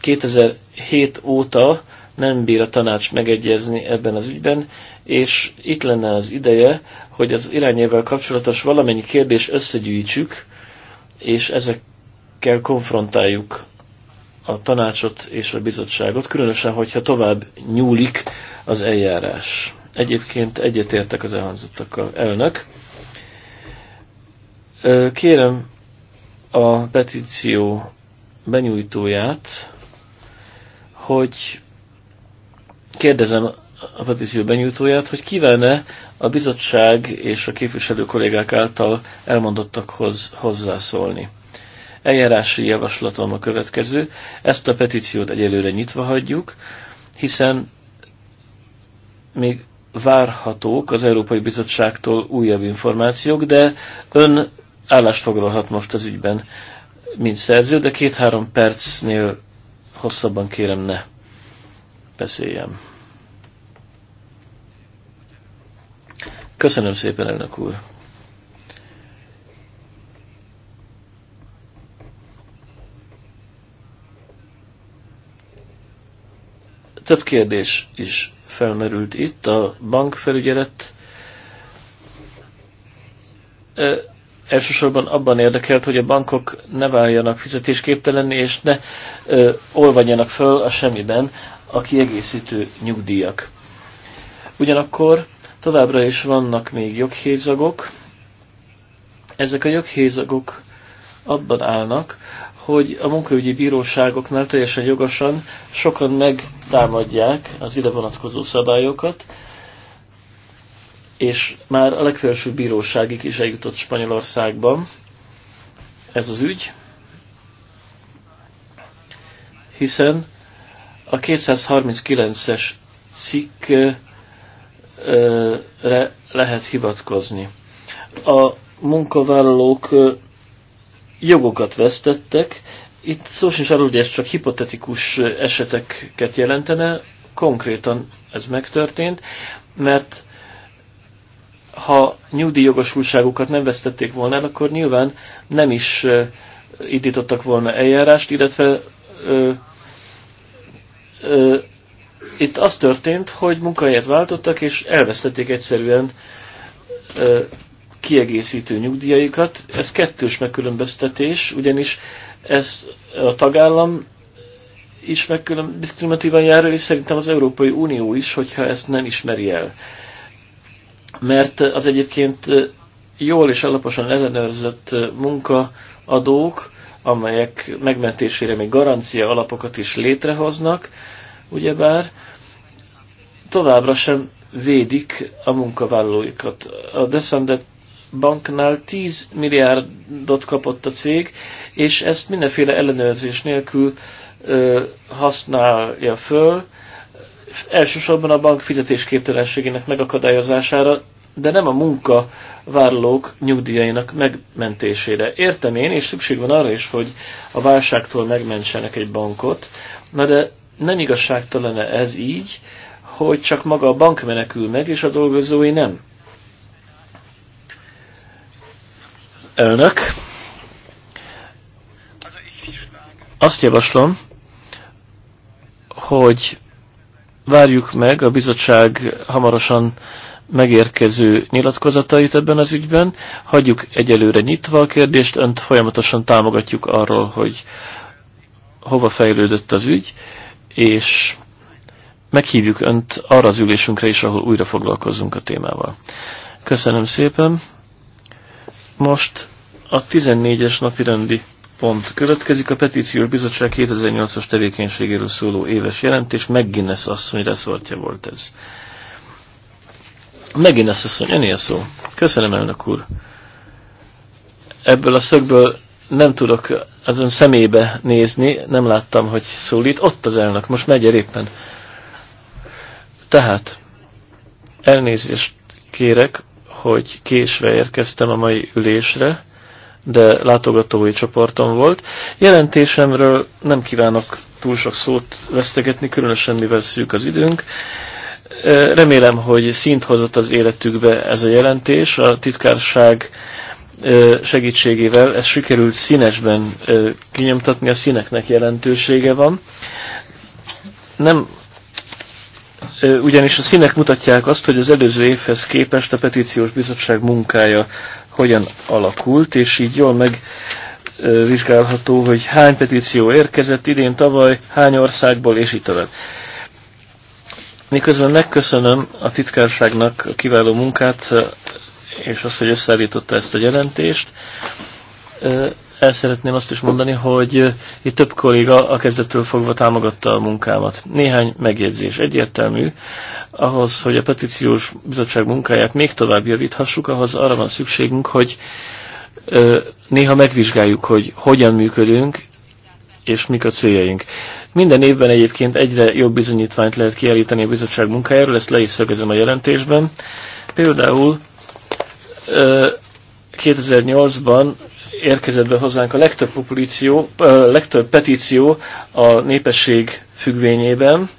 2007 óta nem bír a tanács megegyezni ebben az ügyben, és itt lenne az ideje, hogy az irányelvvel kapcsolatos valamennyi kérdés összegyűjtsük, és ezekkel konfrontáljuk a tanácsot és a bizottságot, különösen, hogyha tovább nyúlik az eljárás. Egyébként egyetértek az elhangzottakkal. Elnök, kérem a petíció benyújtóját, hogy kérdezem a petíció benyújtóját, hogy kívánne a bizottság és a képviselő kollégák által elmondottakhoz hozzászólni. Eljárási javaslatom a következő. Ezt a petíciót egyelőre nyitva hagyjuk, hiszen még várhatók az Európai Bizottságtól újabb információk, de ön állást foglalhat most az ügyben, mint szerző, de két-három percnél hosszabban kérem ne beszéljem. Köszönöm szépen, elnök úr! Több kérdés is felmerült itt. A bankfelügyelet elsősorban abban érdekelt, hogy a bankok ne váljanak fizetésképtelenni, és ne ö, olvadjanak föl a semmiben a kiegészítő nyugdíjak. Ugyanakkor továbbra is vannak még joghézagok. Ezek a joghézagok abban állnak, hogy a munkaügyi bíróságoknál teljesen jogosan sokan megtámadják az ide vonatkozó szabályokat, és már a legfelsőbb bíróságig is eljutott Spanyolországban ez az ügy, hiszen a 239-es cikkre lehet hivatkozni. A munkavállalók jogokat vesztettek. Itt szó sincs arról, hogy ez csak hipotetikus eseteket jelentene, konkrétan ez megtörtént, mert ha nyugdíjjogosultságukat nem vesztették volna el, akkor nyilván nem is indítottak volna eljárást, illetve ö, ö, itt az történt, hogy munkahelyet váltottak, és elvesztették egyszerűen ö, kiegészítő nyugdíjaikat. Ez kettős megkülönböztetés, ugyanis ez a tagállam is megkülön diszkriminatívan jár, és szerintem az Európai Unió is, hogyha ezt nem ismeri el. Mert az egyébként jól és alaposan ellenőrzött munkaadók, amelyek megmentésére még garancia alapokat is létrehoznak, ugyebár továbbra sem védik a munkavállalóikat. A Descendent banknál 10 milliárdot kapott a cég, és ezt mindenféle ellenőrzés nélkül ö, használja föl, elsősorban a bank fizetésképtelenségének megakadályozására, de nem a munkavállalók nyugdíjainak megmentésére. Értem én, és szükség van arra is, hogy a válságtól megmentsenek egy bankot, na de nem igazságtalan ez így, hogy csak maga a bank menekül meg, és a dolgozói nem. elnök. Azt javaslom, hogy várjuk meg a bizottság hamarosan megérkező nyilatkozatait ebben az ügyben. Hagyjuk egyelőre nyitva a kérdést, önt folyamatosan támogatjuk arról, hogy hova fejlődött az ügy, és meghívjuk önt arra az ülésünkre is, ahol újra foglalkozunk a témával. Köszönöm szépen! Most a 14-es rendi pont következik a Petíciós Bizottság 2008-as tevékenységéről szóló éves jelentés. McGuinness asszony reszortja volt ez. McGuinness asszony, öné a szó. Köszönöm, elnök úr. Ebből a szögből nem tudok az ön szemébe nézni, nem láttam, hogy szólít. Ott az elnök, most megy éppen. Tehát, elnézést kérek, hogy késve érkeztem a mai ülésre, de látogatói csoportom volt. Jelentésemről nem kívánok túl sok szót vesztegetni, különösen mivel szűk az időnk. Remélem, hogy szint hozott az életükbe ez a jelentés. A titkárság segítségével ez sikerült színesben kinyomtatni, a színeknek jelentősége van. Nem ugyanis a színek mutatják azt, hogy az előző évhez képest a petíciós bizottság munkája hogyan alakult, és így jól megvizsgálható, hogy hány petíció érkezett idén, tavaly, hány országból, és így tovább. Miközben megköszönöm a titkárságnak a kiváló munkát, és azt, hogy összeállította ezt a jelentést, el szeretném azt is mondani, hogy itt több kolléga a kezdettől fogva támogatta a munkámat. Néhány megjegyzés egyértelmű. Ahhoz, hogy a petíciós bizottság munkáját még tovább javíthassuk, ahhoz arra van szükségünk, hogy néha megvizsgáljuk, hogy hogyan működünk, és mik a céljaink. Minden évben egyébként egyre jobb bizonyítványt lehet kiállítani a bizottság munkájáról, ezt le is szögezem a jelentésben. Például 2008-ban érkezett be hozzánk a legtöbb, populíció, a legtöbb petíció a népesség függvényében,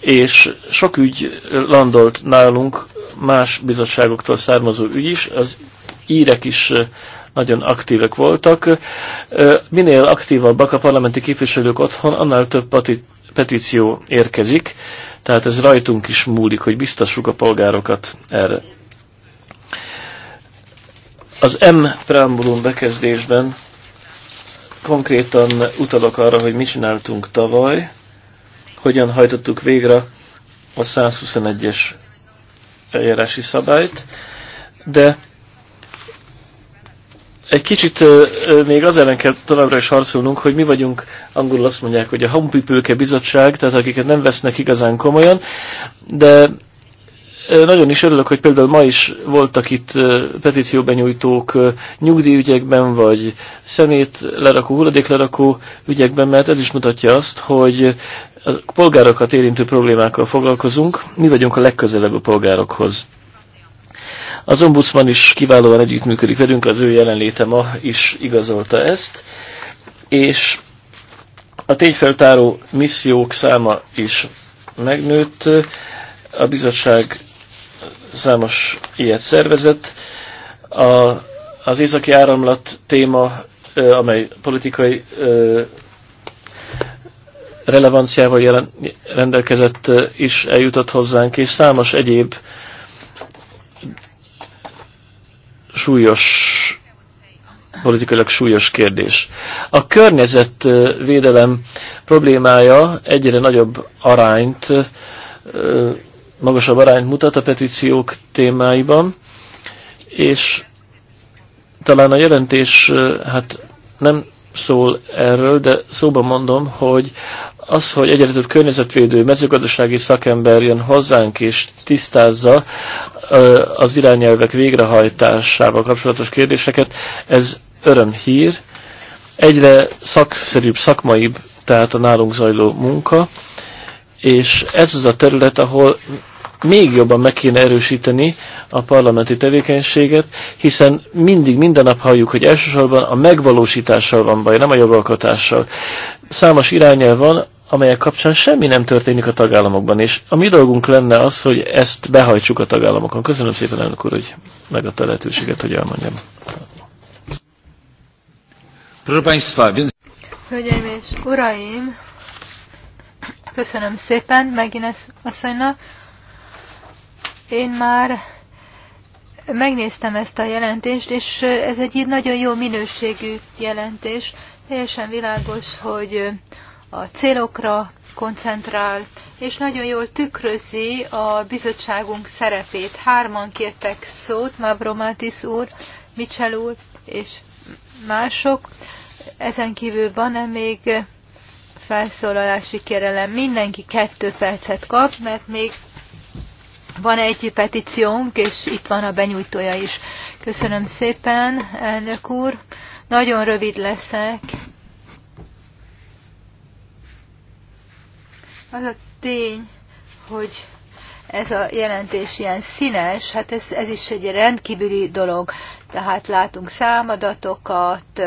és sok ügy landolt nálunk más bizottságoktól származó ügy is, az írek is nagyon aktívek voltak. Minél aktívabbak a parlamenti képviselők otthon, annál több petíció érkezik, tehát ez rajtunk is múlik, hogy biztassuk a polgárokat erre. Az M preambulum bekezdésben konkrétan utalok arra, hogy mit csináltunk tavaly, hogyan hajtottuk végre a 121-es eljárási szabályt, de egy kicsit még az ellen kell továbbra is harcolnunk, hogy mi vagyunk, angolul azt mondják, hogy a hampipőke bizottság, tehát akiket nem vesznek igazán komolyan, de nagyon is örülök, hogy például ma is voltak itt petícióbenyújtók nyugdíjügyekben, vagy szemét lerakó, hulladéklerakó ügyekben, mert ez is mutatja azt, hogy a polgárokat érintő problémákkal foglalkozunk, mi vagyunk a legközelebb a polgárokhoz. Az ombudsman is kiválóan együttműködik velünk, az ő jelenléte ma is igazolta ezt, és a tényfeltáró missziók száma is megnőtt. A bizottság számos ilyet szervezett. A, az északi áramlat téma, amely politikai relevanciával jelen, rendelkezett is eljutott hozzánk, és számos egyéb súlyos, politikailag súlyos kérdés. A környezetvédelem problémája egyre nagyobb arányt magasabb arányt mutat a petíciók témáiban, és talán a jelentés hát nem szól erről, de szóban mondom, hogy az, hogy egyre több környezetvédő, mezőgazdasági szakember jön hozzánk és tisztázza az irányelvek végrehajtásával kapcsolatos kérdéseket, ez örömhír. Egyre szakszerűbb, szakmaibb, tehát a nálunk zajló munka, és ez az a terület, ahol még jobban meg kéne erősíteni a parlamenti tevékenységet, hiszen mindig, minden nap halljuk, hogy elsősorban a megvalósítással van baj, nem a jogalkotással. Számos irányel van, amelyek kapcsán semmi nem történik a tagállamokban, és a mi dolgunk lenne az, hogy ezt behajtsuk a tagállamokon. Köszönöm szépen, elnök úr, hogy megadta a lehetőséget, hogy elmondjam. Hölgyeim és uraim, Köszönöm szépen Megines asszonynak. Én már megnéztem ezt a jelentést, és ez egy nagyon jó minőségű jelentés. Teljesen világos, hogy a célokra koncentrál, és nagyon jól tükrözi a bizottságunk szerepét. Hárman kértek szót, Mavromatis úr, Michel úr és mások. Ezen kívül van-e még felszólalási kérelem. Mindenki kettő percet kap, mert még van egy petíciónk, és itt van a benyújtója is. Köszönöm szépen, elnök úr. Nagyon rövid leszek. Az a tény, hogy ez a jelentés ilyen színes, hát ez, ez is egy rendkívüli dolog. Tehát látunk számadatokat,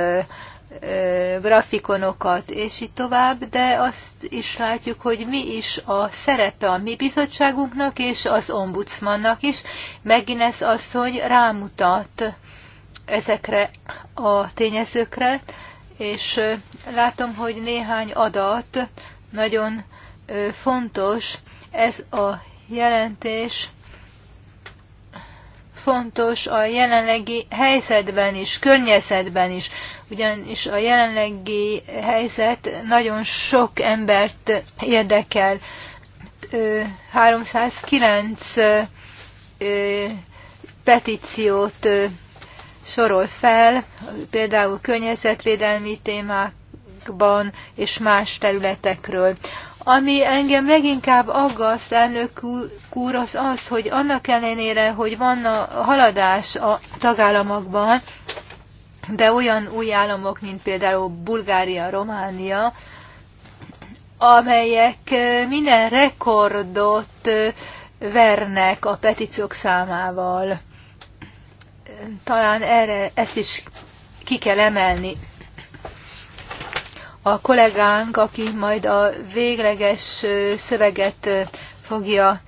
grafikonokat, és így tovább, de azt is látjuk, hogy mi is a szerepe a mi bizottságunknak és az ombudsmannak is. Megint ez az, hogy rámutat ezekre a tényezőkre, és látom, hogy néhány adat nagyon fontos. Ez a jelentés fontos a jelenlegi helyzetben is, környezetben is ugyanis a jelenlegi helyzet nagyon sok embert érdekel. 309 petíciót sorol fel, például környezetvédelmi témákban és más területekről. Ami engem leginkább aggaszt, elnök úr, az az, hogy annak ellenére, hogy van a haladás a tagállamokban, de olyan új államok, mint például Bulgária, Románia, amelyek minden rekordot vernek a petíciók számával. Talán erre ezt is ki kell emelni. A kollégánk, aki majd a végleges szöveget fogja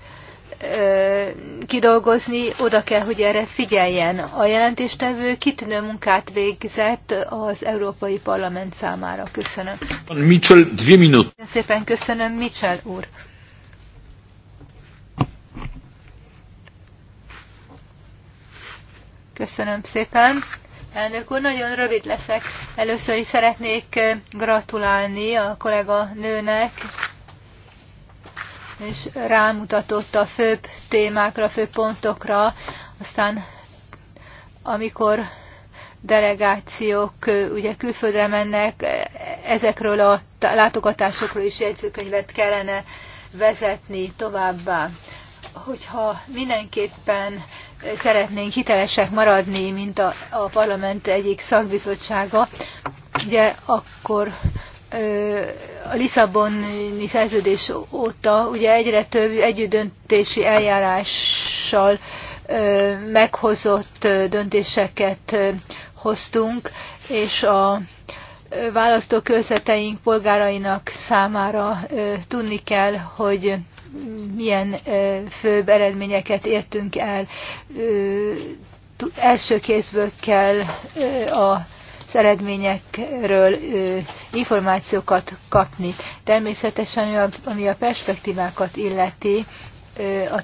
kidolgozni, oda kell, hogy erre figyeljen. A jelentéstevő kitűnő munkát végzett az Európai Parlament számára. Köszönöm. Mitchell, dvi minut. Szépen köszönöm, Mitchell úr. Köszönöm szépen. Elnök úr, nagyon rövid leszek. Először is szeretnék gratulálni a kollega nőnek, és rámutatott a főbb témákra, főbb pontokra, aztán amikor delegációk ugye külföldre mennek, e, ezekről a látogatásokról is jegyzőkönyvet kellene vezetni továbbá. Hogyha mindenképpen szeretnénk hitelesek maradni, mint a, a parlament egyik szakbizottsága, ugye akkor ö, a Lisszaboni szerződés óta ugye egyre több együttdöntési eljárással meghozott döntéseket hoztunk, és a választókörzeteink polgárainak számára tudni kell, hogy milyen főbb eredményeket értünk el. Első kézből kell a eredményekről információkat kapni. Természetesen, ami a perspektívákat illeti, a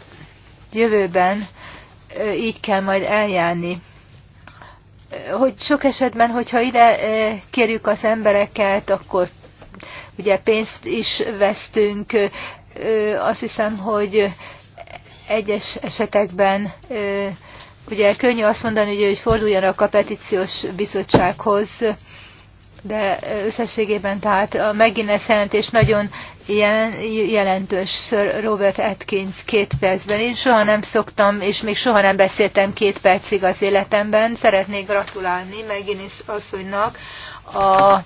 jövőben így kell majd eljárni. Hogy sok esetben, hogyha ide kérjük az embereket, akkor ugye pénzt is vesztünk. Azt hiszem, hogy egyes esetekben Ugye könnyű azt mondani, hogy, hogy forduljanak a petíciós bizottsághoz, de összességében tehát a megint jelentés nagyon jelentős Sir Robert Atkins két percben. Én soha nem szoktam, és még soha nem beszéltem két percig az életemben. Szeretnék gratulálni Megginis asszonynak a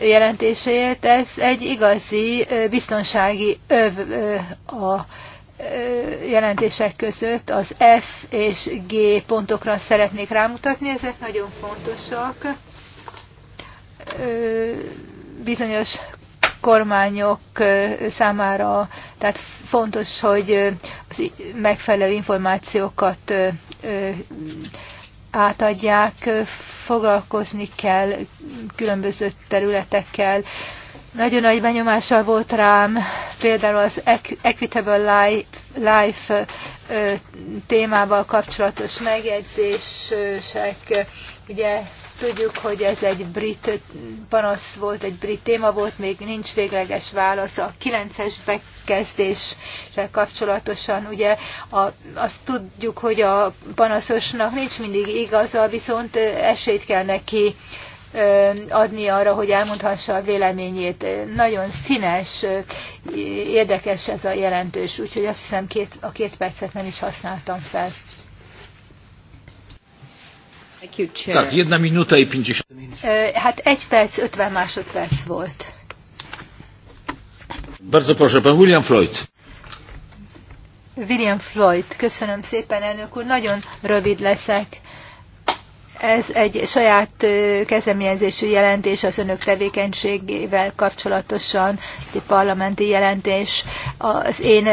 jelentéséért. Ez egy igazi biztonsági öv a jelentések között az F és G pontokra szeretnék rámutatni, ezek nagyon fontosak. Bizonyos kormányok számára, tehát fontos, hogy az megfelelő információkat átadják, foglalkozni kell különböző területekkel, nagyon nagy benyomással volt rám például az Equitable Life, Life témával kapcsolatos megjegyzések. Ugye tudjuk, hogy ez egy brit panasz volt, egy brit téma volt, még nincs végleges válasz a 9-es bekezdéssel kapcsolatosan. Ugye a, azt tudjuk, hogy a panaszosnak nincs mindig igaza, viszont esélyt kell neki adni arra, hogy elmondhassa a véleményét. Nagyon színes, érdekes ez a jelentős, úgyhogy azt hiszem két, a két percet nem is használtam fel. Hát egy perc, 50 másodperc volt. Bardzo proszę, pan William Floyd. William Floyd, köszönöm szépen, elnök úr, nagyon rövid leszek ez egy saját kezdeményezésű jelentés az önök tevékenységével kapcsolatosan, egy parlamenti jelentés. Az én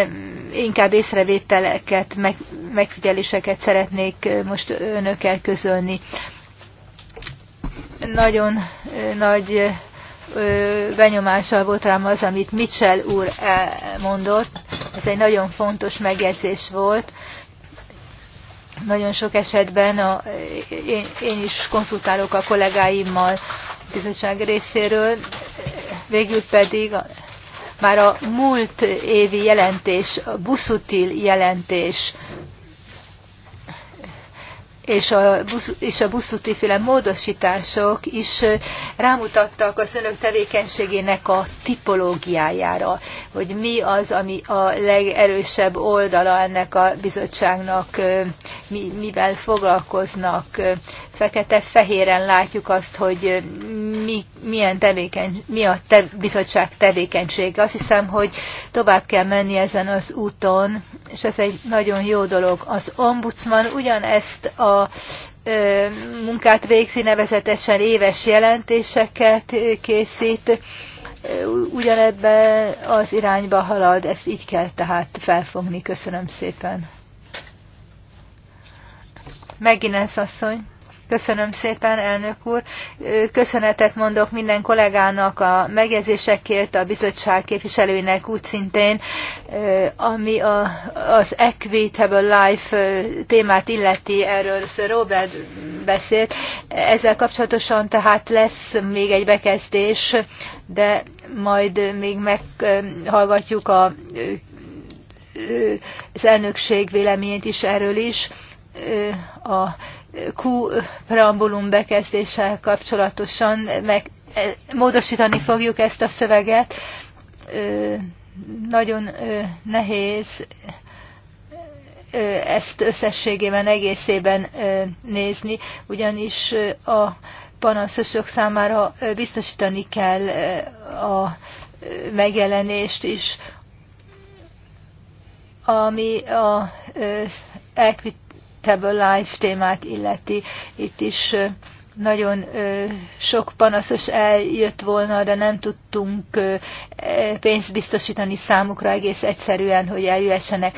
inkább észrevételeket, meg, megfigyeléseket szeretnék most önökkel közölni. Nagyon nagy benyomással volt rám az, amit Mitchell úr e, mondott. Ez egy nagyon fontos megjegyzés volt. Nagyon sok esetben a, én, én is konzultálok a kollégáimmal a bizottság részéről, végül pedig a, már a múlt évi jelentés, a buszutil jelentés és a, busz, és a buszútiféle módosítások is rámutattak az önök tevékenységének a tipológiájára, hogy mi az, ami a legerősebb oldala ennek a bizottságnak, mi, mivel foglalkoznak fekete-fehéren látjuk azt, hogy mi, milyen tevékeny, mi a te, bizottság tevékenysége. Azt hiszem, hogy tovább kell menni ezen az úton, és ez egy nagyon jó dolog. Az ombudsman ugyanezt a ö, munkát végzi, nevezetesen éves jelentéseket készít, ugyanebben az irányba halad, ezt így kell tehát felfogni. Köszönöm szépen. Megint ez asszony. Köszönöm szépen, elnök úr. Köszönetet mondok minden kollégának a megjegyzésekért, a bizottság képviselőinek úgy szintén, ami a, az Equitable Life témát illeti, erről Robert beszélt. Ezzel kapcsolatosan tehát lesz még egy bekezdés, de majd még meghallgatjuk a, az elnökség véleményét is erről is. A Q preambulum bekezdéssel kapcsolatosan meg e, módosítani fogjuk ezt a szöveget. Nagyon nehéz ezt összességében, egészében nézni, ugyanis a panaszosok számára biztosítani kell a megjelenést is, ami a Table Life témát illeti. Itt is nagyon sok panaszos eljött volna, de nem tudtunk e, pénzt biztosítani számukra egész egyszerűen, hogy eljöhessenek.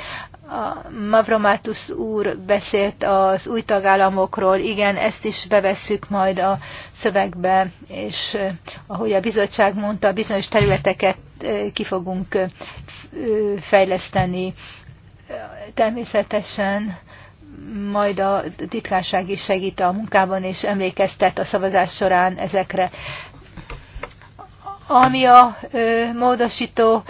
A Mavromátus úr beszélt az új tagállamokról, igen, ezt is bevesszük majd a szövegbe, és ahogy a bizottság mondta, bizonyos területeket ki fogunk fejleszteni. Természetesen majd a titkárság is segít a munkában, és emlékeztet a szavazás során ezekre. Ami a ö, módosító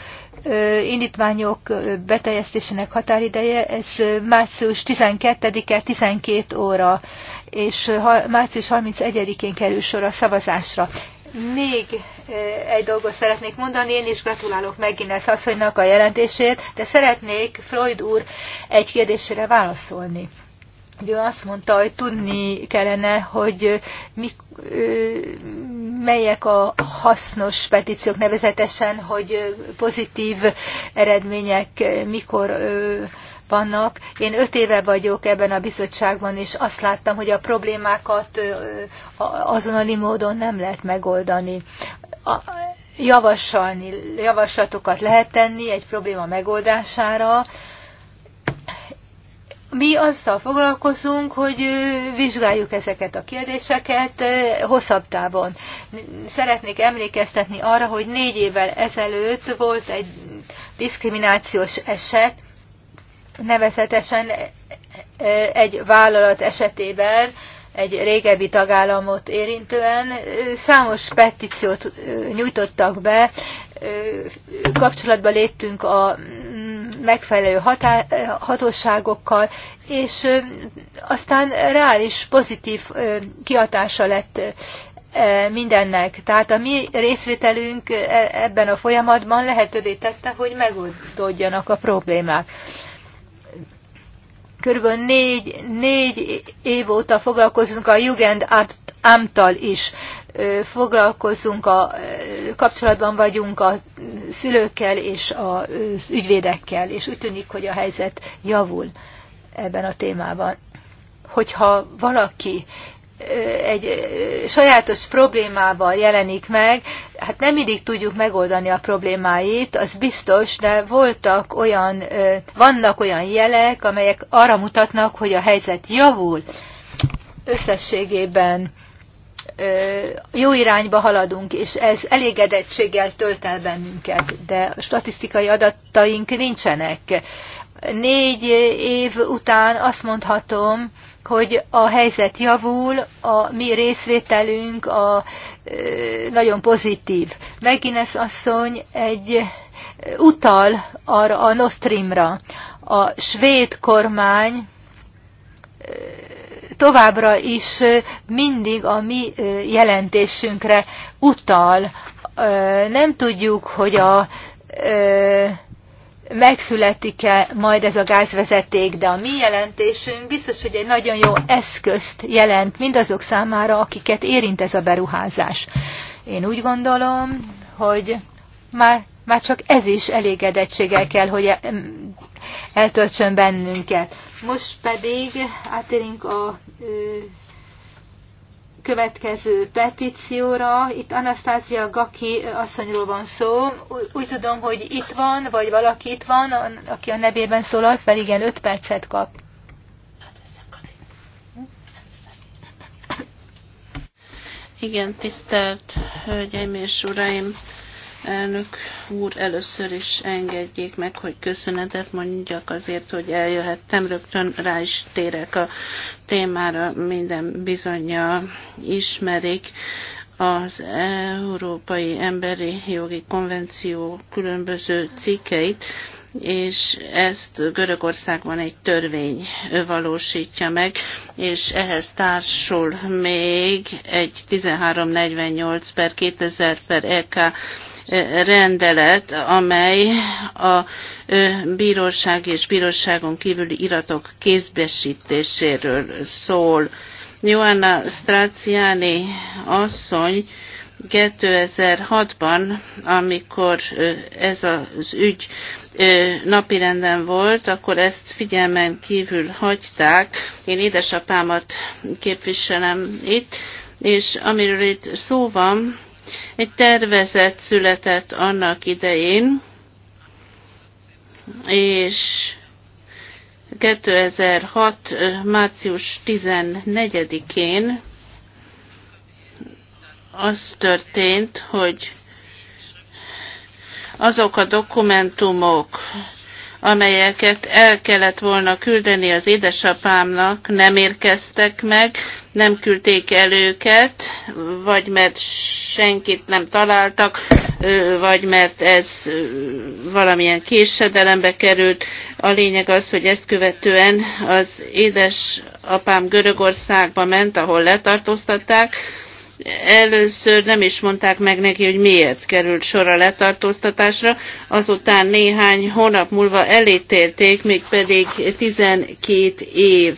ö, indítványok beteljesztésének határideje, ez március 12-e 12 óra, és ha, március 31-én kerül sor a szavazásra. Még egy dolgot szeretnék mondani, én is gratulálok Megines asszonynak a jelentését, de szeretnék Freud úr egy kérdésére válaszolni. Ő azt mondta, hogy tudni kellene, hogy mik, ö, melyek a hasznos petíciók nevezetesen, hogy pozitív eredmények mikor ö, vannak. Én öt éve vagyok ebben a bizottságban, és azt láttam, hogy a problémákat azonnali módon nem lehet megoldani. Javasolni, javaslatokat lehet tenni egy probléma megoldására, mi azzal foglalkozunk, hogy vizsgáljuk ezeket a kérdéseket hosszabb távon. Szeretnék emlékeztetni arra, hogy négy évvel ezelőtt volt egy diszkriminációs eset, nevezetesen e, e, egy vállalat esetében egy régebbi tagállamot érintően e, számos petíciót nyújtottak be, kapcsolatba léptünk a megfelelő hatá hatóságokkal, és aztán reális pozitív kihatása lett mindennek. Tehát a mi részvételünk ebben a folyamatban lehetővé tette, hogy megoldódjanak a problémák. Körülbelül négy, négy év óta foglalkozunk a Amtal is. Foglalkozunk, a, kapcsolatban vagyunk a szülőkkel és az ügyvédekkel, és úgy tűnik, hogy a helyzet javul ebben a témában. Hogyha valaki egy sajátos problémával jelenik meg, hát nem mindig tudjuk megoldani a problémáit, az biztos, de voltak olyan, vannak olyan jelek, amelyek arra mutatnak, hogy a helyzet javul. Összességében jó irányba haladunk, és ez elégedettséggel tölt el bennünket, de a statisztikai adataink nincsenek. Négy év után azt mondhatom, hogy a helyzet javul, a mi részvételünk a, nagyon pozitív. Megines asszony egy utal arra a Nord Streamra. A svéd kormány továbbra is mindig a mi jelentésünkre utal. Nem tudjuk, hogy a megszületik-e majd ez a gázvezeték, de a mi jelentésünk biztos, hogy egy nagyon jó eszközt jelent mindazok számára, akiket érint ez a beruházás. Én úgy gondolom, hogy már, már csak ez is elégedettséggel kell, hogy e- eltöltsön bennünket. Most pedig átérünk a következő petícióra. Itt Anasztázia Gaki asszonyról van szó. Úgy tudom, hogy itt van, vagy valaki itt van, aki a nevében szólal fel, igen, 5 percet kap. Igen, tisztelt Hölgyeim és Uraim! Elnök úr, először is engedjék meg, hogy köszönetet mondjak azért, hogy eljöhettem, rögtön rá is térek a témára, minden bizonyja ismerik az Európai Emberi Jogi Konvenció különböző cikkeit, és ezt Görögországban egy törvény valósítja meg, és ehhez társul még egy 1348 per 2000 per EK rendelet, amely a bíróság és bíróságon kívüli iratok kézbesítéséről szól. Joanna Straciani asszony 2006-ban, amikor ez az ügy napirenden volt, akkor ezt figyelmen kívül hagyták. Én édesapámat képviselem itt, és amiről itt szó van, egy tervezet született annak idején, és 2006. március 14-én az történt, hogy azok a dokumentumok, amelyeket el kellett volna küldeni az édesapámnak, nem érkeztek meg, nem küldték el őket, vagy mert senkit nem találtak, vagy mert ez valamilyen késedelembe került. A lényeg az, hogy ezt követően az édesapám Görögországba ment, ahol letartóztatták, Először nem is mondták meg neki, hogy miért került sor a letartóztatásra, azután néhány hónap múlva elítélték, pedig 12 év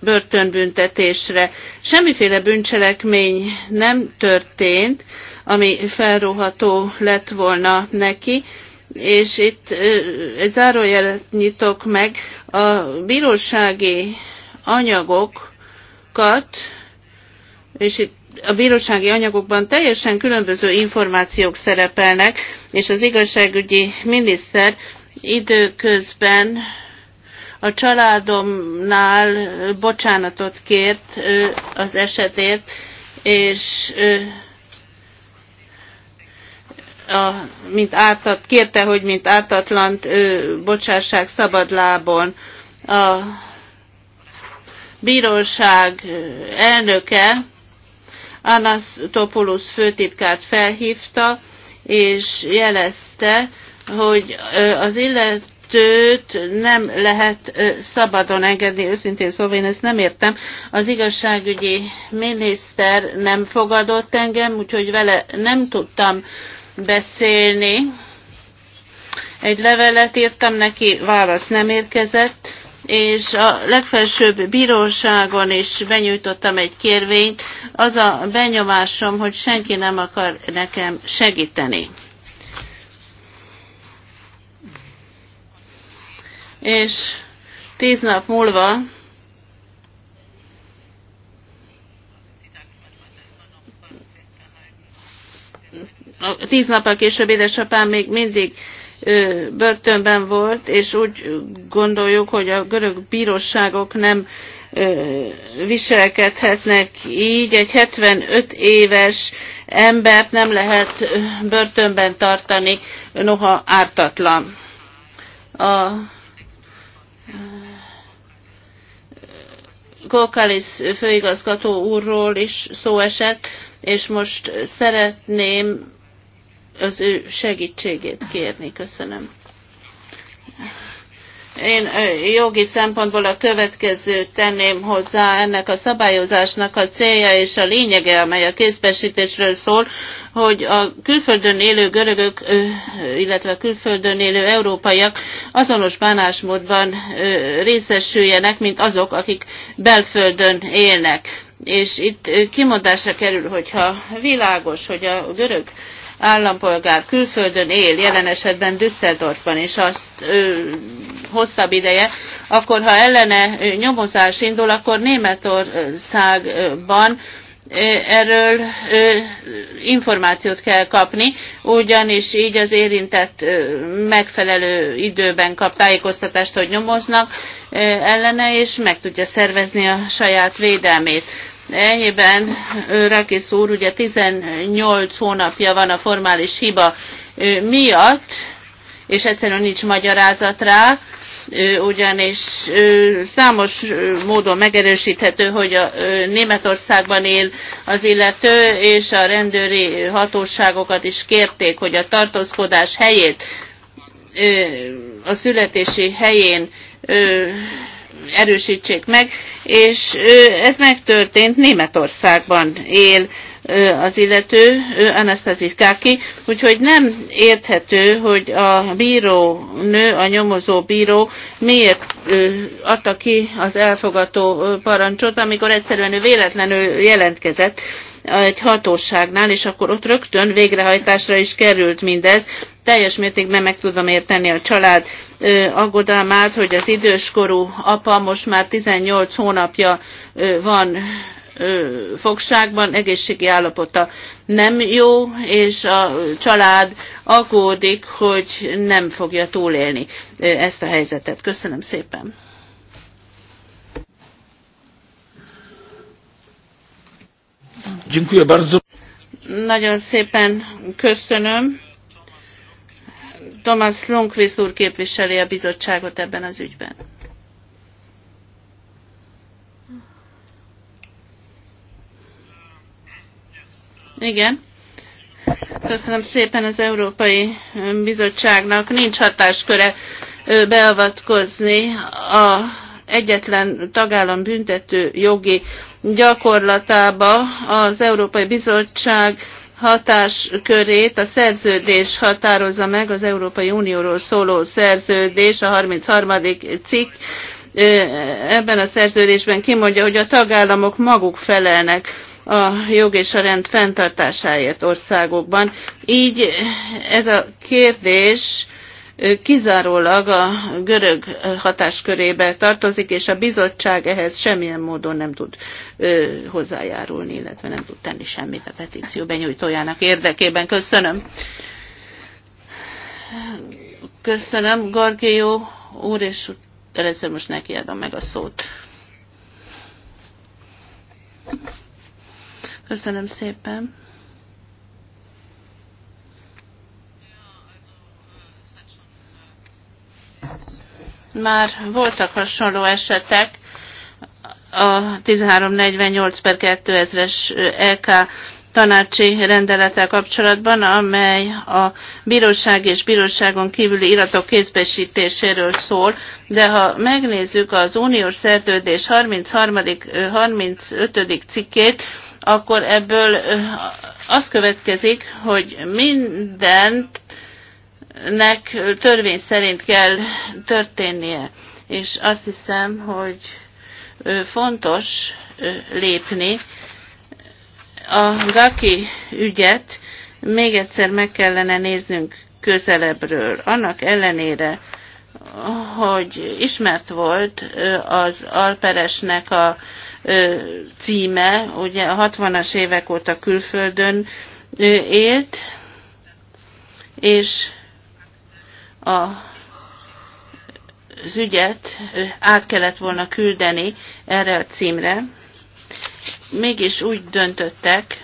börtönbüntetésre. Semmiféle bűncselekmény nem történt, ami felróható lett volna neki, és itt egy zárójelet nyitok meg, a bírósági anyagokat és itt a bírósági anyagokban teljesen különböző információk szerepelnek, és az igazságügyi miniszter időközben a családomnál bocsánatot kért az esetért, és a, mint ártat, kérte, hogy mint ártatlant bocsássák szabadlábon. A bíróság elnöke Anastopoulos főtitkárt felhívta, és jelezte, hogy az illetőt nem lehet szabadon engedni, őszintén szóval én ezt nem értem. Az igazságügyi miniszter nem fogadott engem, úgyhogy vele nem tudtam beszélni. Egy levelet írtam neki, válasz nem érkezett, és a legfelsőbb bíróságon is benyújtottam egy kérvényt. Az a benyomásom, hogy senki nem akar nekem segíteni. És tíz nap múlva tíz nappal később édesapám még mindig börtönben volt, és úgy gondoljuk, hogy a görög bíróságok nem viselkedhetnek így. Egy 75 éves embert nem lehet börtönben tartani, noha ártatlan. A Golkalis főigazgató úrról is szó esett, és most szeretném az ő segítségét kérni. Köszönöm. Én jogi szempontból a következőt tenném hozzá ennek a szabályozásnak a célja és a lényege, amely a kézbesítésről szól, hogy a külföldön élő görögök, illetve a külföldön élő európaiak azonos bánásmódban részesüljenek, mint azok, akik belföldön élnek. És itt kimondásra kerül, hogyha világos, hogy a görög állampolgár külföldön él, jelen esetben Düsseldorfban, és azt ö, hosszabb ideje, akkor ha ellene nyomozás indul, akkor Németországban erről információt kell kapni, ugyanis így az érintett megfelelő időben kap tájékoztatást, hogy nyomoznak ellene, és meg tudja szervezni a saját védelmét. Ennyiben Rakész úr ugye 18 hónapja van a formális hiba miatt, és egyszerűen nincs magyarázat rá, ugyanis számos módon megerősíthető, hogy a Németországban él az illető, és a rendőri hatóságokat is kérték, hogy a tartózkodás helyét a születési helyén erősítsék meg, és ez megtörtént Németországban él az illető, Anastazis Káki, úgyhogy nem érthető, hogy a bíró nő, a nyomozó bíró miért adta ki az elfogató parancsot, amikor egyszerűen ő véletlenül jelentkezett, egy hatóságnál, és akkor ott rögtön végrehajtásra is került mindez. Teljes mértékben meg tudom érteni a család aggodalmát, hogy az időskorú apa most már 18 hónapja van fogságban, egészségi állapota nem jó, és a család aggódik, hogy nem fogja túlélni ezt a helyzetet. Köszönöm szépen. Nagyon szépen köszönöm. Thomas Lundqvist úr képviseli a bizottságot ebben az ügyben. Igen. Köszönöm szépen az Európai Bizottságnak. Nincs hatásköre beavatkozni a egyetlen tagállam büntető jogi gyakorlatába az Európai Bizottság hatáskörét a szerződés határozza meg, az Európai Unióról szóló szerződés, a 33. cikk ebben a szerződésben kimondja, hogy a tagállamok maguk felelnek a jog és a rend fenntartásáért országokban. Így ez a kérdés kizárólag a görög hatáskörébe tartozik, és a bizottság ehhez semmilyen módon nem tud hozzájárulni, illetve nem tud tenni semmit a petíció benyújtójának érdekében. Köszönöm. Köszönöm, Gargéjó úr, és először most neki adom meg a szót. Köszönöm szépen. Már voltak hasonló esetek, a 1348 per 2000-es EK tanácsi rendelettel kapcsolatban, amely a bíróság és bíróságon kívüli iratok kézbesítéséről szól, de ha megnézzük az uniós szerződés 33. 35. cikkét, akkor ebből az következik, hogy mindent nek törvény szerint kell történnie. És azt hiszem, hogy fontos lépni. A Gaki ügyet még egyszer meg kellene néznünk közelebbről. Annak ellenére, hogy ismert volt az Alperesnek a címe, ugye a 60-as évek óta külföldön élt, és a az ügyet át kellett volna küldeni erre a címre, mégis úgy döntöttek,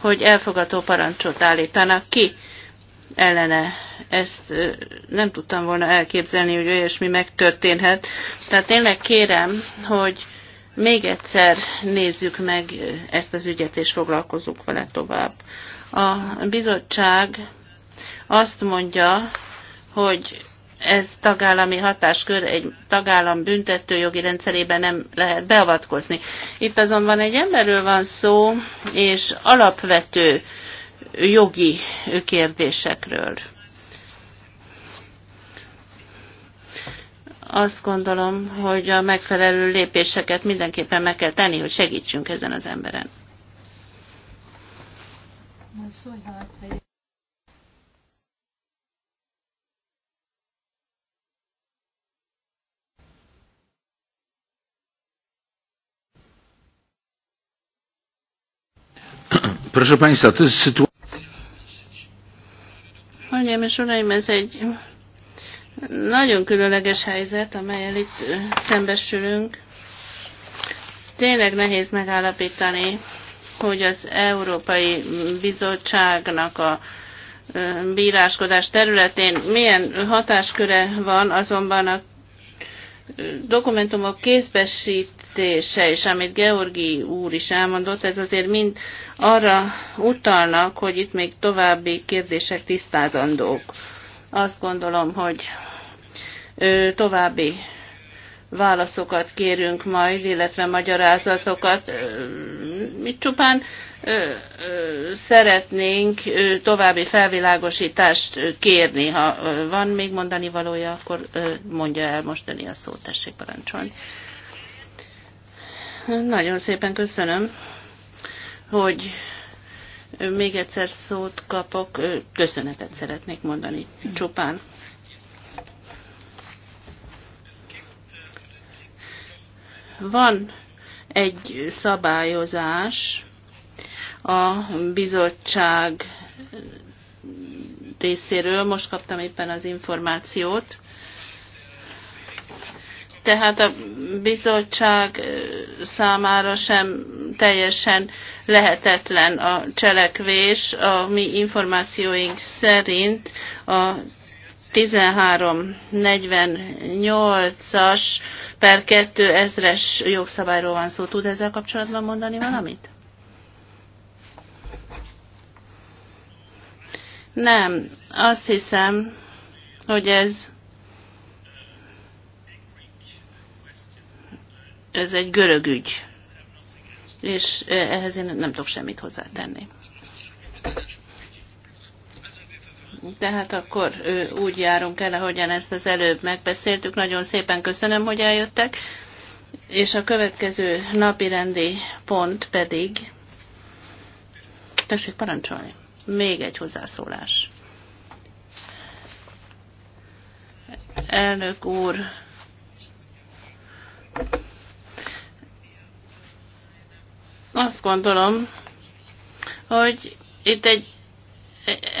hogy elfogadó parancsot állítanak ki ellene. Ezt nem tudtam volna elképzelni, hogy olyasmi megtörténhet. Tehát tényleg kérem, hogy még egyszer nézzük meg ezt az ügyet, és foglalkozunk vele tovább. A bizottság azt mondja, hogy ez tagállami hatáskör, egy tagállam büntetőjogi rendszerében nem lehet beavatkozni. Itt azonban egy emberről van szó, és alapvető jogi kérdésekről. Azt gondolom, hogy a megfelelő lépéseket mindenképpen meg kell tenni, hogy segítsünk ezen az emberen. szóval. Proszę Państwa, to jest sytuacja... Panie és Uraim, ez egy nagyon különleges helyzet, amelyel itt szembesülünk. Tényleg nehéz megállapítani, hogy az Európai Bizottságnak a bíráskodás területén milyen hatásköre van, azonban a dokumentumok kézbesítése és amit Georgi úr is elmondott, ez azért mind arra utalnak, hogy itt még további kérdések tisztázandók. Azt gondolom, hogy további válaszokat kérünk majd, illetve magyarázatokat. mit csupán szeretnénk további felvilágosítást kérni. Ha van még mondani valója, akkor mondja el mostani a szót, tessék parancsolni. Nagyon szépen köszönöm, hogy még egyszer szót kapok. Köszönetet szeretnék mondani csupán. Van egy szabályozás, a bizottság részéről. Most kaptam éppen az információt. Tehát a bizottság számára sem teljesen lehetetlen a cselekvés. A mi információink szerint a 1348-as per 2000-es jogszabályról van szó. Tud ezzel kapcsolatban mondani valamit? Nem, azt hiszem, hogy ez ez egy görög ügy, és ehhez én nem tudok semmit hozzátenni. Tehát akkor úgy járunk el, ahogyan ezt az előbb megbeszéltük. Nagyon szépen köszönöm, hogy eljöttek. És a következő napi rendi pont pedig... Tessék parancsolni. Még egy hozzászólás. Elnök úr, azt gondolom, hogy itt egy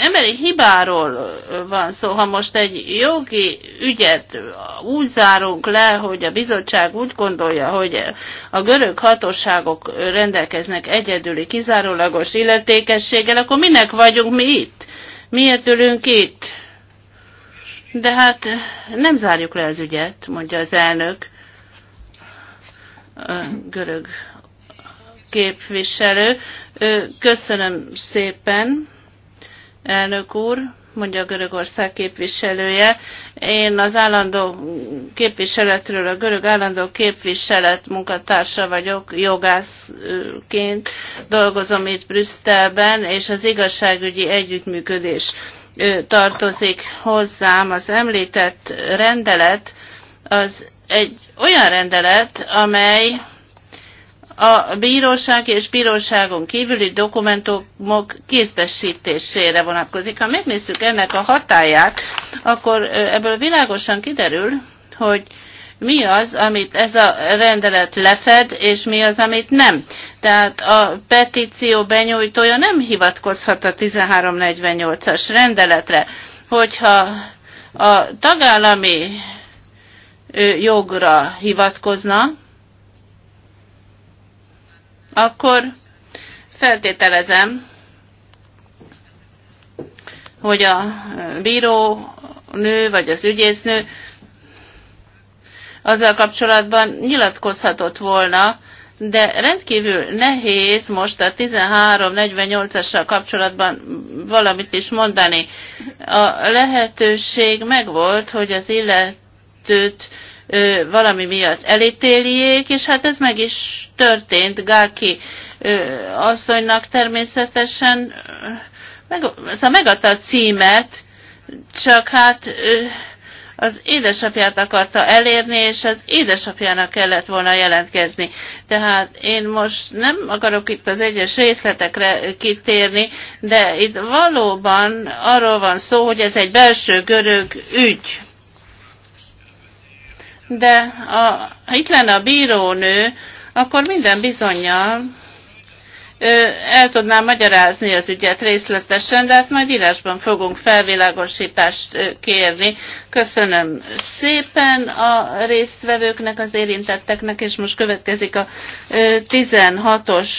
emberi hibáról van szó, ha most egy jogi ügyet úgy zárunk le, hogy a bizottság úgy gondolja, hogy a görög hatóságok rendelkeznek egyedüli, kizárólagos illetékességgel, akkor minek vagyunk mi itt? Miért ülünk itt? De hát nem zárjuk le az ügyet, mondja az elnök, a görög képviselő. Köszönöm szépen elnök úr, mondja a Görögország képviselője. Én az állandó képviseletről, a görög állandó képviselet munkatársa vagyok, jogászként dolgozom itt Brüsszelben, és az igazságügyi együttműködés tartozik hozzám. Az említett rendelet az egy olyan rendelet, amely a bíróság és bíróságon kívüli dokumentumok kézbesítésére vonatkozik. Ha megnézzük ennek a hatáját, akkor ebből világosan kiderül, hogy mi az, amit ez a rendelet lefed, és mi az, amit nem. Tehát a petíció benyújtója nem hivatkozhat a 1348-as rendeletre, hogyha a tagállami jogra hivatkozna, akkor feltételezem, hogy a bíró nő vagy az ügyésznő azzal kapcsolatban nyilatkozhatott volna, de rendkívül nehéz most a 1348-assal kapcsolatban valamit is mondani. A lehetőség megvolt, hogy az illetőt valami miatt elítéljék, és hát ez meg is történt Gáki asszonynak természetesen. Meg, ez a megadta a címet, csak hát az édesapját akarta elérni, és az édesapjának kellett volna jelentkezni. Tehát én most nem akarok itt az egyes részletekre kitérni, de itt valóban arról van szó, hogy ez egy belső görög ügy, de a, ha itt lenne a bírónő, akkor minden bizonyal el tudnám magyarázni az ügyet részletesen, de hát majd írásban fogunk felvilágosítást kérni. Köszönöm szépen a résztvevőknek, az érintetteknek, és most következik a 16-os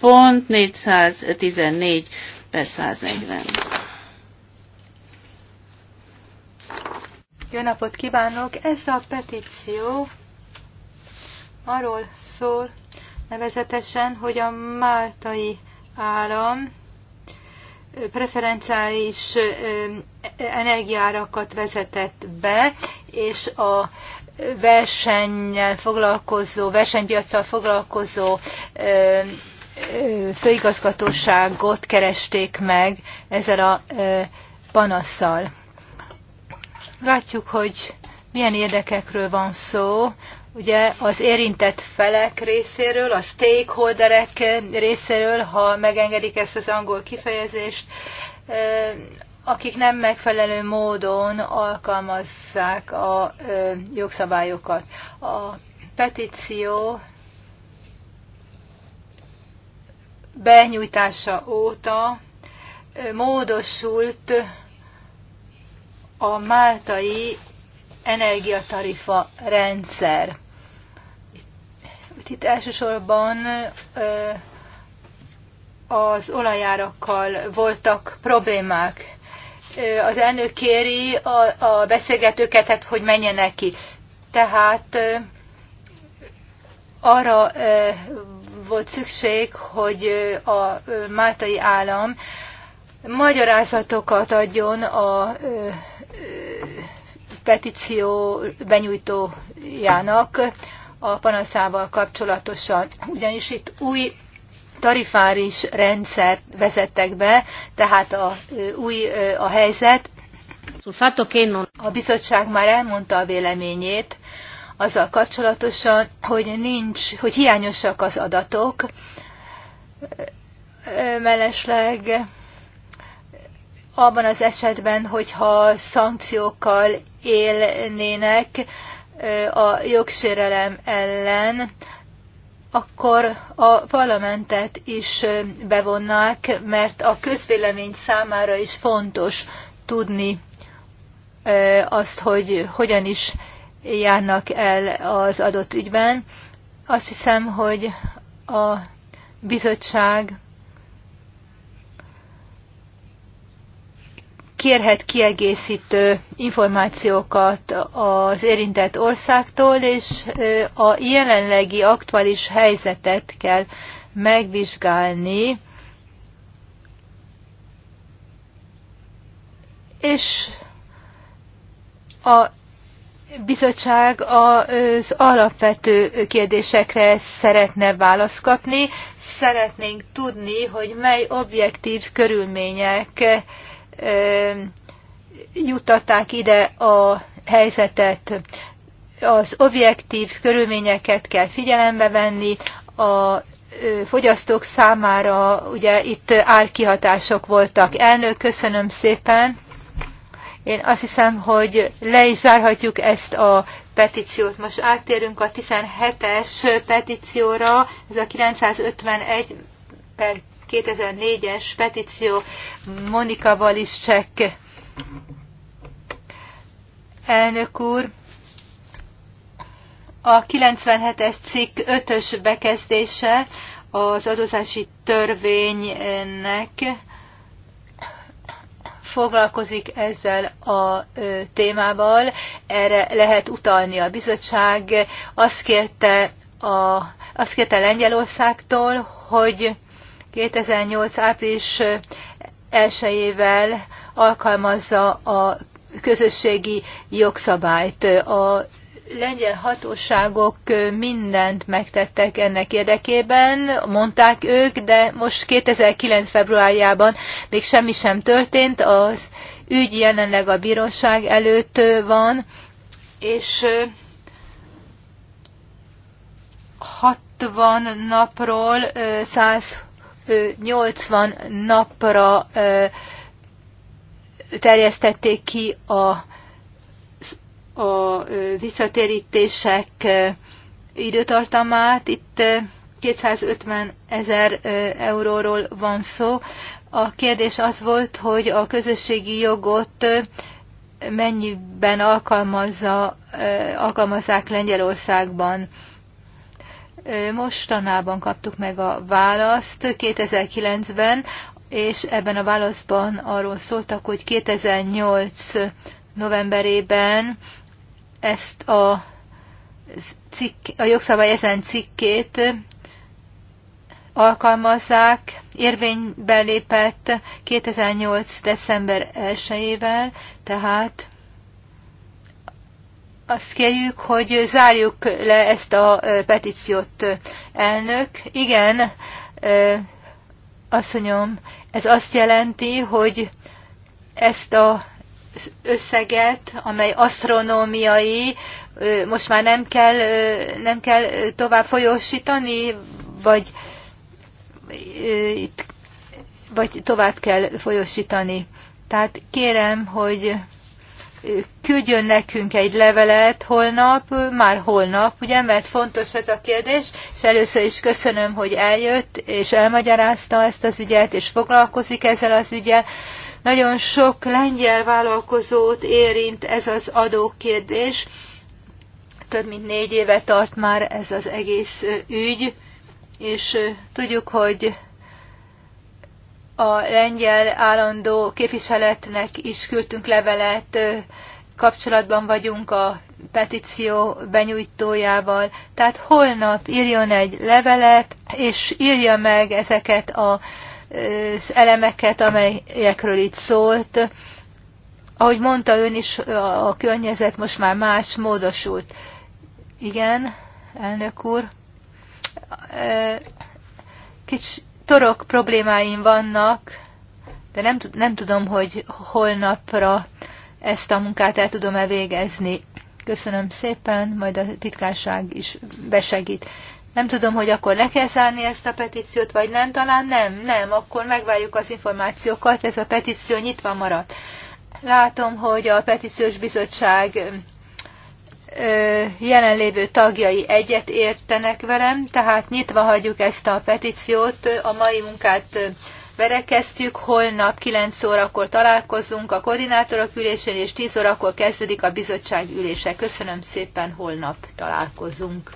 pont 414 per 140. Jó napot kívánok! Ez a petíció arról szól nevezetesen, hogy a máltai állam preferenciális energiárakat vezetett be, és a versennyel foglalkozó, versenypiacsal foglalkozó főigazgatóságot keresték meg ezzel a panasszal. Látjuk, hogy milyen érdekekről van szó, ugye az érintett felek részéről, a stakeholderek részéről, ha megengedik ezt az angol kifejezést, akik nem megfelelő módon alkalmazzák a jogszabályokat. A petíció benyújtása óta módosult a máltai energiatarifa rendszer. Itt, itt elsősorban az olajárakkal voltak problémák. Az elnök kéri a, a beszélgetőket, hát, hogy menjenek ki. Tehát arra volt szükség, hogy a máltai állam magyarázatokat adjon a petíció benyújtójának a panaszával kapcsolatosan. Ugyanis itt új tarifáris rendszer vezettek be, tehát a, új a helyzet. A bizottság már elmondta a véleményét azzal kapcsolatosan, hogy nincs, hogy hiányosak az adatok, mellesleg abban az esetben, hogyha szankciókkal élnének a jogsérelem ellen, akkor a parlamentet is bevonnák, mert a közvélemény számára is fontos tudni azt, hogy hogyan is járnak el az adott ügyben. Azt hiszem, hogy a bizottság kérhet kiegészítő információkat az érintett országtól, és a jelenlegi aktuális helyzetet kell megvizsgálni, és a bizottság az alapvető kérdésekre szeretne választ kapni. Szeretnénk tudni, hogy mely objektív körülmények juttatták ide a helyzetet. Az objektív körülményeket kell figyelembe venni, a fogyasztók számára ugye itt árkihatások voltak. Elnök, köszönöm szépen. Én azt hiszem, hogy le is zárhatjuk ezt a petíciót. Most áttérünk a 17-es petícióra, ez a 951 per 2004-es petíció Monika Valiscsek. Elnök úr, a 97-es cikk 5-ös bekezdése az adózási törvénynek foglalkozik ezzel a témával. Erre lehet utalni a bizottság. Azt kérte, a, azt kérte Lengyelországtól, hogy 2008. április 1 alkalmazza a közösségi jogszabályt. A lengyel hatóságok mindent megtettek ennek érdekében, mondták ők, de most 2009. februárjában még semmi sem történt, az ügy jelenleg a bíróság előtt van, és 60 napról 100 80 napra terjesztették ki a a visszatérítések időtartamát. Itt 250 ezer euróról van szó. A kérdés az volt, hogy a közösségi jogot mennyiben alkalmazza, alkalmazzák Lengyelországban. Mostanában kaptuk meg a választ 2009-ben, és ebben a válaszban arról szóltak, hogy 2008 novemberében ezt a, cikk, a jogszabály ezen cikkét alkalmazzák, érvénybe lépett 2008. december 1-ével, tehát azt kérjük, hogy zárjuk le ezt a petíciót, elnök. Igen, mondjam, ez azt jelenti, hogy ezt a az összeget, amely asztronómiai, most már nem kell, nem kell tovább folyósítani, vagy, vagy tovább kell folyósítani. Tehát kérem, hogy küldjön nekünk egy levelet holnap, már holnap, ugye, mert fontos ez a kérdés, és először is köszönöm, hogy eljött, és elmagyarázta ezt az ügyet, és foglalkozik ezzel az ügyel. Nagyon sok lengyel vállalkozót érint ez az adókérdés. Több mint négy éve tart már ez az egész ügy, és tudjuk, hogy a lengyel állandó képviseletnek is küldtünk levelet, kapcsolatban vagyunk a petíció benyújtójával. Tehát holnap írjon egy levelet, és írja meg ezeket a, az elemeket, amelyekről itt szólt. Ahogy mondta ön is, a környezet most már más, módosult. Igen, elnök úr. Kicsi torok problémáim vannak, de nem, nem tudom, hogy holnapra ezt a munkát el tudom-e végezni. Köszönöm szépen, majd a titkárság is besegít. Nem tudom, hogy akkor le kell zárni ezt a petíciót, vagy nem, talán nem, nem, akkor megvárjuk az információkat, ez a petíció nyitva maradt. Látom, hogy a petíciós bizottság jelenlévő tagjai egyet értenek velem, tehát nyitva hagyjuk ezt a petíciót, a mai munkát verekeztjük, holnap 9 órakor találkozunk a koordinátorok ülésén, és 10 órakor kezdődik a bizottság ülése. Köszönöm szépen, holnap találkozunk.